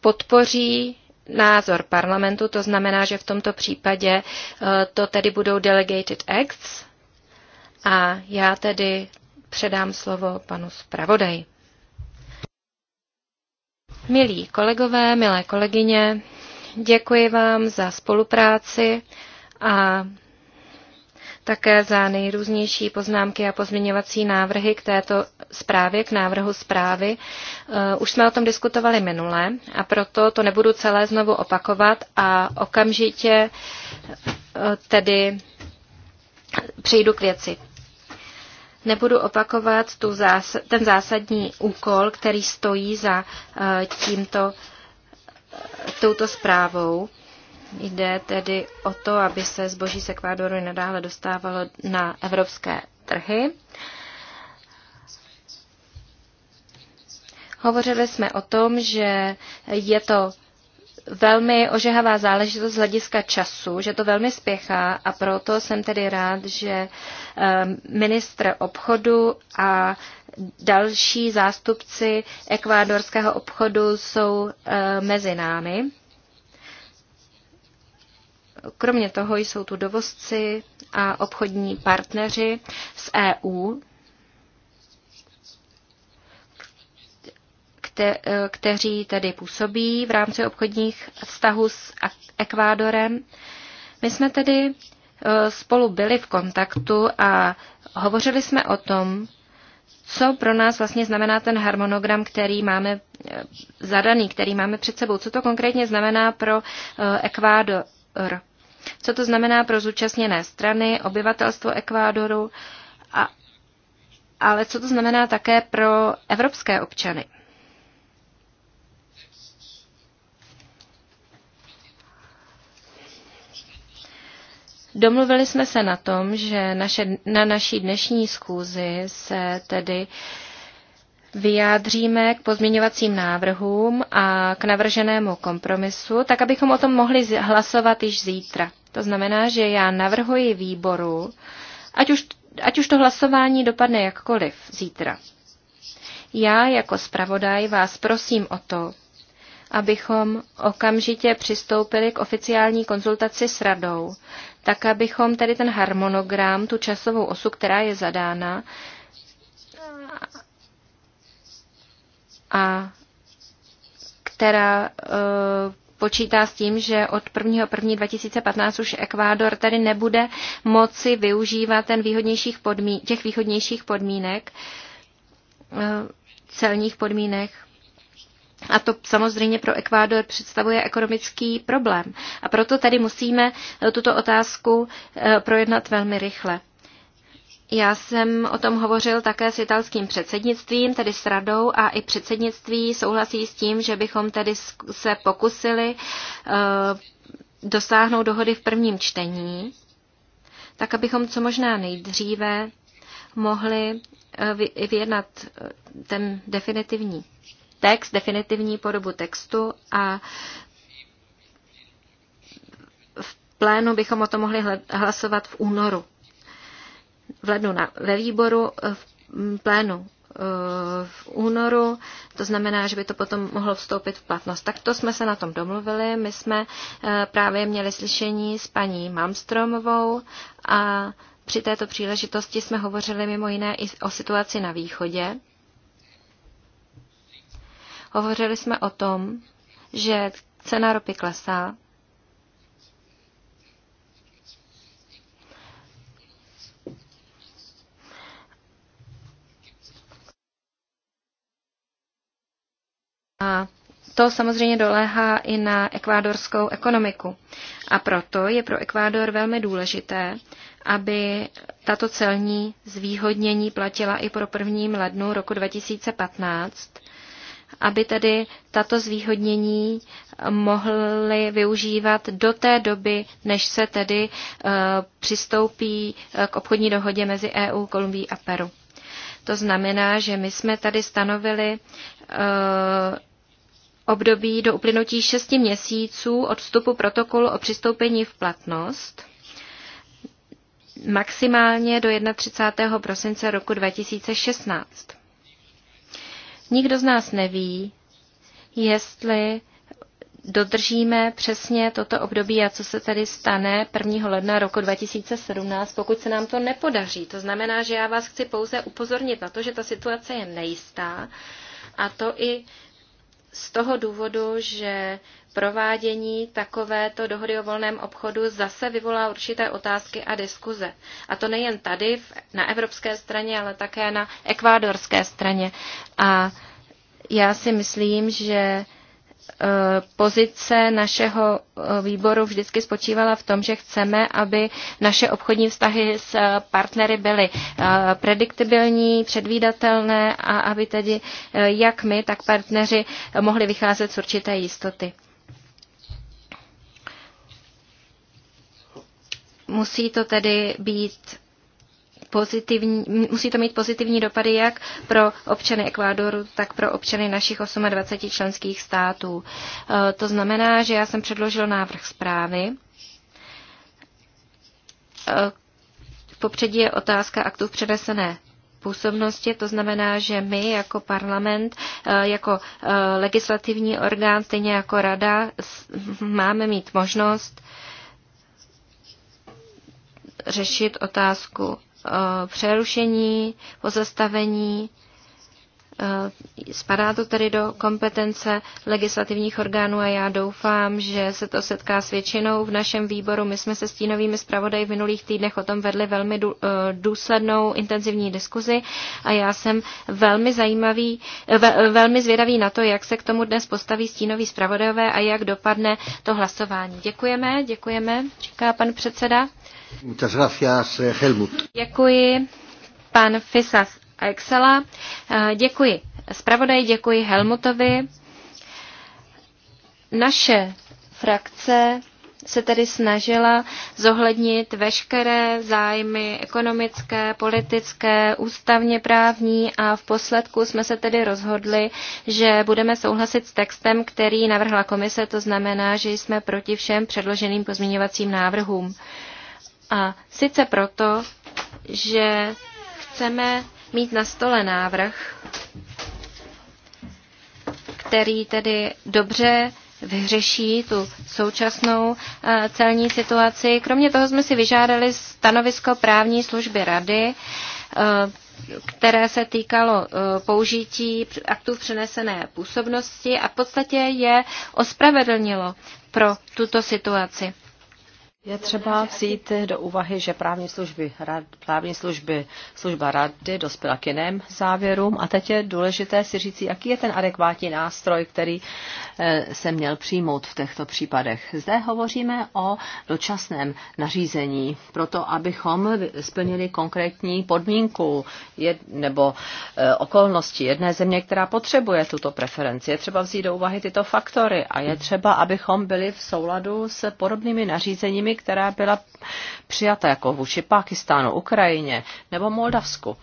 podpoří názor parlamentu, to znamená, že v tomto případě eh, to tedy budou delegated acts a já tedy předám slovo panu zpravodaji. Milí kolegové, milé kolegyně, děkuji vám za spolupráci a také za nejrůznější poznámky a pozměňovací návrhy k této zprávě, k návrhu zprávy. Eh, už jsme o tom diskutovali minule a proto to nebudu celé znovu opakovat a okamžitě eh, tedy přejdu k věci. Nebudu opakovat tu zás- ten zásadní úkol, který stojí za eh, tímto, touto zprávou. Jde tedy o to, aby se zboží z Ekvádoru nadále dostávalo na evropské trhy. Hovořili jsme o tom, že je to velmi ožehavá záležitost z hlediska času, že to velmi spěchá a proto jsem tedy rád, že ehm, ministr obchodu a další zástupci ekvádorského obchodu jsou ehm, mezi námi. Kromě toho jsou tu dovozci a obchodní partneři z EU, kte, kteří tedy působí v rámci obchodních vztahů s Ekvádorem. My jsme tedy e, spolu byli v kontaktu a hovořili jsme o tom, co pro nás vlastně znamená ten harmonogram, který máme e, zadaný, který máme před sebou, co to konkrétně znamená pro e, Ekvádor, R. Co to znamená pro zúčastněné strany, obyvatelstvo Ekvádoru, a, ale co to znamená také pro evropské občany? Domluvili jsme se na tom, že naše, na naší dnešní schůzi se tedy uh, vyjádříme k pozměňovacím návrhům a k navrženému kompromisu, tak abychom o tom mohli hlasovat již zítra. To znamená, že já navrhuji výboru, ať už, ať už to hlasování dopadne jakkoliv zítra. Já jako zpravodaj vás prosím o to, abychom okamžitě přistoupili k oficiální konzultaci s radou, tak abychom tedy ten harmonogram, tu časovou osu, která je zadána, a která e, počítá s tím, že od 1.1.2015 už Ekvádor tady nebude moci využívat ten výhodnějších podmí- těch výhodnějších podmínek, e, celních podmínek. A to samozřejmě pro Ekvádor představuje ekonomický problém. A proto tady musíme tuto otázku e, projednat velmi rychle. Já jsem o tom hovořil také s italským předsednictvím, tedy s radou, a i předsednictví souhlasí s tím, že bychom tedy se pokusili eh, dosáhnout dohody v prvním čtení, tak abychom co možná nejdříve mohli eh, vyjednat eh, ten definitivní text, definitivní podobu textu a v plénu bychom o tom mohli hlasovat v únoru v lednu na, ve výboru, eh, v plénu eh, v únoru, to znamená, že by to potom mohlo vstoupit v platnost. Takto jsme se na tom domluvili. My jsme eh, právě měli slyšení s paní Mamstromovou a při této příležitosti jsme hovořili mimo jiné i o situaci na východě. Hovořili jsme o tom, že cena ropy klesá, A to samozřejmě doléhá i na ekvádorskou ekonomiku. A proto je pro Ekvádor velmi důležité, aby tato celní zvýhodnění platila i pro 1. lednu roku 2015, aby tedy tato zvýhodnění mohly využívat do té doby, než se tedy eh, přistoupí eh, k obchodní dohodě mezi EU, Kolumbií a Peru. To znamená, že my jsme tady stanovili eh, období do uplynutí šesti měsíců od vstupu protokolu o přistoupení v platnost, maximálně do 31. prosince roku 2016. Nikdo z nás neví, jestli dodržíme přesně toto období a co se tedy stane 1. ledna roku 2017, pokud se nám to nepodaří. To znamená, že já vás chci pouze upozornit na to, že ta situace je nejistá a to i z toho důvodu, že provádění takovéto dohody o volném obchodu zase vyvolá určité otázky a diskuze. A to nejen tady na evropské straně, ale také na ekvádorské straně. A já si myslím, že pozice našeho eh, výboru vždycky spočívala v tom, že chceme, aby naše obchodní vztahy s eh, partnery byly eh, prediktibilní, předvídatelné a aby tedy jak my, tak partneři mohli vycházet z určité jistoty. Musí to tedy být pozitivní, musí to mít pozitivní dopady jak pro občany Ekvádoru, tak pro občany našich 28 členských států. E, to znamená, že já jsem předložil návrh zprávy. E, v popředí je otázka aktů přenesené působnosti, to znamená, že my jako parlament, e, jako legislativní orgán, stejně jako rada, máme mít možnost řešit otázku Eh, přerušení, pozastavení. Eh, spadá to tedy do kompetence legislativních orgánů a já doufám, že se to setká s většinou v našem výboru. My jsme se stínovými zpravodaji v minulých týdnech o tom vedli velmi eh, důslednou intenzivní diskuzi a já jsem velmi zajímavý, velmi zvědavý na to, jak se k tomu dnes postaví stínoví zpravodajové a jak dopadne to hlasování. Děkujeme, děkujeme, říká pan předseda. Eh, děkuji, pan Fisas Excela. Eh, děkuji zpravodaji, děkuji Helmutovi. Naše frakce se tedy snažila zohlednit veškeré zájmy ekonomické, politické, ústavně právní a v posledku jsme se tedy rozhodli, že budeme souhlasit s textem, který navrhla komise, to znamená, že jsme proti všem předloženým pozměňovacím návrhům. A sice proto, že chceme mít na stole návrh, který tedy dobře vyřeší tu současnou eh, celní situaci. Kromě toho jsme si vyžádali stanovisko právní služby rady, eh, které se týkalo eh, použití aktů přenesené působnosti a v podstatě je ospravedlnilo pro tuto situaci. Je třeba vzít do úvahy, že právní služby, rad, právní služby, služba rady dospěla k jiném závěrům a teď je důležité si říct, jaký je ten adekvátní nástroj, který eh, se měl přijmout v těchto případech. Zde hovoříme o dočasném nařízení, proto abychom splnili konkrétní podmínku jed, nebo eh, okolnosti jedné země, která potřebuje tuto preferenci. Je třeba vzít do úvahy tyto faktory a je třeba, abychom byli v souladu s podobnými nařízeními, která byla přijata jako vůči Pákistánu, Ukrajině nebo Moldavsku.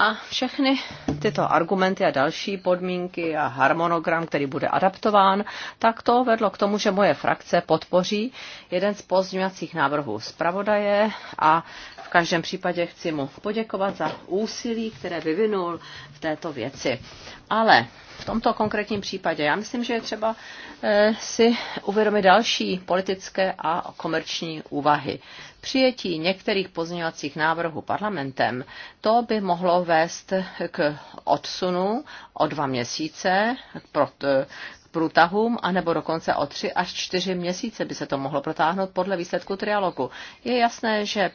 A všechny tyto argumenty a další podmínky a harmonogram, který bude adaptován, tak to vedlo k tomu, že moje frakce podpoří jeden z pozměňovacích návrhů zpravodaje a v každém případě chci mu poděkovat za úsilí, které vyvinul v této věci. Ale v tomto konkrétním případě. Já myslím, že je třeba eh, si uvědomit další politické a komerční úvahy. Přijetí některých pozměňovacích návrhů parlamentem, to by mohlo vést k odsunu o dva měsíce, k průtahům, anebo dokonce o tři až čtyři měsíce by se to mohlo protáhnout podle výsledku trialogu. Je jasné, že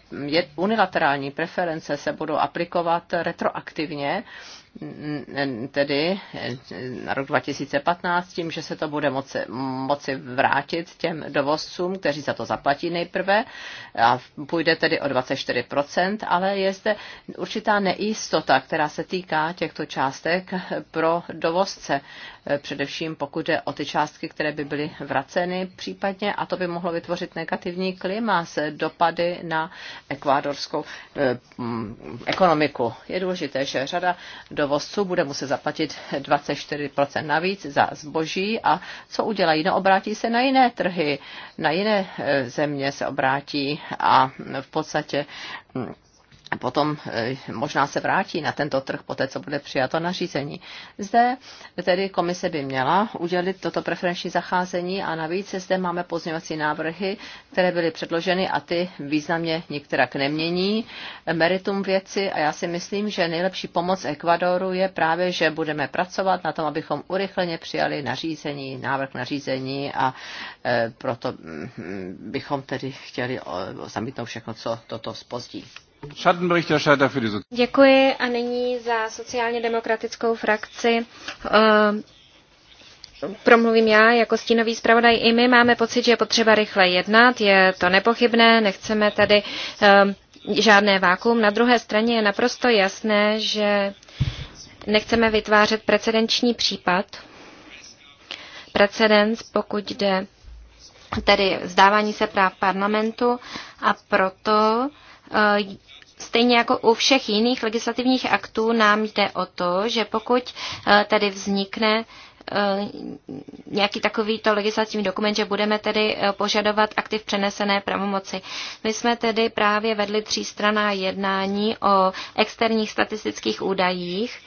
unilaterální preference se budou aplikovat retroaktivně tedy na rok 2015 tím, že se to bude moci, moci vrátit těm dovozcům, kteří za to zaplatí nejprve a půjde tedy o 24%, ale je zde určitá nejistota, která se týká těchto částek pro dovozce Eh, především pokud jde o ty částky, které by byly vraceny případně a to by mohlo vytvořit negativní klima s dopady na ekvádorskou eh, mm, ekonomiku. Je důležité, že řada dovozců bude muset zaplatit 24% navíc za zboží a co udělají? No obrátí se na jiné trhy, na jiné eh, země se obrátí a v podstatě mm, potom e, možná se vrátí na tento trh po té, co bude přijato nařízení. Zde tedy komise by měla udělit toto preferenční zacházení a navíc zde máme pozměňovací návrhy, které byly předloženy a ty významně některak nemění meritum věci a já si myslím, že nejlepší pomoc Ekvadoru je právě, že budeme pracovat na tom, abychom urychleně přijali nařízení, návrh nařízení a e, proto mm, bychom tedy chtěli zamítnout všechno, co toto spozdí. Děkuji a nyní za sociálně demokratickou frakci eh, promluvím já jako stínový zpravodaj. I my máme pocit, že je potřeba rychle jednat, je to nepochybné, nechceme tady eh, žádné vákuum. Na druhé straně je naprosto jasné, že nechceme vytvářet precedenční případ. Precedens, pokud jde tedy vzdávání se práv parlamentu a proto eh, Stejně jako u všech jiných legislativních aktů nám jde o to, že pokud eh, tady vznikne eh, nějaký takovýto legislativní dokument, že budeme tedy eh, požadovat aktiv přenesené pravomoci. My jsme tedy právě vedli třístraná jednání o externích statistických údajích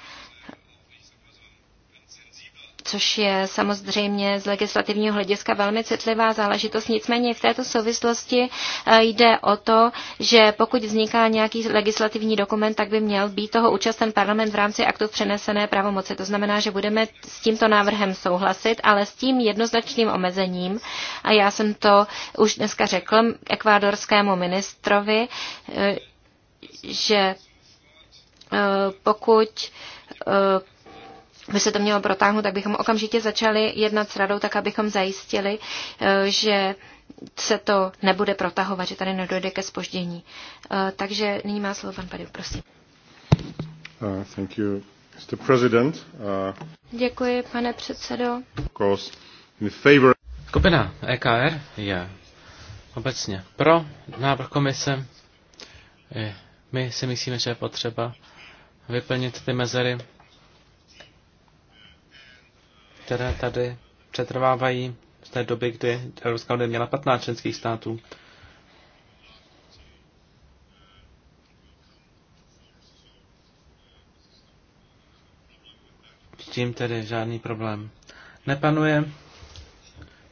což je samozřejmě z legislativního hlediska velmi citlivá záležitost. Nicméně v této souvislosti eh, jde o to, že pokud vzniká nějaký legislativní dokument, tak by měl být toho účasten parlament v rámci aktu přenesené pravomoci. To znamená, že budeme s tímto návrhem souhlasit, ale s tím jednoznačným omezením, a já jsem to už dneska řekl ekvádorskému ministrovi, eh, že eh, pokud by se to mělo protáhnout, tak bychom okamžitě začali jednat s radou, tak abychom zajistili, eh, že se to nebude protahovat, že tady nedojde ke spoždění. Eh, takže nyní má slovo pan Padiu, prosím. Uh, thank you, Mr. President. Uh, Děkuji, pane předsedo. Course, in favor... Skupina EKR je obecně pro návrh komise. My si myslíme, že je potřeba vyplnit ty mezery které tady přetrvávají z té doby, kdy Evropská unie měla 15 členských států. S tím tedy žádný problém nepanuje.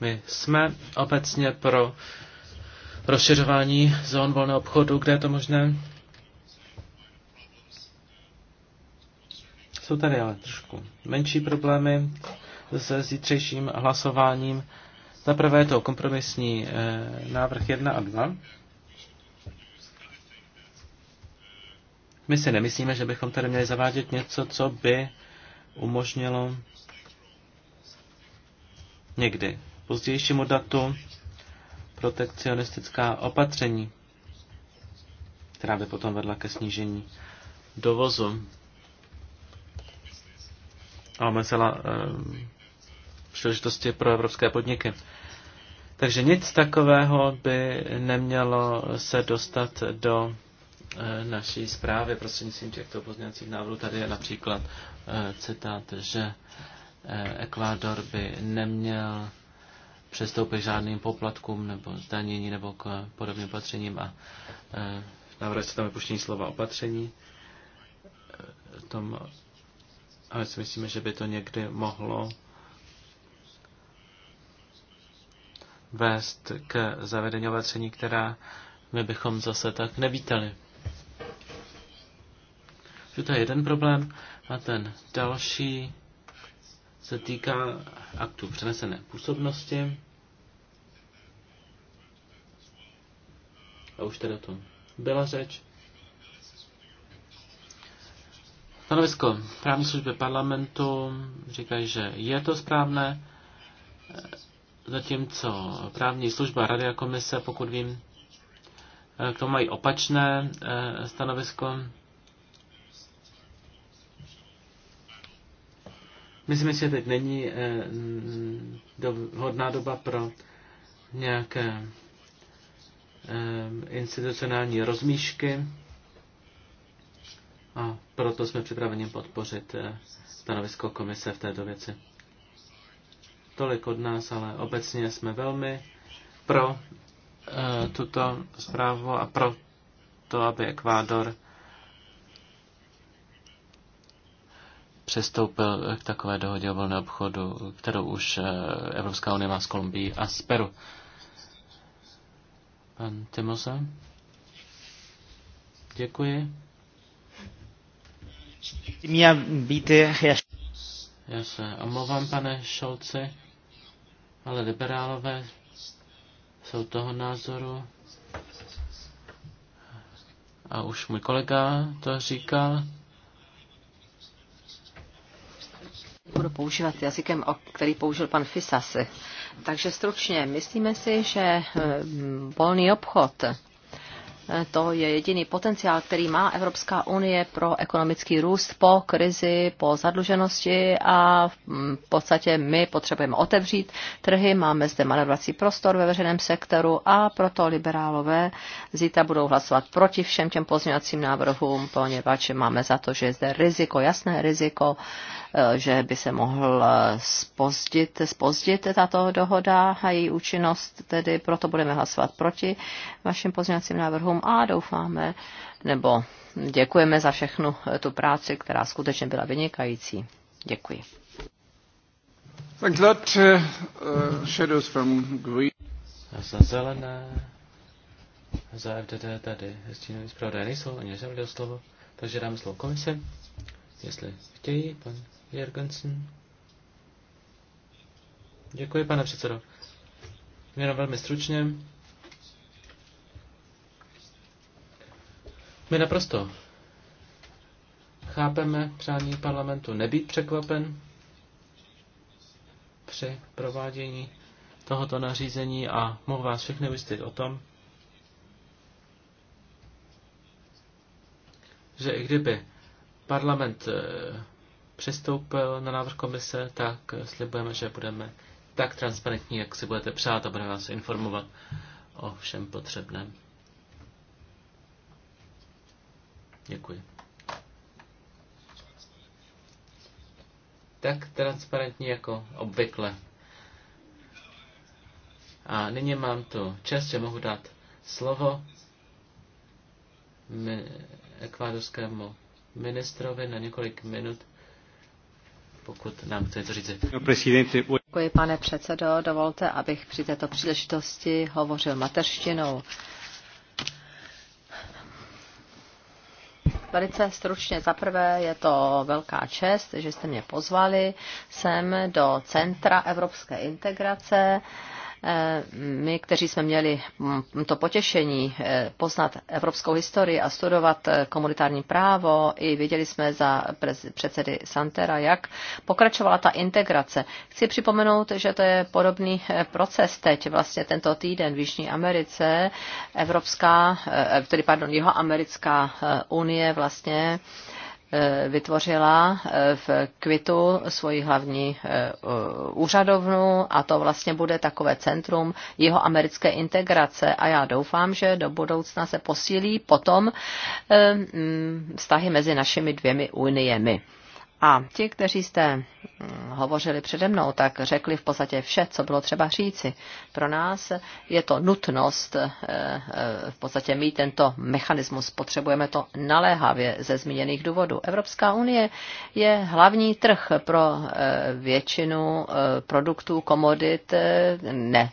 My jsme obecně pro rozšiřování zón volného obchodu, kde je to možné. Jsou tady ale trošku menší problémy, se zítřejším hlasováním. Za prvé je to kompromisní eh, návrh 1 a 2. My si nemyslíme, že bychom tady měli zavádět něco, co by umožnilo někdy pozdějšímu datu protekcionistická opatření, která by potom vedla ke snížení dovozu. A omezila um, příležitosti pro evropské podniky. Takže nic takového by nemělo se dostat do eh, naší zprávy prostřednictvím těchto pozměňovacích návrhů. Tady je například eh, citát, že eh, Ekvádor by neměl přestoupit žádným poplatkům nebo zdanění nebo k podobným opatřením a návrhu se tam vypuštění slova opatření. Tom, ale si myslíme, že by to někdy mohlo vést k zavedení opatření, která my bychom zase tak nevítali. Že to je jeden problém a ten další se týká aktu přenesené působnosti. A už tedy o tom byla řeč. Stanovisko právní služby parlamentu říkají, že je to správné, zatímco právní služba Rady a komise, pokud vím, eh, k tomu mají opačné eh, stanovisko. Myslím, že teď není eh, hodná doba pro nějaké institucionální rozmíšky a proto jsme připraveni podpořit stanovisko komise v této věci tolik od nás, ale obecně jsme velmi pro e, tuto zprávu a pro to, aby Ekvádor přestoupil k takové dohodě o volné obchodu, kterou už eh, Evropská unie má s Kolumbií a s Peru. Pan Timosa? Děkuji. Eh, já se omlouvám, pane Šolci ale liberálové jsou toho názoru. A už můj kolega to říkal. Budu používat jazykem, který použil pan Fisas. Takže stručně, myslíme si, že eh, volný obchod Eh, to je jediný potenciál, který má Evropská unie pro ekonomický růst po krizi, po zadluženosti a v mm, podstatě my potřebujeme otevřít trhy, máme zde manevrací prostor ve veřejném sektoru a proto liberálové zítra budou hlasovat proti všem těm pozměňovacím návrhům, poněvadž máme za to, že je zde riziko, jasné riziko, Eh, že by se mohl spozdit, eh, spozdit tato dohoda a její účinnost, tedy proto budeme hlasovat proti vašim pozměňovacím návrhům a doufáme, nebo děkujeme za všechnu eh, tu práci, která skutečně byla vynikající. Děkuji. Thanks a lot. Uh, shadows from Za zelené, za FDD tady hezčí nový zpravodaj nejsou, ani nežádali slovo, takže dám slovo komisi jestli chtějí, pan Jergensen. Děkuji, pane předsedo. Jenom velmi stručně. My naprosto chápeme přání parlamentu nebýt překvapen při provádění tohoto nařízení a mohu vás všechny ujistit o tom, že i kdyby parlament eh, přistoupil na návrh komise, tak eh, slibujeme, že budeme tak transparentní, jak si budete přát a budeme vás informovat o všem potřebném. Děkuji. Tak transparentní jako obvykle. A nyní mám tu čest, že mohu dát slovo ekvádorskému ministrovi na několik minut, pokud nám chce něco říct. Děkuji, pane předsedo. Dovolte, abych při této příležitosti hovořil mateřštinou. Velice stručně. zaprvé je to velká čest, že jste mě pozvali sem do Centra evropské integrace my, kteří jsme měli to potěšení eh, poznat evropskou historii a studovat eh, komunitární právo, i viděli jsme za předsedy Santera, jak pokračovala ta integrace. Chci připomenout, že to je podobný eh, proces teď, vlastně tento týden v Jižní Americe, Evropská, tedy pardon, Jihoamerická unie vlastně Eh, vytvořila eh, v Kvitu svoji hlavní eh, úřadovnu a to vlastně bude takové centrum jeho americké integrace a já doufám, že do budoucna se posílí potom vztahy mezi našimi dvěmi uniemi. A ti, kteří jste mm, hovořili přede mnou, tak řekli v podstatě vše, co bylo třeba říci. Pro nás je to nutnost eh, eh, v podstatě mít tento mechanismus. Potřebujeme to naléhavě ze zmíněných důvodů. Evropská unie je hlavní trh pro eh, většinu produktů, komodit, ne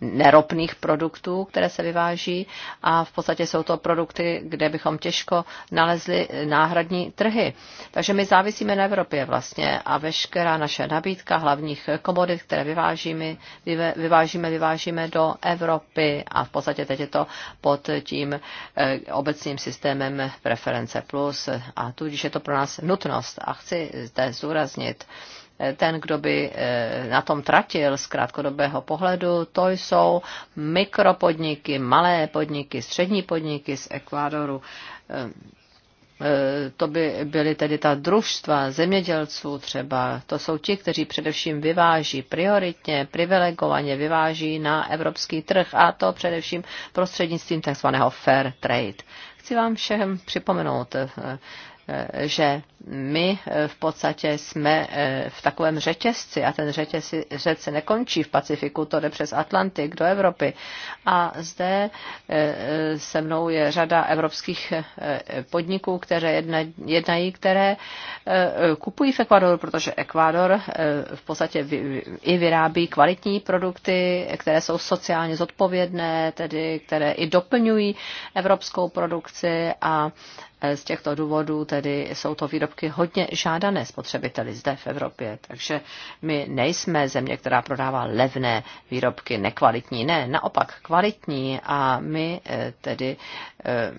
neropných produktů, které se vyváží a v podstatě jsou to produkty, kde bychom těžko nalezli náhradní trhy. Takže my závisíme na Evropě vlastně a veškerá naše nabídka hlavních komodit, které vyvážíme, vyvážíme, vyvážíme do Evropy a v podstatě teď je to pod tím eh, obecným systémem preference plus a tudíž je to pro nás nutnost a chci zde zúraznit, ten, kdo by eh, na tom tratil z krátkodobého pohledu, to jsou mikropodniky, malé podniky, střední podniky z Ekvádoru. Eh, eh, to by byly tedy ta družstva zemědělců třeba. To jsou ti, kteří především vyváží prioritně, privilegovaně vyváží na evropský trh a to především prostřednictvím tzv. fair trade. Chci vám všem připomenout že my v podstatě jsme eh, v takovém řetězci a ten řetězec se nekončí v Pacifiku, to jde přes Atlantik do Evropy. A zde eh, se mnou je řada evropských eh, podniků, které jednají, které kupují v Ekvadoru, protože Ekvador v podstatě i vyrábí kvalitní produkty, které jsou sociálně zodpovědné, tedy které i doplňují evropskou produkci a z těchto důvodů tedy jsou to výrobky hodně žádané spotřebiteli zde v Evropě. Takže my nejsme země, která prodává levné výrobky, nekvalitní. Ne, naopak kvalitní a my eh, tedy eh,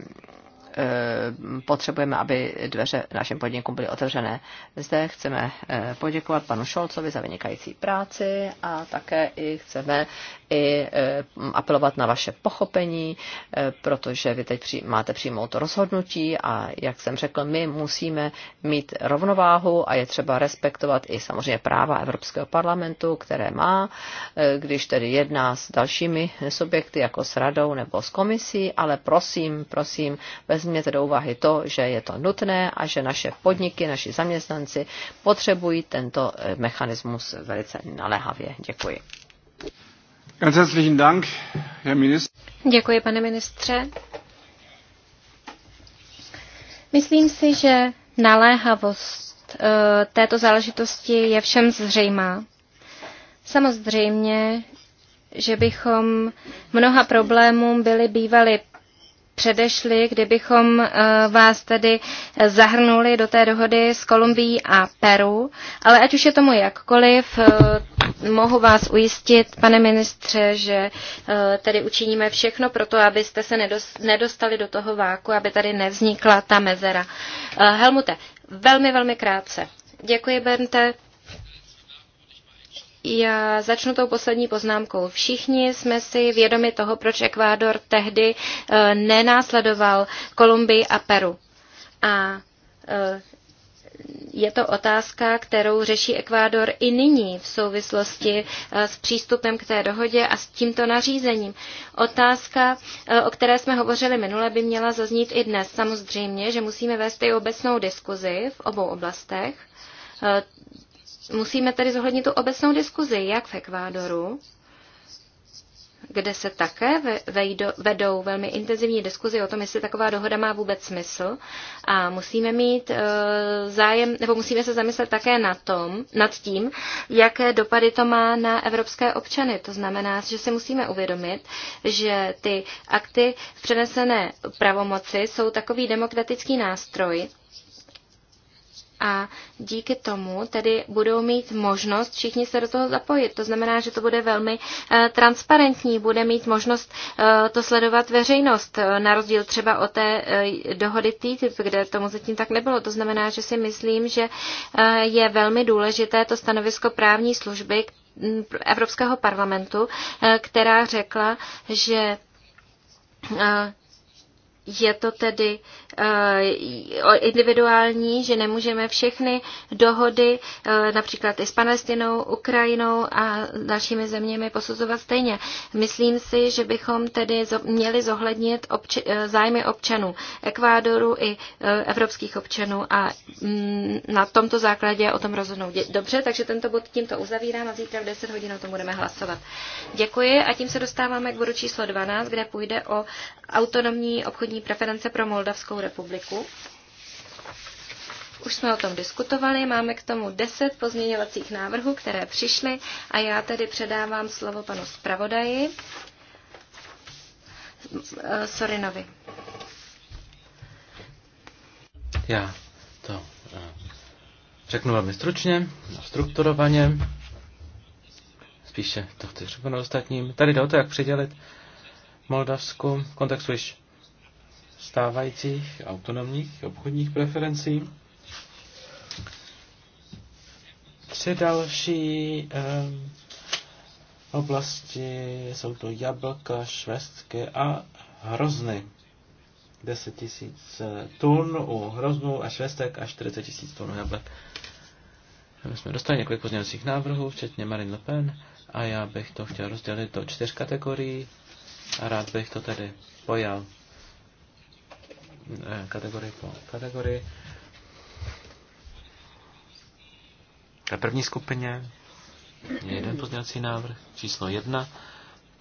eh, potřebujeme, aby dveře našim podnikům byly otevřené. Zde chceme poděkovat panu Šolcovi za vynikající práci a také i chceme i e, apelovat na vaše pochopení, e, protože vy teď máte přijmout rozhodnutí a jak jsem řekl, my musíme mít rovnováhu a je třeba respektovat i samozřejmě práva Evropského parlamentu, které má, e, když tedy jedná s dalšími subjekty, jako s radou nebo s komisí, ale prosím, prosím, vezměte do úvahy to, že je to nutné a že naše podniky, naši zaměstnanci potřebují tento mechanismus velice naléhavě. Děkuji. Ganz herzlichen Dank, Herr Minister. Děkuji, pane ministře. Myslím si, že naléhavost eh, této záležitosti je všem zřejmá. Samozřejmě, že bychom mnoha problémům byli bývali předešli, kdybychom eh, vás tedy zahrnuli do té dohody s Kolumbií a Peru. Ale ať už je tomu jakkoliv, eh, mohu vás ujistit, pane ministře, že eh, tedy učiníme všechno pro to, abyste se nedostali do toho váku, aby tady nevznikla ta mezera. Helmute, velmi, velmi krátce. Děkuji, Bernte. Já začnu tou poslední poznámkou. Všichni jsme si vědomi toho, proč Ekvádor tehdy eh, nenásledoval Kolumbii a Peru. A eh, je to otázka, kterou řeší Ekvádor i nyní v souvislosti eh, s přístupem k té dohodě a s tímto nařízením. Otázka, o které jsme hovořili minule, by měla zaznít i dnes. Samozřejmě, že musíme vést i obecnou diskuzi v obou oblastech Musíme tedy zohlednit tu obecnou diskuzi, jak v Ekvádoru, kde se také vejdo, vedou velmi intenzivní diskuzi o tom, jestli taková dohoda má vůbec smysl. A musíme mít e, zájem, nebo musíme se zamyslet také na tom, nad tím, jaké dopady to má na evropské občany. To znamená, že si musíme uvědomit, že ty akty v přenesené pravomoci jsou takový demokratický nástroj, a díky tomu tedy budou mít možnost všichni se do toho zapojit. To znamená, že to bude velmi eh, transparentní, bude mít možnost eh, to sledovat veřejnost, eh, na rozdíl třeba o té dohody TTIP, kde tomu zatím tak nebylo. To znamená, že si myslím, že je velmi důležité to stanovisko právní služby Evropského parlamentu, která řekla, že je to tedy eh, individuální, že nemůžeme všechny dohody, eh, například i s Palestinou, Ukrajinou a dalšími zeměmi posuzovat stejně. Myslím si, že bychom tedy měli zohlednit obč- eh, zájmy občanů Ekvádoru i evropských občanů a mm, na tomto základě o tom rozhodnout. Dobře, takže tento bod tímto uzavírám a zítra v 10 hodin o tom budeme hlasovat. Děkuji a tím se dostáváme k bodu číslo 12, kde půjde o autonomní obchodní preference pro Moldavskou republiku. Už jsme o tom diskutovali, máme k tomu deset pozměňovacích návrhů, které přišly a já tedy předávám slovo panu zpravodaji Sorinovi. Já to eh, řeknu velmi stručně, strukturovaně, spíše to chci řeknu ostatním. Tady jde o to, jak přidělit Moldavsku v kontextu již stávajících autonomních obchodních preferencí. Tři další eh, oblasti jsou to jablka, švestky a hrozny. 10 tisíc eh, tun u hroznů a švestek a 40 tisíc tun jablek. My jsme dostali několik pozměňovacích návrhů, včetně Marine Le Pen, a já bych to chtěl rozdělit do čtyř kategorií a rád bych to tedy pojal Eh, kategorii po kategorii. Ve první skupině je jeden pozměňovací návrh, číslo jedna,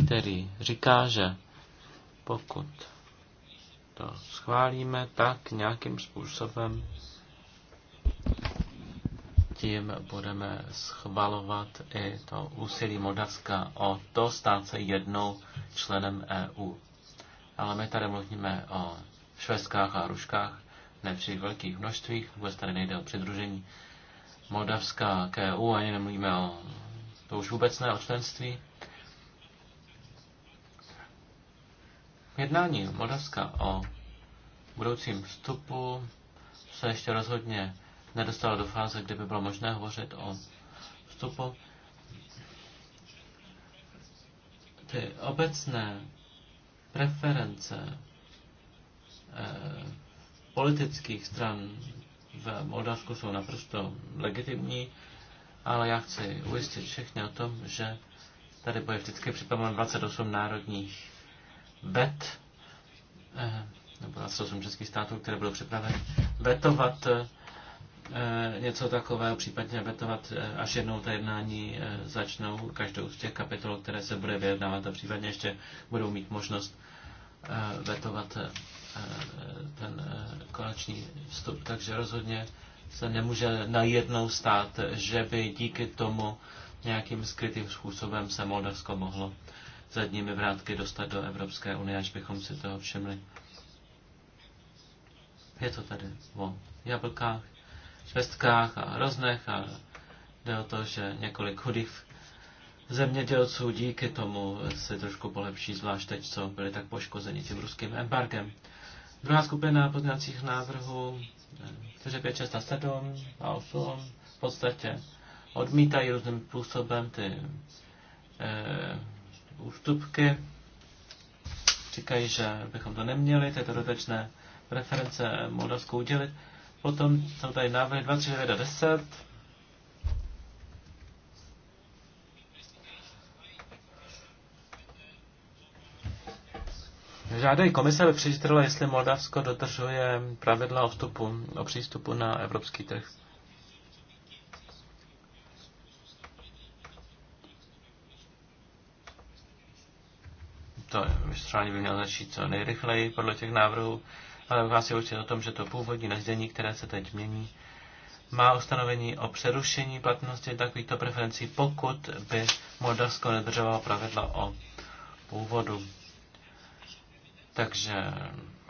který říká, že pokud to schválíme, tak nějakým způsobem tím budeme schvalovat i to úsilí Moldavska o to stát se jednou členem EU. Ale my tady mluvíme o švestkách a ruškách, ne při velkých množstvích, vůbec tady nejde o přidružení Moldavská k EU, ani nemluvíme o, to už vůbec ne o členství. Jednání Moldavska o budoucím vstupu se ještě rozhodně nedostalo do fáze, kde by bylo možné hovořit o vstupu. Ty obecné preference Eh, politických stran v Moldavsku jsou naprosto legitimní, ale já chci ujistit všechny o tom, že tady bude vždycky připomenut 28 národních bet, eh, nebo 28 českých států, které budou připraveny vetovat eh, něco takového, případně vetovat, až jednou ta jednání začnou, každou z těch kapitol, které se bude vyjednávat a případně ještě budou mít možnost vetovat ten eh, konečný vstup. Takže rozhodně se nemůže najednou stát, že by díky tomu nějakým skrytým způsobem se Moldavsko mohlo zadními vrátky dostat do Evropské unie, až bychom si toho všimli. Je to tady o jablkách, švestkách a roznech a jde o to, že několik chudých zemědělců díky tomu se trošku polepší, zvlášť teď, co byli tak poškozeni tím ruským embargem. Druhá skupina pozměňovacích návrhů 4, 5, 6 a 7 a 8 v podstatě odmítají různým způsobem ty e, ústupky. Říkají, že bychom to neměli, tyto dotečné preference Moldavsku udělit. Potom jsou tady návrhy 2, 3, 9 a 10 Žádají komise, aby přežitelila, jestli Moldavsko dotržuje pravidla o, vstupu, o přístupu na evropský trh. To vystřelání by mělo začít co nejrychleji podle těch návrhů, ale vás je určitě o tom, že to původní nařízení, které se teď mění, má ustanovení o přerušení platnosti takovýchto preferencí, pokud by Moldavsko nedržovalo pravidla o původu. Takže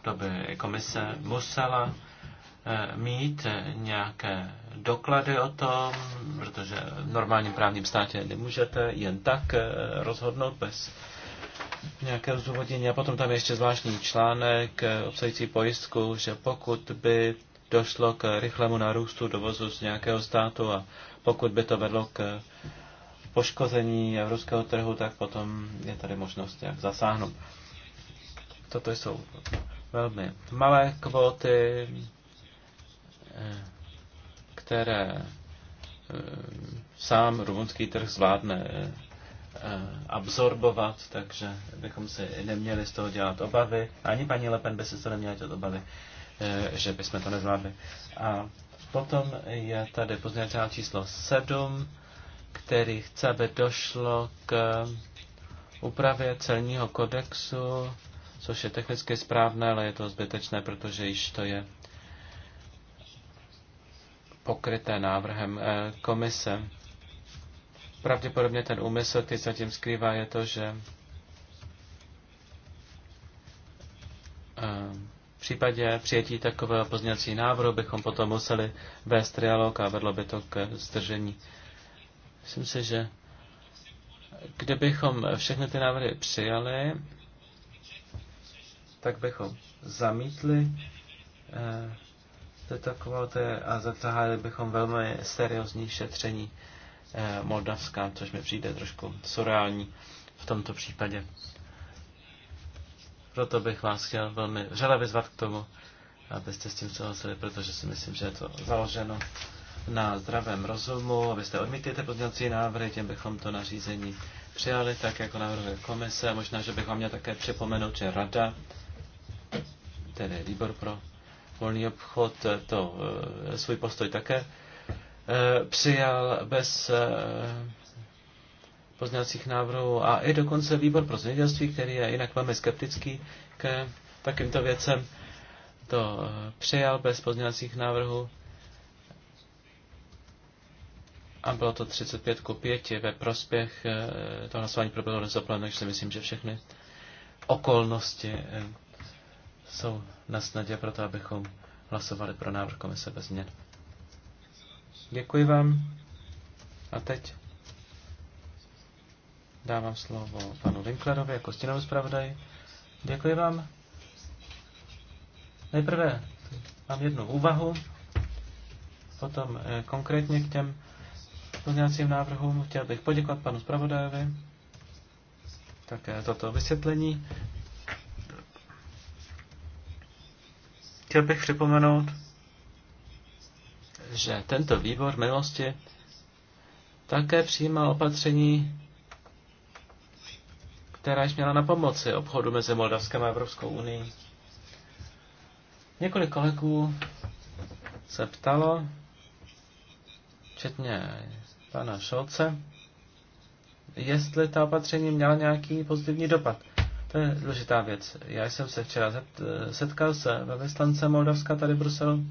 to by komise musela eh, mít nějaké doklady o tom, protože v normálním právním státě nemůžete jen tak eh, rozhodnout bez nějakého zdůvodnění. A potom tam je ještě zvláštní článek eh, obsající pojistku, že pokud by došlo k rychlému nárůstu dovozu z nějakého státu a pokud by to vedlo k poškození evropského trhu, tak potom je tady možnost jak zasáhnout. Toto jsou velmi malé kvóty, eh, které eh, sám rumunský trh zvládne eh, absorbovat, takže bychom si neměli z toho dělat obavy. Ani paní Lepen by si z toho neměla dělat obavy, že bychom to nezvládli. A potom je tady pozměňovací číslo 7, který chce, aby došlo k úpravě celního kodexu což je technicky správné, ale je to zbytečné, protože již to je pokryté návrhem eh, komise. Pravděpodobně ten úmysl, který tím skrývá, je to, že eh, v případě přijetí takového pozměňovacího návrhu bychom potom museli vést trialog a vedlo by to k zdržení. Myslím si, že kdybychom všechny ty návrhy přijali, tak bychom zamítli eh, tyto kvóty a zatáhali bychom velmi seriózní šetření eh, Moldavska, což mi přijde trošku surreální v tomto případě. Proto bych vás chtěl velmi vřele vyzvat k tomu, abyste s tím souhlasili, protože si myslím, že je to založeno na zdravém rozumu, abyste odmítli ty pozměňovací návrhy, těm bychom to nařízení přijali, tak jako navrhuje komise. Možná, že bychom měl také připomenout, že rada tedy výbor pro volný obchod, to eh, svůj postoj také eh, přijal bez eh, pozněvacích návrhů a i dokonce výbor pro zemědělství, který je jinak velmi skeptický k takýmto věcem, to přijal bez pozněvacích návrhů a bylo to 35 ku 5 ve prospěch toho hlasování proběhlo nezaplněno, takže si myslím, že všechny okolnosti jsou na snadě pro to, abychom hlasovali pro návrh komise bez změn. Děkuji vám. A teď dávám slovo panu Winklerovi jako stěnovému zpravodaj. Děkuji vám. Nejprve mám jednu úvahu, potom eh, konkrétně k těm pozměňovacím návrhům. Chtěl bych poděkovat panu zpravodajovi také za to vysvětlení. Chtěl bych připomenout, že tento výbor v minulosti také přijímal opatření, která již měla na pomoci obchodu mezi Moldavskem a Evropskou unii. Několik kolegů se ptalo, včetně pana Šolce, jestli ta opatření měla nějaký pozitivní dopad. To je důležitá věc. Já jsem se včera setkal se velvyslance Moldavska tady v Bruselu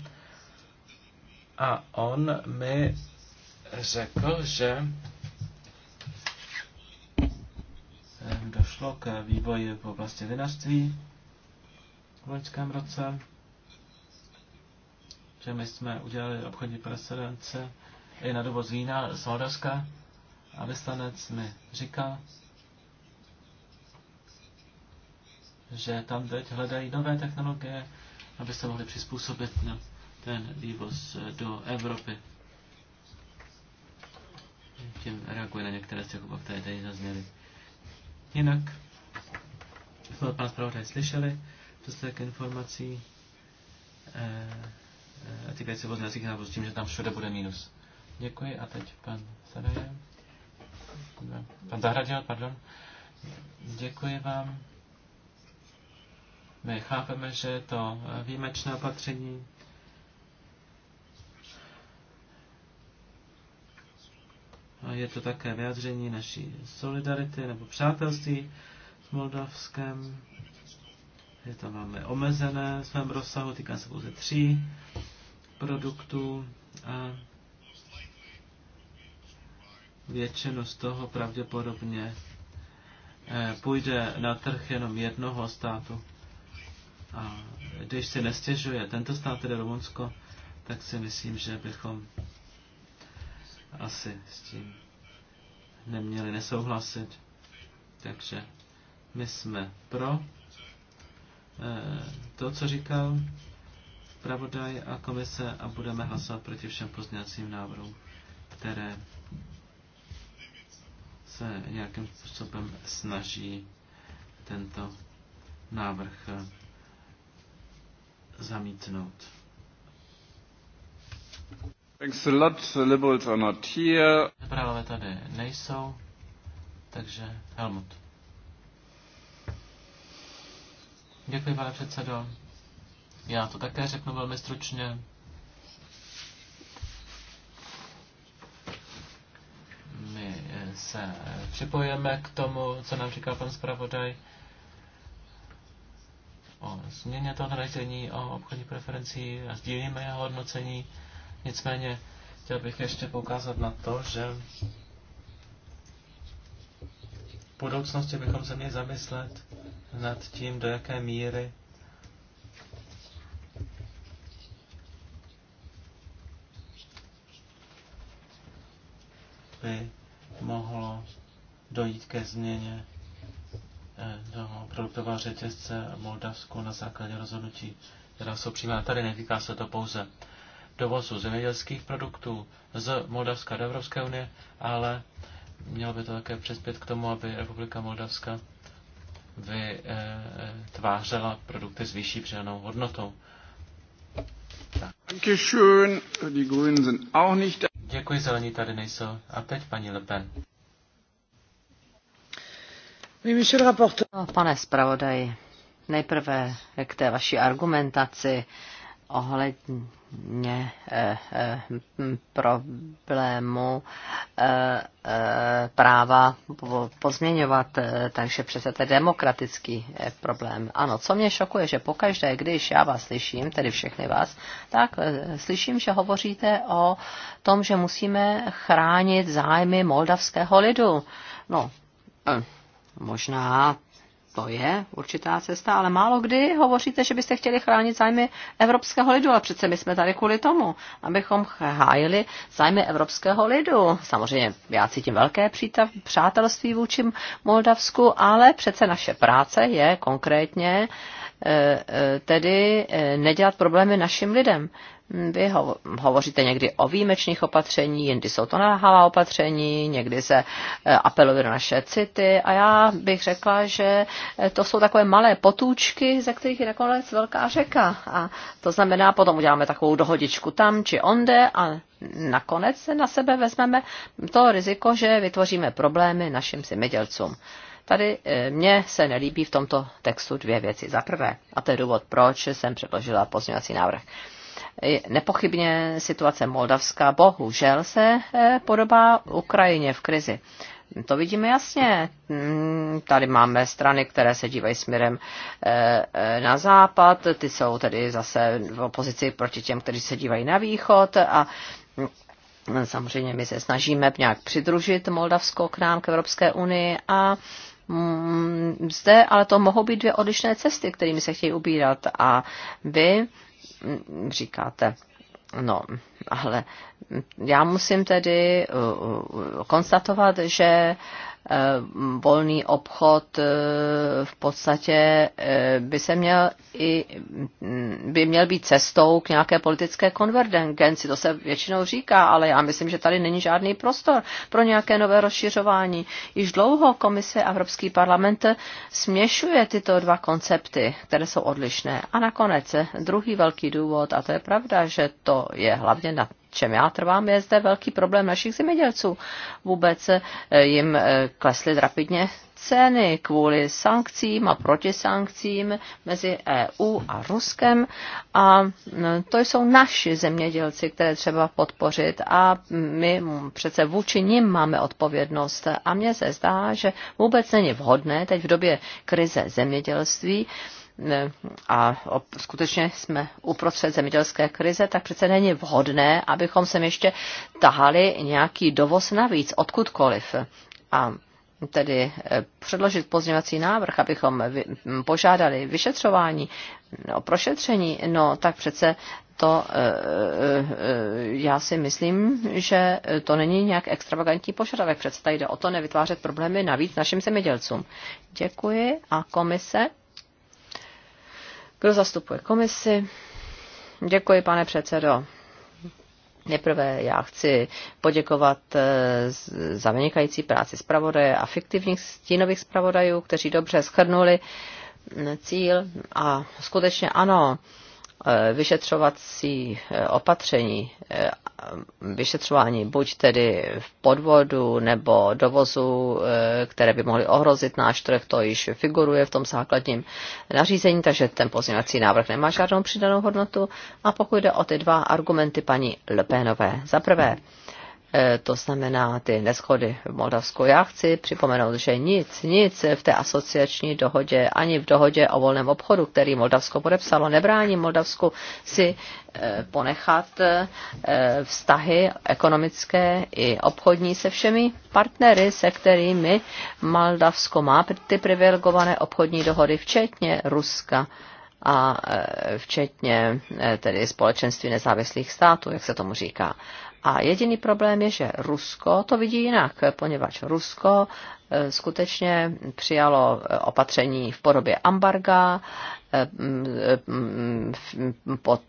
a on mi řekl, že eh, došlo k vývoji v oblasti vinařství v loňském roce, že my jsme udělali obchodní precedence i na dovoz vína z Moldavska a vyslanec mi říkal, že tam teď hledají nové technologie, aby se mohli přizpůsobit na ten vývoz do Evropy. Tím reaguje na některé z těch obav, které tady zazněly. Jinak, jsme pan zpravodaj slyšeli, dostatek informací e, eh, e, eh, se vozňacích návrhů s tím, že tam všude bude minus. Děkuji a teď pan Sadajem. Pan Zahradil, pardon. Děkuji vám. My chápeme, že je to eh, výjimečné opatření. A je to také vyjádření naší solidarity nebo přátelství s Moldavskem. Je to máme omezené v svém rozsahu, týká se pouze tří produktů a většinu z toho pravděpodobně eh, půjde na trh jenom jednoho státu. A když se nestěžuje tento stát, tedy Rumunsko, tak si myslím, že bychom asi s tím neměli nesouhlasit. Takže my jsme pro eh, to, co říkal pravodaj a komise a budeme hlasovat proti všem pozměňovacím návrhům, které se nějakým způsobem snaží tento návrh zamítnout. Thanks a lot, the liberals are not here. Právě tady nejsou, takže Helmut. Děkuji, pane předsedo. Já to také řeknu velmi stručně. My se připojeme k tomu, co nám říkal pan zpravodaj o změně toho nařízení o obchodní preferenci a sdílíme jeho hodnocení. Nicméně chtěl bych ještě poukázat na to, že v budoucnosti bychom se měli zamyslet nad tím, do jaké míry by mohlo dojít ke změně do produktového řetězce v Moldavsku na základě rozhodnutí, která jsou přijímána tady. Netýká se to pouze dovozu zemědělských produktů z Moldavska do Evropské unie, ale mělo by to také přispět k tomu, aby Republika Moldavska vytvářela produkty s vyšší přidanou hodnotou. Děkuji, zelení tady nejsou. A teď paní Le Pen. No, pane zpravodaji, nejprve k té vaší argumentaci ohledně eh, eh, problému eh, eh, práva pozměňovat, eh, takže přece to je demokratický eh, problém. Ano, co mě šokuje, že pokaždé, když já vás slyším, tedy všechny vás, tak eh, slyším, že hovoříte o tom, že musíme chránit zájmy moldavského lidu. No, eh Možná to je určitá cesta, ale málo kdy hovoříte, že byste chtěli chránit zájmy evropského lidu, ale přece my jsme tady kvůli tomu, abychom hájili zájmy evropského lidu. Samozřejmě já cítím velké přítav, přátelství vůči Moldavsku, ale přece naše práce je konkrétně eh, eh, tedy eh, nedělat problémy našim lidem. Hmm, vy ho, hovoříte někdy o výjimečných opatření, jindy jsou to náhalá opatření, někdy se eh, apeluje na naše city a já bych řekla, že eh, to jsou takové malé potůčky, ze kterých je nakonec velká řeka. A to znamená, potom uděláme takovou dohodičku tam či onde a nakonec na sebe vezmeme to riziko, že vytvoříme problémy našim zemědělcům. Tady eh, mně se nelíbí v tomto textu dvě věci. Za prvé, a to je důvod, proč jsem předložila pozměňovací návrh Nepochybně situace Moldavska bohužel se eh, podobá Ukrajině v krizi. To vidíme jasně. Mm, tady máme strany, které se dívají směrem eh, eh, na západ, ty jsou tedy zase v opozici proti těm, kteří se dívají na východ a mm, samozřejmě my se snažíme nějak přidružit Moldavsko k nám, k Evropské unii a mm, zde ale to mohou být dvě odlišné cesty, kterými se chtějí ubírat a vy říkáte. No, ale já musím tedy eh, eh, konstatovat, že Eh, volný obchod eh, v podstatě eh, by se měl i, mm, by měl být cestou k nějaké politické konvergenci. To se většinou říká, ale já myslím, že tady není žádný prostor pro nějaké nové rozšiřování. Již dlouho komise a Evropský parlament směšuje tyto dva koncepty, které jsou odlišné. A nakonec druhý velký důvod, a to je pravda, že to je hlavně na čem já trvám, je zde velký problém našich zemědělců. Vůbec eh, jim eh, klesly rapidně ceny kvůli sankcím a protisankcím mezi EU a Ruskem. A mm, to jsou naši zemědělci, které třeba podpořit a my přece vůči nim máme odpovědnost. A mně se zdá, že vůbec není vhodné teď v době krize zemědělství, a skutečně jsme uprostřed zemědělské krize, tak přece není vhodné, abychom sem ještě tahali nějaký dovoz navíc, odkudkoliv. A tedy eh, předložit pozměňovací návrh, abychom hm, požádali vyšetřování, hm, o prošetření, no tak přece to eh, eh, já si myslím, že to není nějak extravagantní požadavek. Přece tady jde o to nevytvářet problémy navíc našim zemědělcům. Děkuji a komise. Kdo zastupuje komisi? Děkuji, pane předsedo. Nejprve já chci poděkovat eh, za vynikající práci zpravodaje a fiktivních stínových zpravodajů, kteří dobře schrnuli mm, cíl a skutečně ano, Eh, vyšetřovací eh, opatření, eh, vyšetřování buď tedy v podvodu nebo dovozu, které by mohly ohrozit náš trh, to již figuruje v tom základním nařízení, takže ten pozměňovací návrh nemá žádnou přidanou hodnotu. A pokud jde o ty dva argumenty paní Lepenové. Za prvé, E, to znamená ty neschody v Moldavsku. Já chci připomenout, že nic, nic v té asociační dohodě, ani v dohodě o volném obchodu, který Moldavsko podepsalo, nebrání Moldavsku si e, ponechat e, vztahy ekonomické i obchodní se všemi partnery, se kterými Moldavsko má ty privilegované obchodní dohody, včetně Ruska a včetně tedy společenství nezávislých států, jak se tomu říká. A jediný problém je, že Rusko to vidí jinak, poněvadž Rusko eh, skutečně přijalo eh, opatření v podobě ambarga eh, mm, mm, mm, pod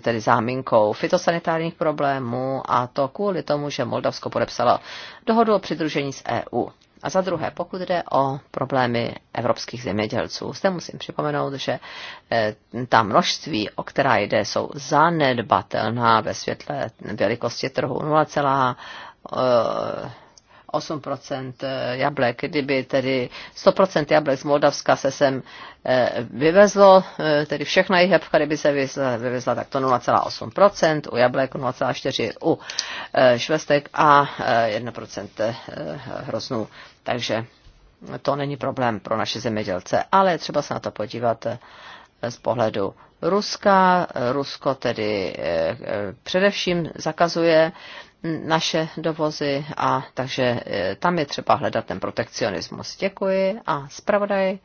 tedy záminkou fitosanitárních problémů a to kvůli tomu, že Moldavsko podepsalo dohodu o přidružení s EU. A za druhé, pokud jde o problémy evropských zemědělců, zde musím připomenout, že eh, ta množství, o která jde, jsou zanedbatelná ve světle velikosti trhu 0, 8% eh, jablek. Kdyby tedy 100% jablek z Moldavska se sem eh, vyvezlo, eh, tedy všechna jejich jablka, kdyby se vyvezla, tak to 0,8%, u jablek 0,4% u švestek a 1% hroznů. Takže to není problém pro naše zemědělce, ale třeba se na to podívat z pohledu Ruska. Rusko tedy především zakazuje naše dovozy a takže e, tam je třeba hledat ten protekcionismus. Děkuji a zpravodaj.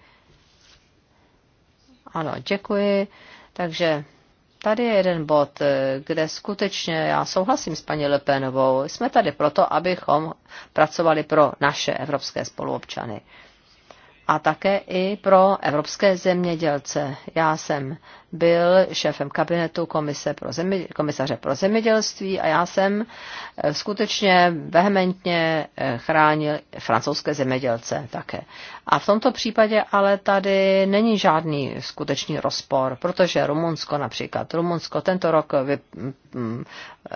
Ano, děkuji. Takže tady je jeden bod, e, kde skutečně já souhlasím s paní Lepenovou. Jsme tady proto, abychom pracovali pro naše evropské spoluobčany a také i pro evropské zemědělce. Já jsem byl šéfem kabinetu komise pro zemi, komisaře pro zemědělství a já jsem eh, skutečně vehementně eh, chránil francouzské zemědělce také. A v tomto případě ale tady není žádný skutečný rozpor, protože Rumunsko například, Rumunsko tento rok vy, mm, eh,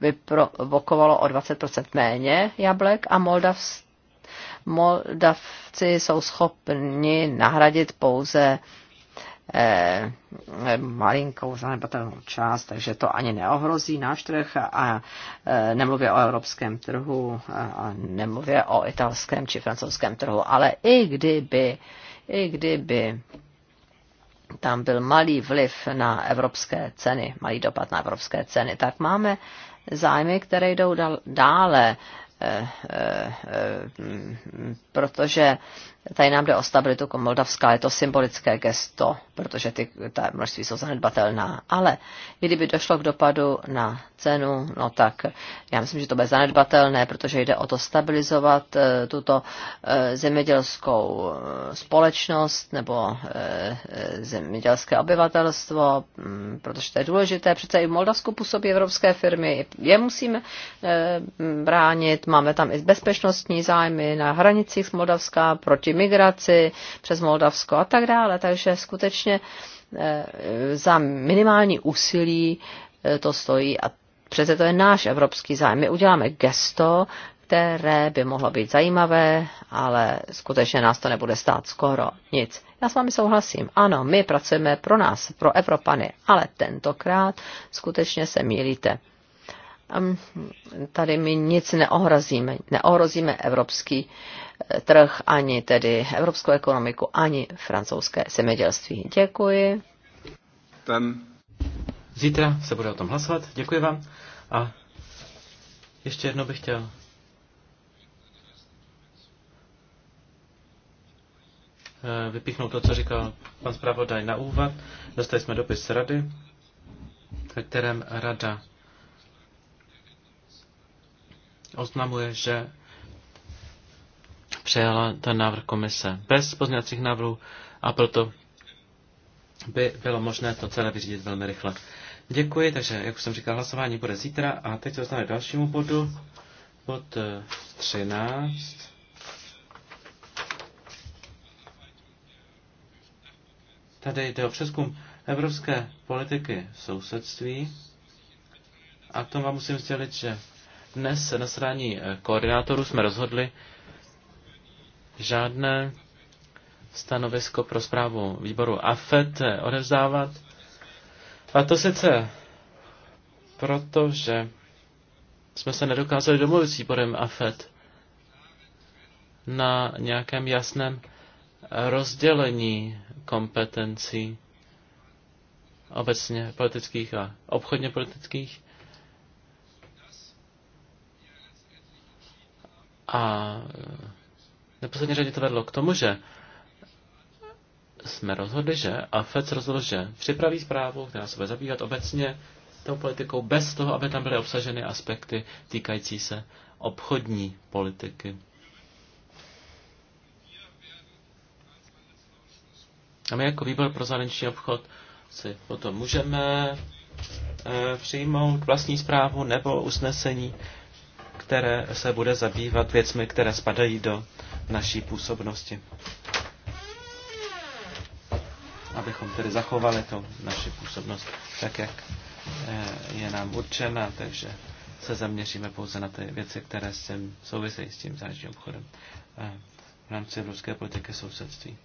vyprovokovalo o 20% méně jablek a Moldavs Moldavci jsou schopni nahradit pouze eh, malinkou zanedbatelnou část, takže to ani neohrozí náš trh a a eh, nemluvě o evropském trhu a nemluvě o italském či francouzském trhu, ale i kdyby, i kdyby tam byl malý vliv na evropské ceny, malý dopad na evropské ceny, tak máme zájmy, které jdou dále Eh, eh, eh, mm, protože Tady nám jde o stabilitu jako Moldavska, je to symbolické gesto, protože ty, ta množství jsou zanedbatelná. Ale kdyby došlo k dopadu na cenu, no tak já myslím, že to bude zanedbatelné, protože jde o to stabilizovat eh, tuto eh, zemědělskou eh, společnost nebo zemědělské obyvatelstvo, hm, protože to je důležité. Přece i v Moldavsku působí evropské firmy, je musíme bránit, máme tam i bezpečnostní zájmy na hranicích s Moldavská proti migraci přes Moldavsko a tak dále. Takže skutečně eh, za minimální úsilí eh, to stojí a přece to je náš evropský zájem. My uděláme gesto, které by mohlo být zajímavé, ale skutečně nás to nebude stát skoro nic. Já s vámi souhlasím. Ano, my pracujeme pro nás, pro Evropany, ale tentokrát skutečně se mílíte. Tady my nic neohrozíme. Neohrozíme evropský uh, trh, ani tedy evropskou ekonomiku, ani francouzské zemědělství. Děkuji. Ten. Zítra se bude o tom hlasovat. Děkuji vám. A ještě jedno bych chtěl eh, vypíchnout to, co říkal pan zpravodaj na úvod. Dostali jsme dopis z rady, ve kterém rada oznamuje, že přijala ten návrh komise bez pozměňovacích návrhů a proto by bylo možné to celé vyřídit velmi rychle. Děkuji, takže jak už jsem říkal, hlasování bude zítra a teď se dostaneme k dalšímu bodu, bod 13. Eh, Tady jde o přeskum evropské politiky sousedství a k tomu vám musím sdělit, že dnes na srání eh, koordinátorů jsme rozhodli, žádné stanovisko pro zprávu výboru AFET odevzdávat. A to sice proto, že jsme se nedokázali domluvit s výborem AFET na nějakém jasném rozdělení kompetencí obecně politických a obchodně politických. A neposlední řadě to vedlo k tomu, že jsme rozhodli, že a FED rozhodl, že připraví zprávu, která se bude zabývat obecně tou politikou, bez toho, aby tam byly obsaženy aspekty týkající se obchodní politiky. A my jako výbor pro zahraniční obchod si potom můžeme e, přijmout vlastní zprávu nebo usnesení které se bude zabývat věcmi, které spadají do naší působnosti. Abychom tedy zachovali tu naši působnost tak, jak eh, je nám určena, takže se zaměříme pouze na ty věci, které s tím souvisejí s tím zahraničním obchodem v rámci evropské politiky sousedství.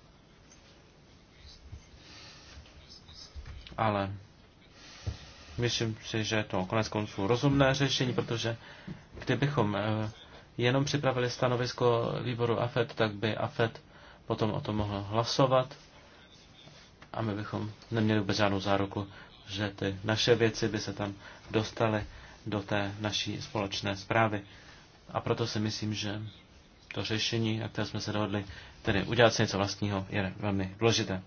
Ale Myslím si, že to konec konců rozumné řešení, protože kdybychom eh, jenom připravili stanovisko výboru AFED, tak by AFED potom o tom mohl hlasovat a my bychom neměli vůbec žádnou záruku, že ty naše věci by se tam dostaly do té naší společné zprávy. A proto si myslím, že to řešení, na které jsme se dohodli, tedy udělat si něco vlastního, je velmi důležité.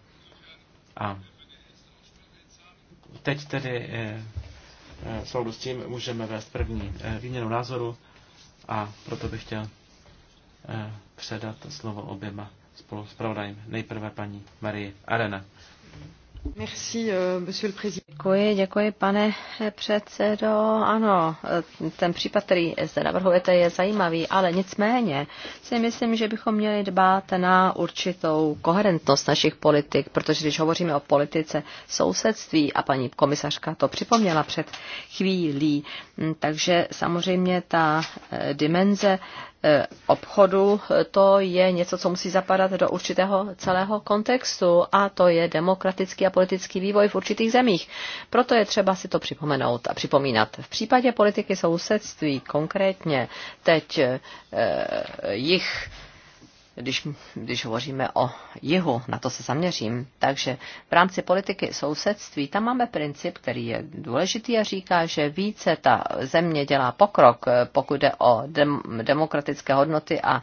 A Teď tedy v eh, soudu eh, s tím můžeme vést první eh, výměnu názoru a proto bych chtěl předat slovo oběma spolu s Nejprve paní Marie Arena. Merci, monsieur le président. Děkuji, děkuji, pane předsedo. Ano, ten případ, který zde navrhujete, je zajímavý, ale nicméně si myslím, že bychom měli dbát na určitou koherentnost našich politik, protože když hovoříme o politice sousedství, a paní komisařka to připomněla před chvílí, takže samozřejmě ta eh, dimenze E, obchodu, to je něco, co musí zapadat do určitého celého kontextu a to je demokratický a politický vývoj v určitých zemích. Proto je třeba si to připomenout a připomínat. V případě politiky sousedství konkrétně teď eh, jich když, když hovoříme o jihu, na to se zaměřím. Takže v rámci politiky sousedství tam máme princip, který je důležitý a říká, že více ta země dělá pokrok, pokud jde o dem, demokratické hodnoty a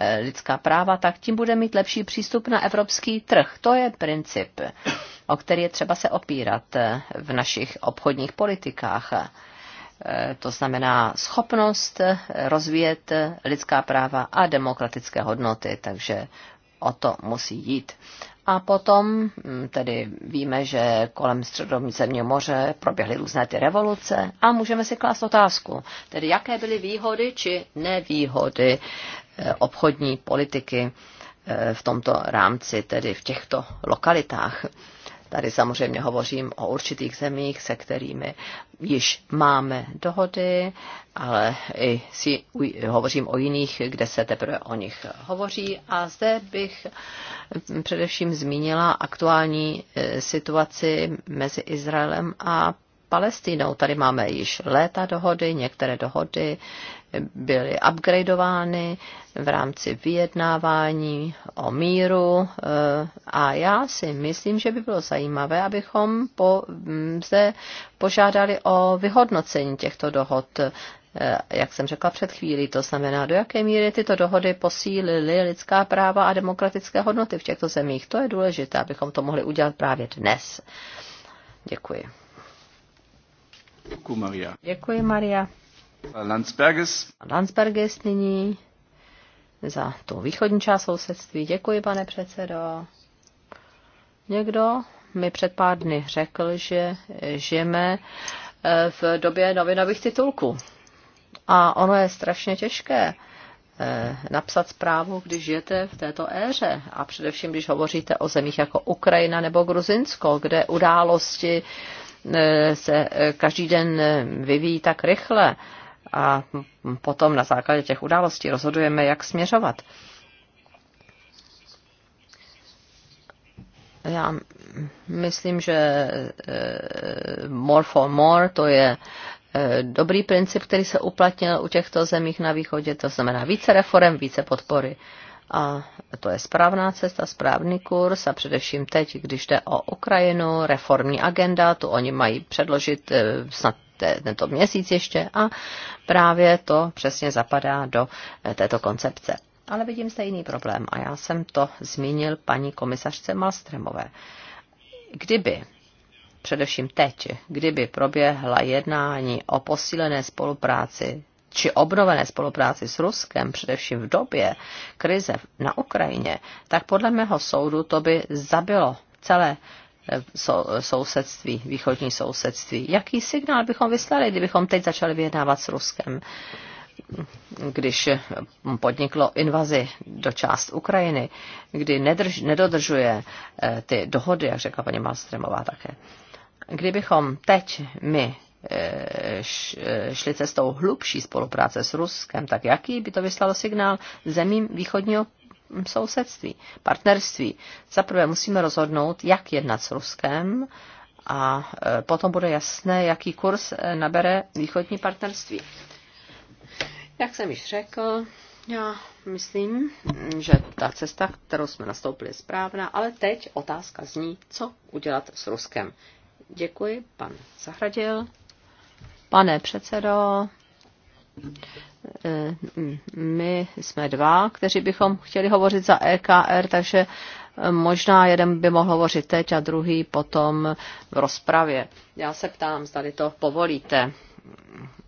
e, lidská práva, tak tím bude mít lepší přístup na evropský trh. To je princip, o který je třeba se opírat e, v našich obchodních politikách Eh, to znamená schopnost eh, rozvíjet eh, lidská práva a demokratické hodnoty, takže o to musí jít. A potom hm, tedy víme, že kolem země moře proběhly různé ty revoluce a můžeme si klást otázku, tedy jaké byly výhody či nevýhody obchodní politiky v tomto rámci, tedy v těchto lokalitách. Tady samozřejmě hovořím o určitých zemích, se kterými již máme dohody, ale i si hovořím o jiných, kde se teprve o nich hovoří. A zde bych mm, především zmínila aktuální e, situaci mezi Izraelem a Palestínou. Tady máme již léta dohody, některé dohody byly upgradeovány v rámci vyjednávání o míru eh, a já si myslím, že by bylo zajímavé, abychom po, mm, zde požádali o vyhodnocení těchto dohod eh, jak jsem řekla před chvílí, to znamená, do jaké míry tyto dohody posílily lidská práva a demokratické hodnoty v těchto zemích. To je důležité, abychom to mohli udělat právě dnes. Děkuji. Děkuji, Maria. Děkuji, Maria. Landsbergis. Landsbergis nyní za tu východní část sousedství. Děkuji, pane předsedo. Někdo mi před pár dny řekl, že žijeme eh, v době novinových titulků. A ono je strašně těžké eh, napsat zprávu, když žijete v této éře a především, když hovoříte o zemích jako Ukrajina nebo Gruzinsko, kde události Eh, se eh, každý den eh, vyvíjí tak rychle a potom na základě těch událostí rozhodujeme, jak směřovat. Já myslím, že more for more to je dobrý princip, který se uplatnil u těchto zemích na východě, to znamená více reform, více podpory. A to je správná cesta, správný kurz a především teď, když jde o Ukrajinu, reformní agenda, tu oni mají předložit eh, snad tento měsíc ještě a právě to přesně zapadá do eh, této koncepce. Ale vidím stejný problém a já jsem to zmínil paní komisařce Malstremové. Kdyby především teď, kdyby proběhla jednání o posílené spolupráci či obnovené spolupráci s Ruskem, především v době krize na Ukrajině, tak podle mého soudu to by zabilo celé eh, sousedství, východní sousedství. Jaký signál bychom vyslali, kdybychom teď začali vyjednávat s Ruskem, když podniklo invazi do část Ukrajiny, kdy nedrž, nedodržuje eh, ty dohody, jak řekla paní Malstremová také. Kdybychom teď my šli cestou hlubší spolupráce s Ruskem, tak jaký by to vyslalo signál zemím východního sousedství, partnerství? Zaprvé musíme rozhodnout, jak jednat s Ruskem a e, potom bude jasné, jaký kurz e, nabere východní partnerství. Jak jsem již řekl, já myslím, že ta cesta, kterou jsme nastoupili, je správná, ale teď otázka zní, co udělat s Ruskem. Děkuji, pan Zahradil. Pane předsedo, eh, my jsme dva, kteří bychom chtěli hovořit za EKR, takže eh, možná jeden by mohl hovořit teď a druhý potom v rozpravě. Já se ptám, zda to povolíte,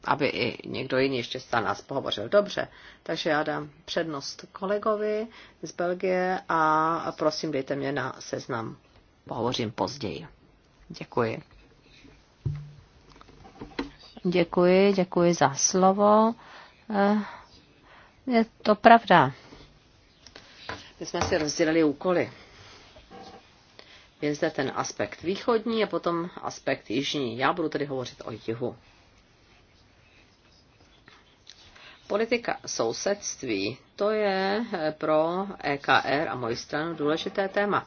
aby i někdo jiný ještě za nás pohovořil. Dobře, takže já dám přednost kolegovi z Belgie a prosím, dejte mě na seznam. Pohovořím později. Děkuji. Děkuji, děkuji za slovo. Eh, je to pravda. My jsme si rozdělili úkoly. Je zde ten aspekt východní a potom aspekt jižní. Já budu tedy hovořit o jihu. Politika sousedství, to je eh, pro EKR a moji stranu důležité téma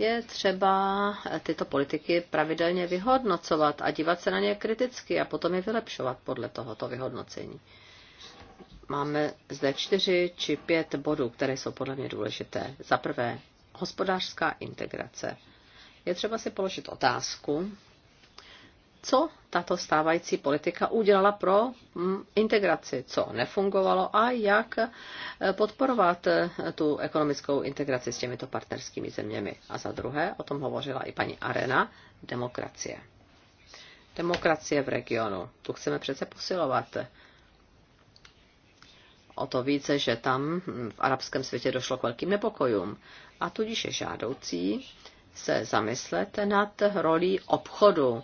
je třeba tyto politiky pravidelně vyhodnocovat a dívat se na ně kriticky a potom je vylepšovat podle tohoto vyhodnocení. Máme zde čtyři či pět bodů, které jsou podle mě důležité. Za prvé, hospodářská integrace. Je třeba si položit otázku, co tato stávající politika udělala pro mm, integraci, co nefungovalo a jak eh, podporovat eh, tu ekonomickou integraci s těmito partnerskými zeměmi. A za druhé, o tom hovořila i paní Arena, demokracie. Demokracie v regionu. Tu chceme přece posilovat. O to více, že tam mm, v arabském světě došlo k velkým nepokojům. A tudíž je žádoucí se zamyslet nad rolí obchodu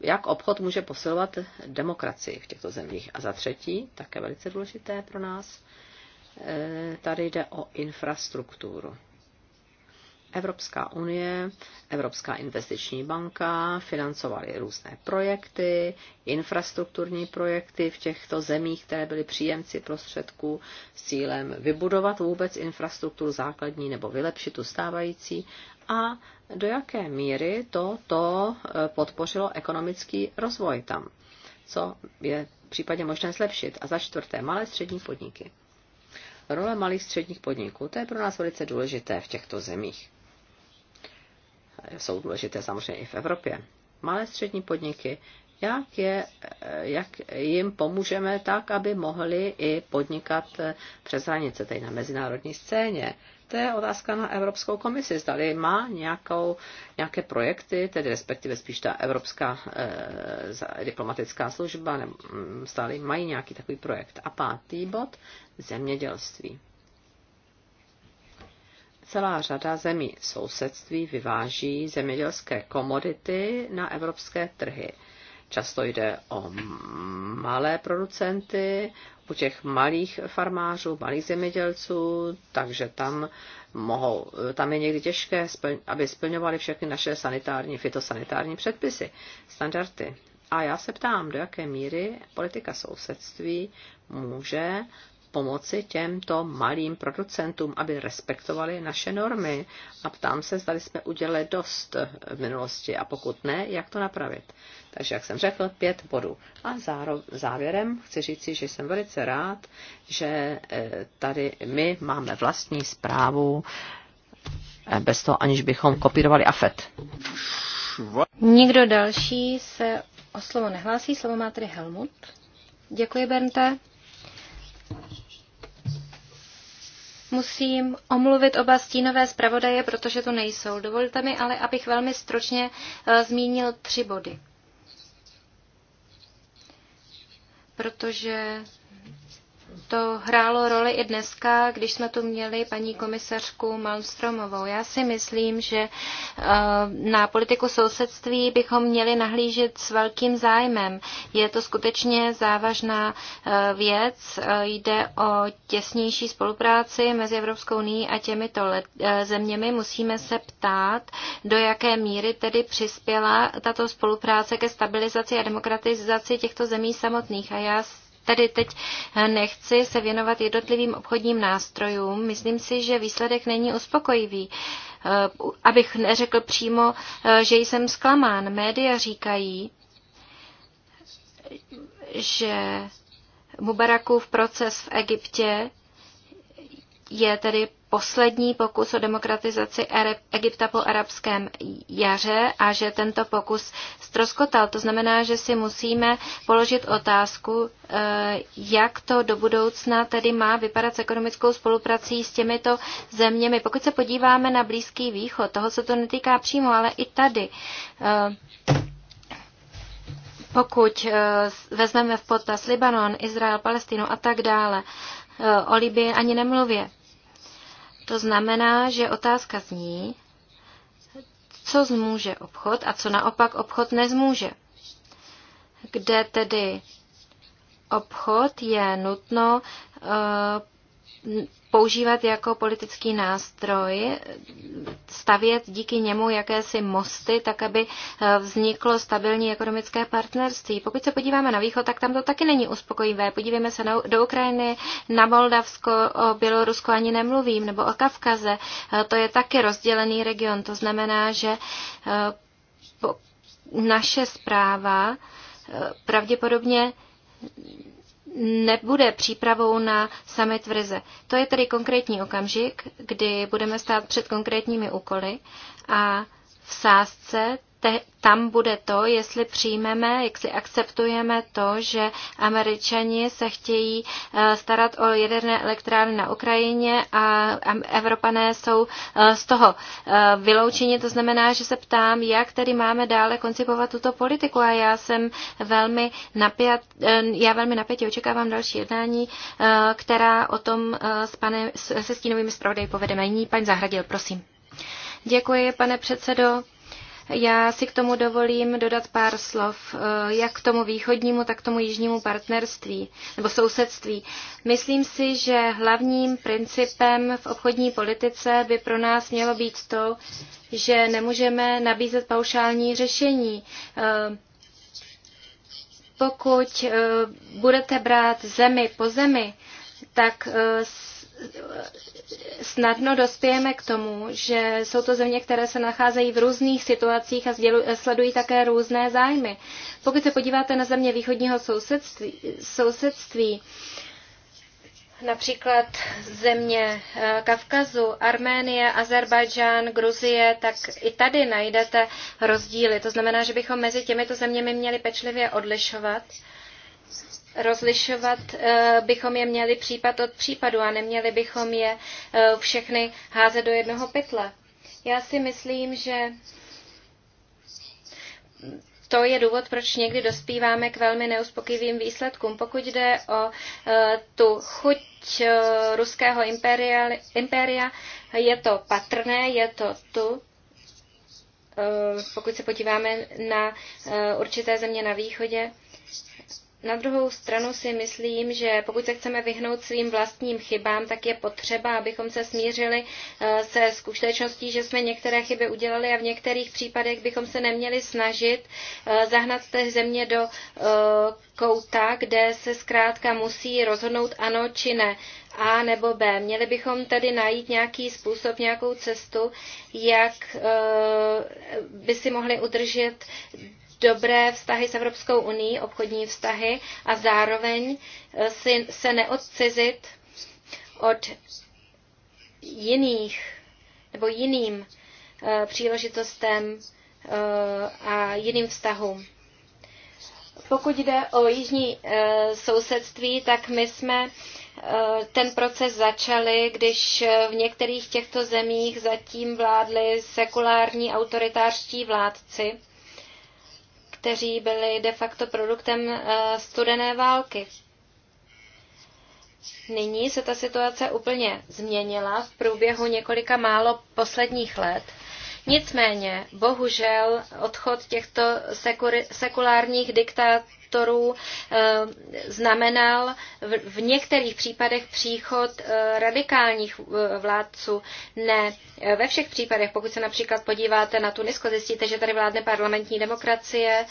jak obchod může posilovat demokracii v těchto zemích. A za třetí, také velice důležité pro nás, eh, tady jde o infrastrukturu. Evropská unie, Evropská investiční banka financovaly různé projekty, infrastrukturní projekty v těchto zemích, které byly příjemci prostředků s cílem vybudovat vůbec infrastrukturu základní nebo vylepšit tu stávající a do jaké míry to, to e, podpořilo ekonomický rozvoj tam, co je případně možné zlepšit. A za čtvrté, malé střední podniky. Role malých středních podniků, to je pro nás velice důležité v těchto zemích. Jsou důležité samozřejmě i v Evropě. Malé střední podniky, jak, je, e, jak jim pomůžeme tak, aby mohli i podnikat e, přes hranice, tady na mezinárodní scéně to je otázka na Evropskou komisi. Zdali má nějakou, nějaké projekty, tedy respektive spíš ta Evropská eh, diplomatická služba, ne, mm, zdali mají nějaký takový projekt. A pátý bod, zemědělství. Celá řada zemí sousedství vyváží zemědělské komodity na evropské trhy. Často jde o malé producenty, u těch malých farmářů, malých zemědělců, takže tam mohou, tam je někdy těžké, aby splňovali všechny naše sanitární, fitosanitární předpisy, standardy. A já se ptám, do jaké míry politika sousedství může pomoci těmto malým producentům, aby respektovali naše normy. A ptám se, zda jsme udělali dost v minulosti a pokud ne, jak to napravit. Takže, jak jsem řekl, pět bodů. A záro, závěrem chci říci, že jsem velice rád, že eh, tady my máme vlastní zprávu, eh, bez toho, aniž bychom kopírovali AFET. Nikdo další se o slovo nehlásí, slovo má tedy Helmut. Děkuji, Bernte. musím omluvit oba stínové zpravodaje, protože tu nejsou. Dovolte mi ale, abych velmi stručně eh, zmínil tři body. Protože to hrálo roli i dneska, když jsme tu měli paní komisařku Malmstromovou. Já si myslím, že eh, na politiku sousedství bychom měli nahlížet s velkým zájmem. Je to skutečně závažná eh, věc. Eh, jde o těsnější spolupráci mezi Evropskou unii a těmito zeměmi. Musíme se ptát, do jaké míry tedy přispěla tato spolupráce ke stabilizaci a demokratizaci těchto zemí samotných. A já tady teď eh, nechci se věnovat jednotlivým obchodním nástrojům. Myslím si, že výsledek není uspokojivý. Eh, abych neřekl přímo, eh, že jsem zklamán. Média říkají, že Mubarakův proces v Egyptě je tedy poslední pokus o demokratizaci Egypta po arabském jaře a že tento pokus stroskotal. To znamená, že si musíme položit otázku, eh, jak to do budoucna tedy má vypadat s ekonomickou spoluprací s těmito zeměmi. Pokud se podíváme na Blízký východ, toho se to netýká přímo, ale i tady eh, pokud eh, vezmeme v potaz Libanon, Izrael, Palestinu a tak dále, o Libii ani nemluvě. To znamená, že otázka zní, co zmůže obchod a co naopak obchod nezmůže. Kde tedy obchod je nutno eh, používat jako politický nástroj, stavět díky němu jakési mosty, tak aby eh, vzniklo stabilní ekonomické partnerství. Pokud se podíváme na východ, tak tam to taky není uspokojivé. Podívejme se na, do Ukrajiny, na Moldavsko, o Bělorusku ani nemluvím, nebo o Kavkaze. Eh, to je taky rozdělený region. To znamená, že eh, naše zpráva pravděpodobně nebude přípravou na summit v Rize. To je tedy konkrétní okamžik, kdy budeme stát před konkrétními úkoly a v sázce te, tam bude to, jestli přijmeme, jak si akceptujeme to, že američani se chtějí eh, starat o jaderné elektrárny na Ukrajině a Evropané jsou eh, z toho eh, vyloučeni. To znamená, že se ptám, jak tedy máme dále koncipovat tuto politiku a já jsem velmi napět, já velmi napětě očekávám další jednání, která o tom s pane, se stínovými zpravodaji povedeme. Nyní paní Zahradil, prosím. Děkuji, pane předsedo. Já si k tomu dovolím dodat pár slov, eh, jak k tomu východnímu, tak k tomu jižnímu partnerství nebo sousedství. Myslím si, že hlavním principem v obchodní politice by pro nás mělo být to, že nemůžeme nabízet paušální řešení eh, pokud eh, budete brát zemi po zemi, tak snadno dospějeme k tomu, že jsou to země, které se nacházejí v různých situacích a sledují také různé zájmy. Pokud se podíváte na země východního sousedství, sousedství například země eh, Kavkazu, Arménie, Azerbajdžán, Gruzie, tak i tady najdete rozdíly. To znamená, že bychom mezi těmito zeměmi měli pečlivě odlišovat rozlišovat eh, bychom je měli případ od případu a neměli bychom je eh, všechny házet do jednoho pytle. Já si myslím, že to je důvod, proč někdy dospíváme k velmi neuspokojivým výsledkům. Pokud jde o eh, tu chuť ruského impéria, impéria, je to patrné, je to tu. Pokud se podíváme na určité země na východě, na druhou stranu si myslím, že pokud se chceme vyhnout svým vlastním chybám, tak je potřeba, abychom se smířili eh, se skutečností, že jsme některé chyby udělali a v některých případech bychom se neměli snažit eh, zahnat té země do eh, kouta, kde se zkrátka musí rozhodnout ano či ne. A nebo B. Měli bychom tedy najít nějaký způsob, nějakou cestu, jak by si mohli udržet dobré vztahy s Evropskou unii, obchodní vztahy a zároveň eh, si, se neodcizit od jiných nebo jiným eh, příležitostem eh, a jiným vztahům. Pokud jde o jižní sousedství, tak my jsme ten proces začali, když v některých těchto zemích zatím vládli sekulární autoritářští vládci kteří byli de facto produktem eh, studené války. Nyní se ta situace úplně změnila v průběhu několika málo posledních let. Nicméně, bohužel, odchod těchto sekulárních diktátorů eh, znamenal v některých případech příchod eh, radikálních eh, vládců. Ne ve všech případech, pokud se například podíváte na Tunisko, zjistíte, že tady vládne parlamentní demokracie,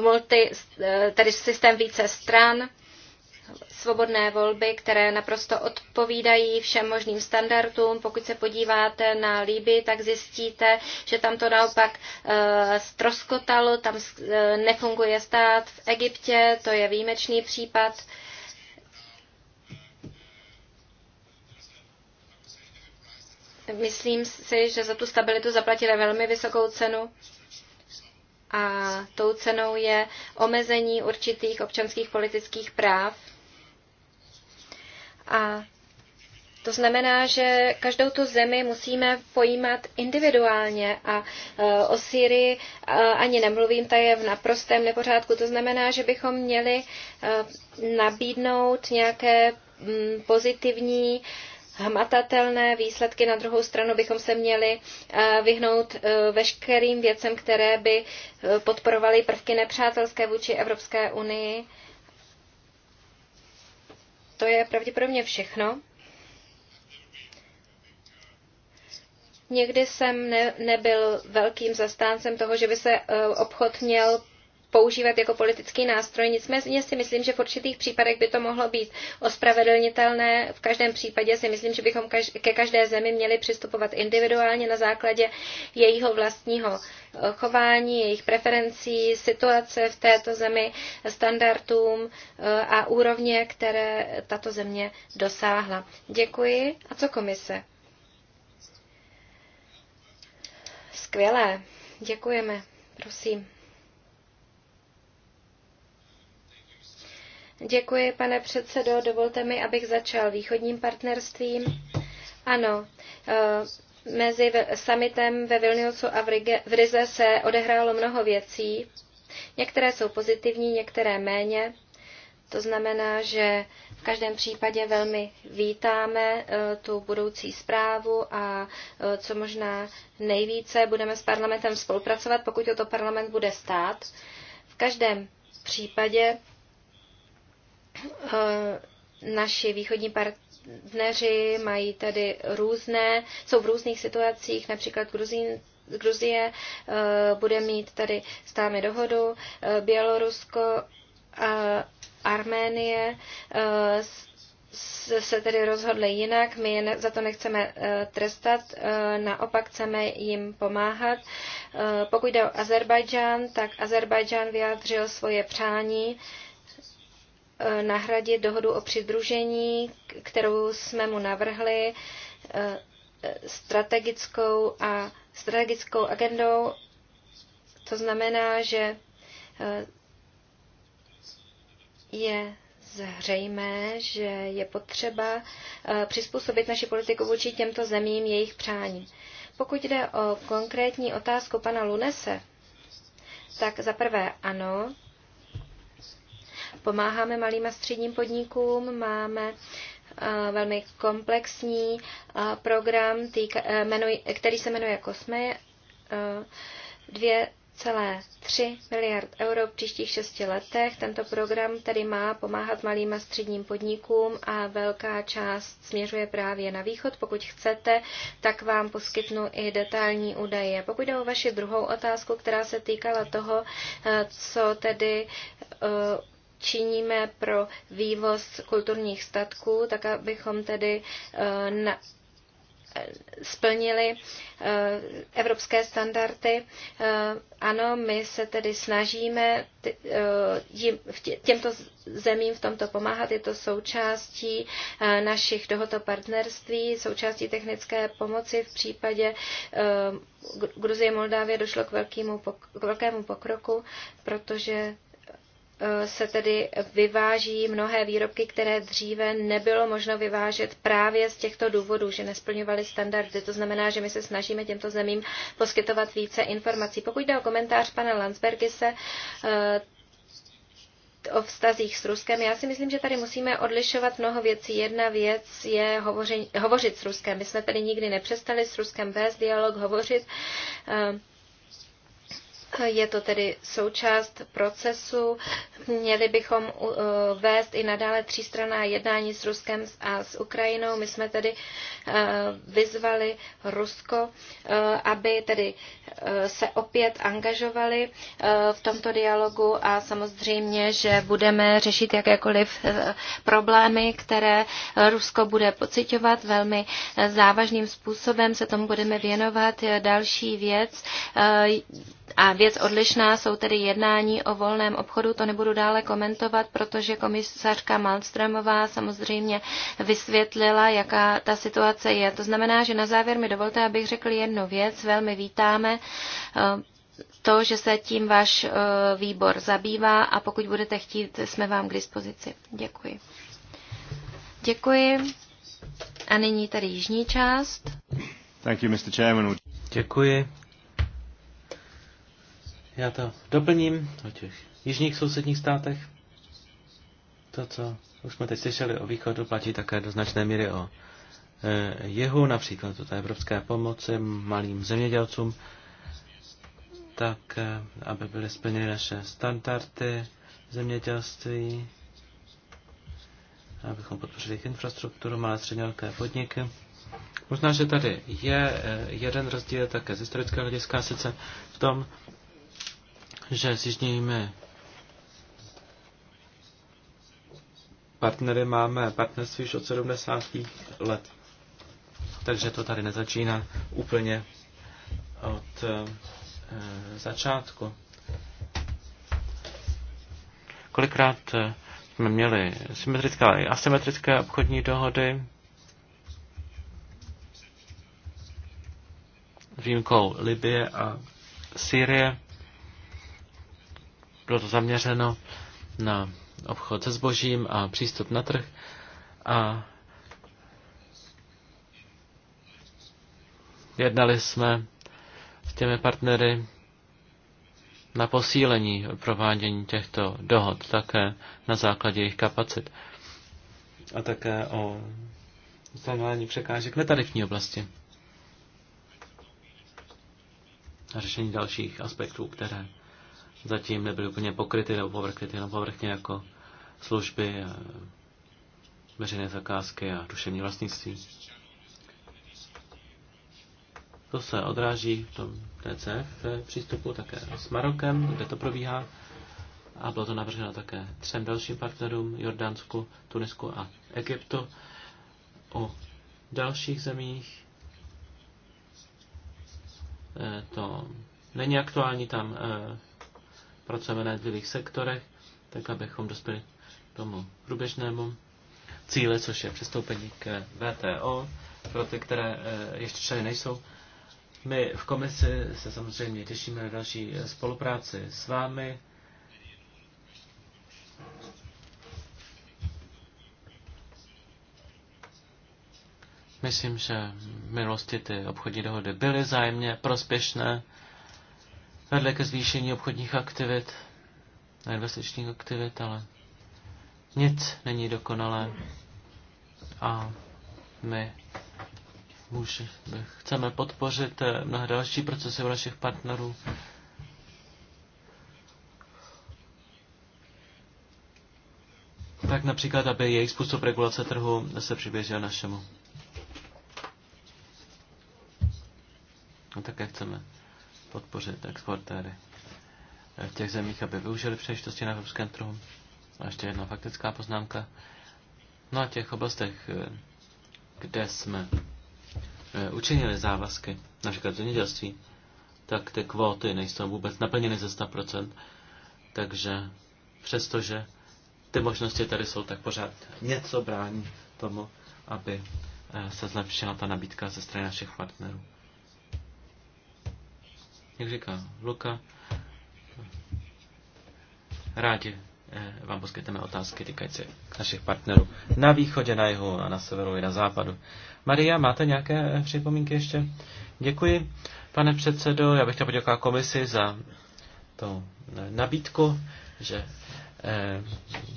multi, tedy systém více stran, svobodné volby, které naprosto odpovídají všem možným standardům. Pokud se podíváte na Líby, tak zjistíte, že tam to naopak stroskotalo, eh, tam eh, nefunguje stát. V Egyptě to je výjimečný případ. Myslím si, že za tu stabilitu zaplatili velmi vysokou cenu a tou cenou je omezení určitých občanských politických práv. A to znamená, že každou tu zemi musíme pojímat individuálně a e, o Syrii e, ani nemluvím, ta je v naprostém nepořádku. To znamená, že bychom měli e, nabídnout nějaké mm, pozitivní hmatatelné výsledky. Na druhou stranu bychom se měli vyhnout veškerým věcem, které by podporovaly prvky nepřátelské vůči Evropské unii to je pravděpodobně všechno. Někdy jsem ne, nebyl velkým zastáncem toho, že by se eh, obchod měl používat jako politický nástroj. Nicméně si myslím, že v určitých případech by to mohlo být ospravedlnitelné. V každém případě si myslím, že bychom ke každé zemi měli přistupovat individuálně na základě jejího vlastního eh, chování, jejich preferencí, situace v této zemi, standardům eh, a úrovně, které tato země dosáhla. Děkuji. A co komise? Skvělé. Děkujeme. Prosím. Děkuji, pane předsedo. Dovolte mi, abych začal východním partnerstvím. Ano, eh, mezi summitem ve Vilniusu a v Rize se odehrálo mnoho věcí. Některé jsou pozitivní, některé méně. To znamená, že v každém případě velmi vítáme eh, tu budoucí zprávu a eh, co možná nejvíce budeme s parlamentem spolupracovat, pokud o to parlament bude stát. V každém případě Eh, naši východní partneři mají tady různé, jsou v různých situacích, například Gruzín, Gruzie eh, bude mít tady s dohodu, eh, Bělorusko, Arménie se tedy rozhodli jinak, my za to nechceme trestat, naopak chceme jim pomáhat. Pokud jde o Azerbajdžán, tak Azerbajdžán vyjádřil svoje přání Eh, nahradit dohodu o přidružení, kterou jsme mu navrhli eh, strategickou a strategickou agendou. To znamená, že eh, je zřejmé, že je potřeba přizpůsobit naši politiku vůči těmto zemím jejich přáním. Pokud jde o konkrétní otázku pana Lunese, tak za prvé ano, Pomáháme malým a středním podnikům, máme eh, velmi komplexní eh, program, eh, který se jmenuje Kosme, 2,3 miliard euro v příštích šesti letech. Tento program tedy má pomáhat malým a středním podnikům a velká část směřuje právě na východ. Pokud chcete, tak vám poskytnu i detailní údaje. Pokud jde o vaši druhou otázku, která se týkala toho, co tedy činíme pro vývoz kulturních statků, tak abychom tedy eh, na, eh, splnili eh, evropské standardy. Ano, my se tedy snažíme těmto zemím v tomto pomáhat. Je to součástí našich tohoto partnerství, součástí technické pomoci v případě Gruzie Moldávie došlo k, velkému pokroku, protože Eh, se tedy vyváží mnohé výrobky, které dříve nebylo možno vyvážet právě z těchto důvodů, že nesplňovaly standardy. To znamená, že my se snažíme těmto zemím poskytovat více informací. Pokud jde o komentář pana Landsbergise, eh, o vztazích s Ruskem. Já si myslím, že tady musíme odlišovat mnoho věcí. Jedna věc je hovoři, hovořit s Ruskem. My jsme tady nikdy nepřestali s Ruskem vést dialog, hovořit. Uh, je to tedy součást procesu. Měli bychom uh, vést i nadále třístraná jednání s Ruskem a s Ukrajinou. My jsme tedy uh, vyzvali Rusko, uh, aby tedy se opět angažovali v tomto dialogu a samozřejmě, že budeme řešit jakékoliv problémy, které Rusko bude pocitovat velmi závažným způsobem. Se tomu budeme věnovat. Další věc a věc odlišná jsou tedy jednání o volném obchodu, to nebudu dále komentovat, protože komisařka Malmströmová samozřejmě vysvětlila, jaká ta situace je. To znamená, že na závěr mi dovolte, abych řekl jednu věc. Velmi vítáme eh, to, že se tím váš eh, výbor zabývá a pokud budete chtít, jsme vám k dispozici. Děkuji. Děkuji. A nyní tady jižní část. Thank you, Mr. Chairman. Děkuji, já to doplním o těch jižních sousedních státech. To, co už jsme teď slyšeli o východu, platí také do značné míry o e, jihu, například o té evropské pomoci malým zemědělcům, tak e, aby byly splněny naše standardy zemědělství, abychom podpořili jejich infrastrukturu, malé středně velké podniky. Možná, že tady je e, jeden rozdíl také z historického hlediska, sice v tom, že s jižními partnery máme partnerství už od 70. let. Takže to tady nezačíná úplně od e, začátku. Kolikrát eh, jsme měli symetrické a asymetrické obchodní dohody výjimkou Libie a Syrie. Bylo to zaměřeno na obchod se zbožím a přístup na trh a jednali jsme s těmi partnery na posílení provádění těchto dohod, také na základě jejich kapacit a také o zanování překážek netarifní oblasti a řešení dalších aspektů, které zatím nebyly úplně pokryty nebo povrchně, jenom povrchně jako služby, eh, veřejné zakázky a duševní vlastnictví. To se odráží v tom v eh, přístupu také s Marokem, kde to probíhá. A bylo to navrženo také třem dalším partnerům, Jordánsku, Tunisku a Egyptu. O dalších zemích eh, to není aktuální, tam pracujeme na jednotlivých sektorech, tak abychom dospěli k tomu průběžnému cíle, což je přistoupení k VTO pro ty, které eh, ještě členy nejsou. My v komisi se samozřejmě těšíme na další eh, spolupráci s vámi. Myslím, že v minulosti ty obchodní dohody byly zájemně prospěšné vedle ke zvýšení obchodních aktivit investičních aktivit, ale nic není dokonalé a my muži chceme podpořit eh, mnohé další procesy u našich partnerů. Tak například, aby jejich způsob regulace trhu se přiběžil našemu. A no také chceme podpořit exportéry v těch zemích, aby využili příležitosti na evropském trhu. A ještě jedna faktická poznámka. No a těch oblastech, eh, kde jsme eh, učinili závazky, například v zemědělství, tak ty kvóty nejsou vůbec naplněny ze 100%, takže přestože ty možnosti tady jsou, tak pořád něco brání tomu, aby eh, se zlepšila ta nabídka ze strany našich partnerů jak říká Luka, rádi eh, vám poskytneme otázky týkající našich partnerů na východě, na jihu a na severu i na západu. Maria, máte nějaké eh, připomínky ještě? Děkuji, pane předsedo. Já bych chtěl poděkovat komisi za to eh, nabídku, že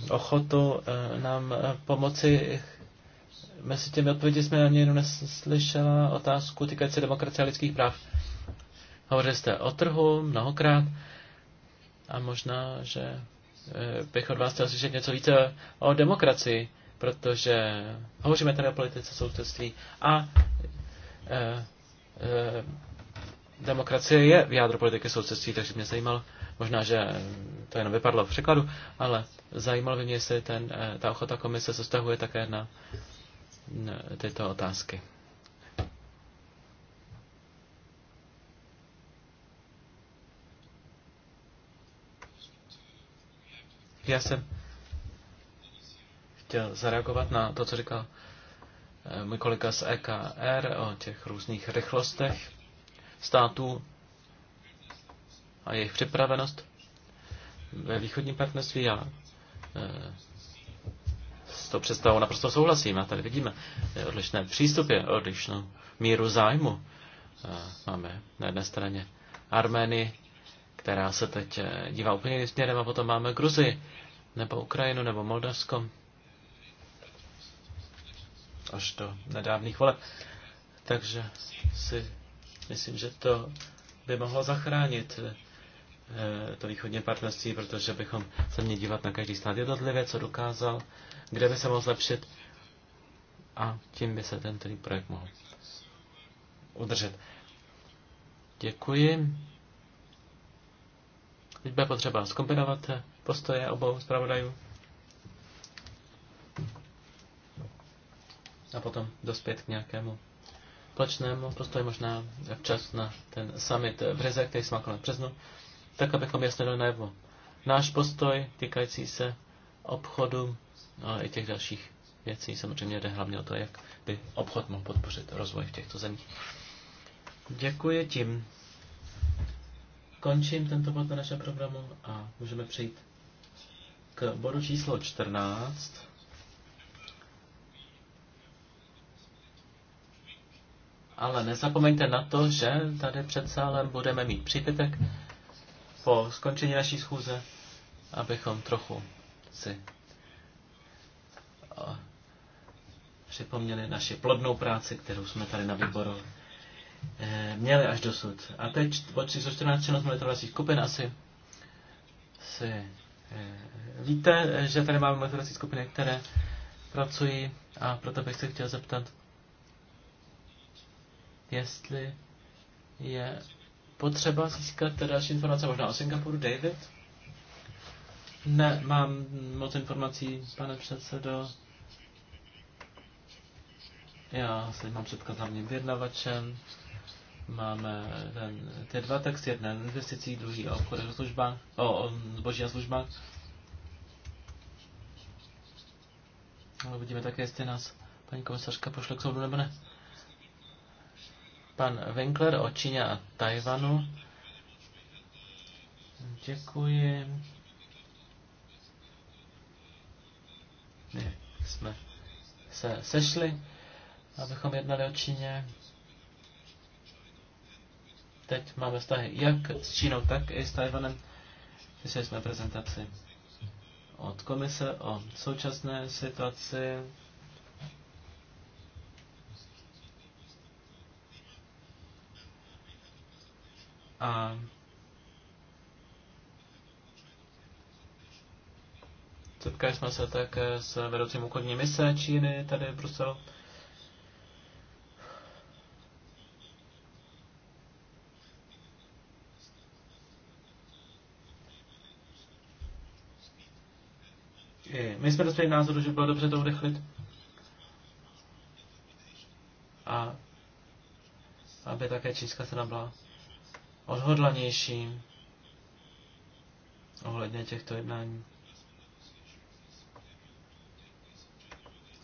ochotu nám pomoci. Mezi těmi odpovědi jsme ani jednu neslyšela otázku týkající demokracie a lidských práv. Hovořili jste o trhu mnohokrát a možná, že eh, bych od vás chtěl slyšet něco více o demokracii, protože hovoříme tady o politice sousedství a e, e, demokracie je v jádru politiky sousedství, takže mě zajímalo, možná, že to jenom vypadlo v překladu, ale zajímalo by mě, jestli ten, ta ochota komise se stahuje také na tyto otázky. Já jsem chtěl zareagovat na to, co říkal eh, můj kolega z EKR o těch různých rychlostech států a jejich připravenost. Ve východním partnerství já eh, s tou představou naprosto souhlasím. A tady vidíme eh, odlišné přístupy, odlišnou míru zájmu. Máme na jedné straně Armény, která se teď eh, dívá úplně jiným směrem a potom máme Gruzi nebo Ukrajinu, nebo Moldavsko. Až do nedávných voleb. Takže si myslím, že to by mohlo zachránit eh, to východní partnerství, protože bychom se měli dívat na každý stát jednotlivě, co dokázal, kde by se mohl zlepšit a tím by se ten projekt mohl udržet. Děkuji. Teď bude potřeba zkombinovat postoje obou zpravodajů a potom dospět k nějakému plačnému postoji, možná včas na ten summit v Rize, který jsme nakonec březnu, tak abychom jasně dali najevo náš postoj týkající se obchodu a i těch dalších věcí. Samozřejmě jde hlavně o to, jak by obchod mohl podpořit rozvoj v těchto zemích. Děkuji tím. Končím tento bod na našem programu a můžeme přejít k bodu číslo 14. Ale nezapomeňte na to, že tady před sálem budeme mít přípitek po skončení naší schůze, abychom trochu si eh, připomněli naši plodnou práci, kterou jsme tady na výboru Eh, měli až dosud. A teď od 314 činnost monitorovacích skupin asi si eh, víte, eh, že tady máme monitorovací skupiny, které pracují a proto bych se chtěl zeptat, jestli je potřeba získat další informace možná o Singapuru. David? Ne, mám moc informací, pane předsedo. Já se mám setkat hlavně hlavním vyjednavačem. Máme ten, ty dva texty, jedna o investicích, druhý o obchodech službách, o, o zboží a službách. Ale vidíme také, jestli nás paní komisařka pošle k soudu nebo ne. Pan Winkler o Číně a Tajvanu. Děkuji. My jsme se sešli, abychom jednali o Číně teď máme vztahy jak s Čínou, tak i s Tajvanem. Slyšeli jsme prezentaci od komise o současné situaci. A setkali jsme se také s vedoucím úkolní mise Číny tady v Bruselu My jsme dospěli názoru, že bylo dobře to urychlit. A aby také Číska se byla odhodlanější ohledně těchto jednání.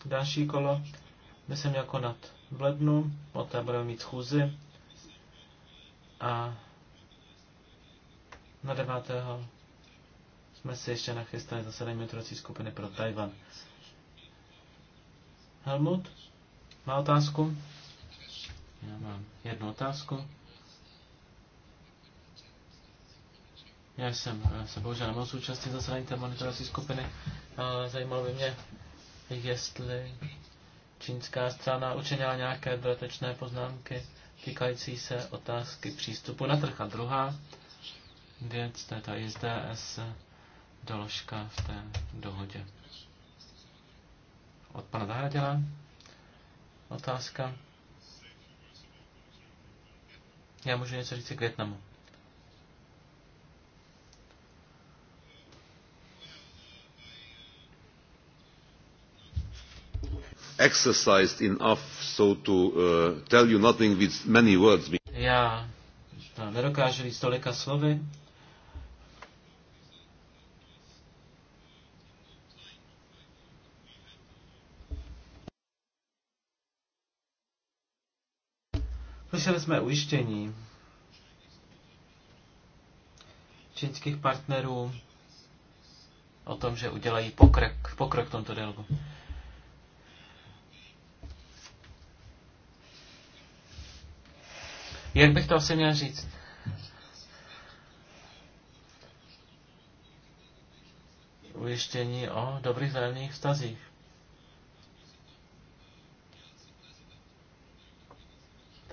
Další kolo by se měl konat v lednu, poté budeme mít schůzy a na 9 jsme se ještě nachystali zasedání monitorovací skupiny pro Tajvan. Helmut, má otázku? Já mám jednu otázku. Já jsem se bohužel nemohl zúčastnit zasedání té monitorací skupiny, zajímalo by mě, jestli čínská strana učinila nějaké dodatečné poznámky týkající se otázky přístupu na trh. A druhá věc, to je ta ISDS doložka v té dohodě. Od pana Zahraděla otázka. Já můžu něco říct k Větnamu. exercised enough so to uh, tell you nothing with many words. Já to no, nedokážu říct tolika slovy, Slyšeli jsme ujištění čínských partnerů o tom, že udělají pokrok, pokrok v tomto dialogu. Jak bych to asi měl říct? Ujištění o dobrých vzájemných vztazích.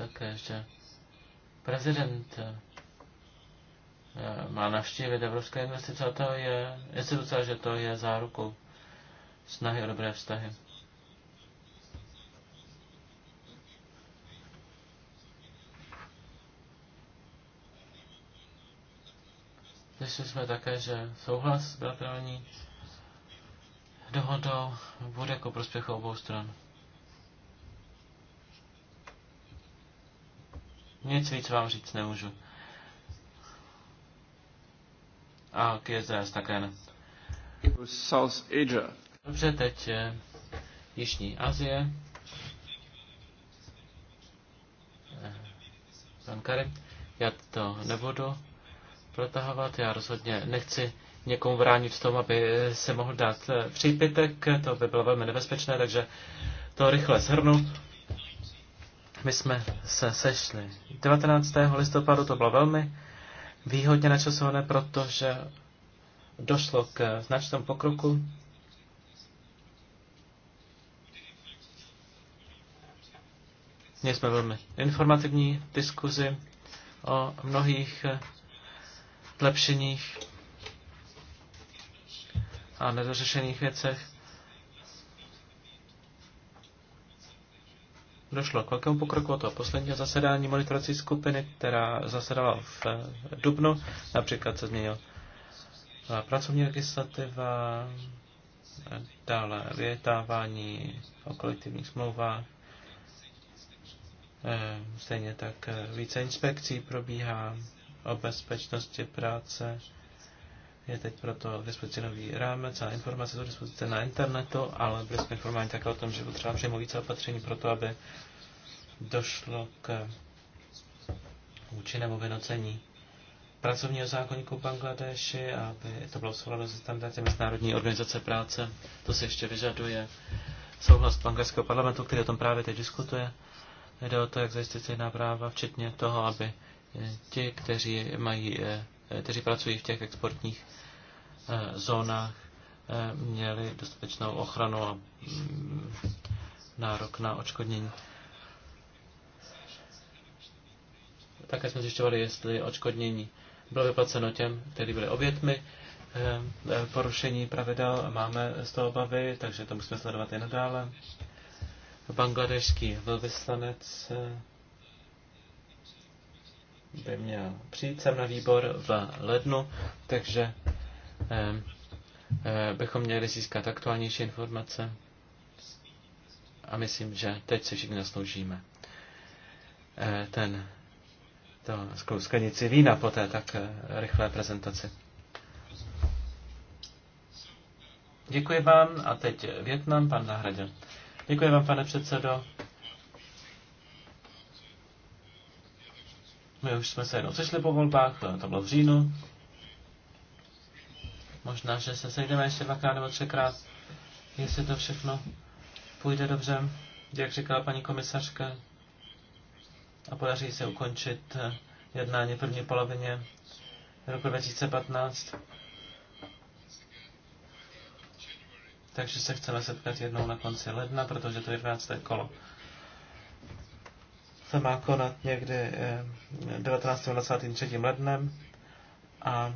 také, že prezident eh, má navštívit Evropské investice a to je instituce, že to je zárukou snahy o dobré vztahy. Slyšeli jsme také, že souhlas s bilaterální dohodou bude jako prospěch obou stran. Nic víc vám říct nemůžu. A k Izrael také ne. South Asia. Dobře, teď Jižní Asie. Eh, pan Kary, já to nebudu protahovat, já rozhodně nechci někomu bránit v tom, aby se mohl dát eh, přípitek, to by bylo velmi nebezpečné, takže to rychle shrnu. My jsme se sešli 19. listopadu, to bylo velmi výhodně načasované, protože došlo k značnému pokroku. Měli jsme velmi informativní diskuzi o mnohých zlepšeních a nedořešených věcech. došlo k velkému pokroku od toho posledního zasedání monitorací skupiny, která zasedala v eh, Dubnu. Například se změnil eh, pracovní legislativa, dále vyjetávání o kolektivních smlouvách, eh, stejně tak více inspekcí probíhá o bezpečnosti práce, je teď proto k dispozici nový rámec a informace jsou dispozice na internetu, ale byli jsme informováni také o tom, že potřeba přijmo více opatření pro to, aby došlo k účinnému vynocení pracovního zákonníku v Bangladeši, aby to bylo v souladu se standardy Mezinárodní organizace práce. To se ještě vyžaduje souhlas bangladeského parlamentu, který o tom právě teď diskutuje. Jde o to, jak zajistit stejná práva, včetně toho, aby ti, kteří mají eh, Eh, kteří pracují v těch exportních eh, zónách, eh, měli dostatečnou ochranu a mm, nárok na očkodnění. Také jsme zjišťovali, jestli očkodnění bylo vyplaceno těm, kteří byli obětmi porušení pravidel. Máme z toho obavy, takže to musíme sledovat i nadále. Bangladešský velvyslanec by měl přijít sem na výbor v lednu, takže eh, eh, bychom měli získat aktuálnější informace a myslím, že teď se všichni zasloužíme eh, ten, to sklenici vína po té tak rychlé prezentaci. Děkuji vám a teď Větnam, pan Nahradě. Děkuji vám, pane předsedo. My už jsme se jednou sešli po volbách, to, to bylo v říjnu. Možná, že se sejdeme ještě dvakrát nebo třikrát, jestli to všechno půjde dobře, jak říkala paní komisařka, a podaří se ukončit eh, jednání v první polovině roku 2015. Takže se chceme setkat jednou na konci ledna, protože to je 12. kolo se má konat někdy 19. Eh, a 23. lednem a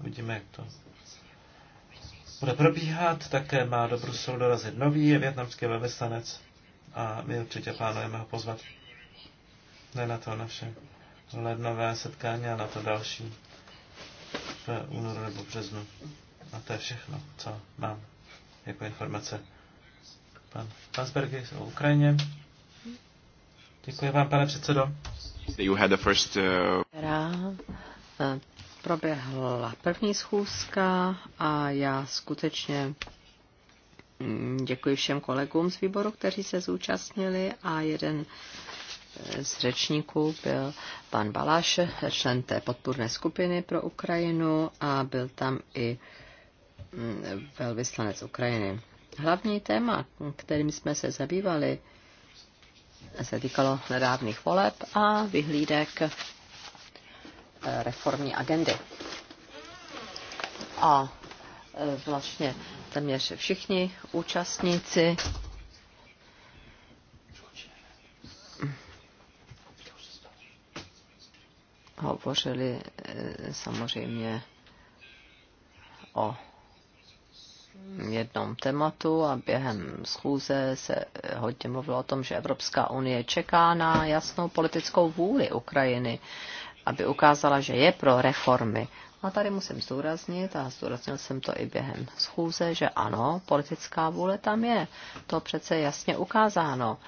uvidíme, jak to bude probíhat. Také má do Bruselu dorazit nový větnamský velvyslanec a my určitě plánujeme ho pozvat ne na to naše lednové setkání a na to další v únoru nebo březnu. A to je všechno, co mám jako informace. Pan Pansbergy o Ukrajině. Děkuji vám, pane předsedo. You had the first, uh... Eh, proběhla první schůzka a já skutečně mm, děkuji všem kolegům z výboru, kteří se zúčastnili a jeden eh, z řečníků byl pan Baláš, člen té podpůrné skupiny pro Ukrajinu a byl tam i mm, velvyslanec Ukrajiny. Hlavní téma, kterým jsme se zabývali, se týkalo nedávných voleb a vyhlídek eh, reformní agendy. A eh, vlastně téměř všichni účastníci hm, hovořili eh, samozřejmě o jednom tématu a během schůze se hodně mluvilo o tom, že Evropská unie čeká na jasnou politickou vůli Ukrajiny, aby ukázala, že je pro reformy. A tady musím zdůraznit, a zdůraznil jsem to i během schůze, že ano, politická vůle tam je. To přece jasně ukázáno.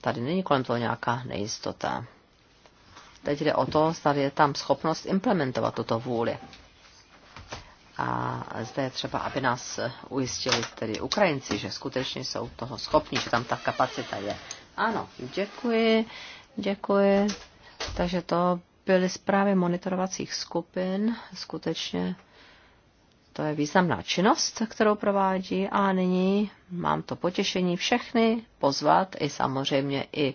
Tady není kolem toho nějaká nejistota. Teď jde o to, zda je tam schopnost implementovat tuto vůli. A zde je třeba, aby nás ujistili tedy Ukrajinci, že skutečně jsou toho schopni, že tam ta kapacita je. Ano, děkuji, děkuji. Takže to byly zprávy monitorovacích skupin. Skutečně to je významná činnost, kterou provádí. A nyní mám to potěšení všechny pozvat i samozřejmě i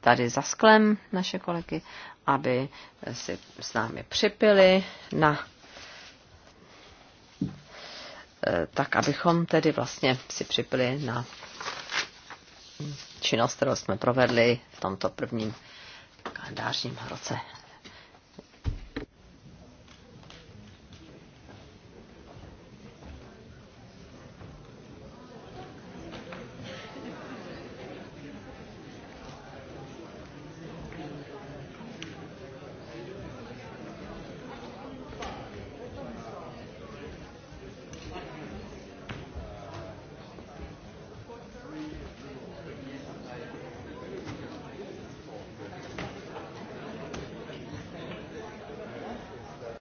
tady za sklem naše kolegy, aby si s námi připili na Eh, tak abychom tedy vlastně si připili na činnost, kterou jsme provedli v tomto prvním kalendářním roce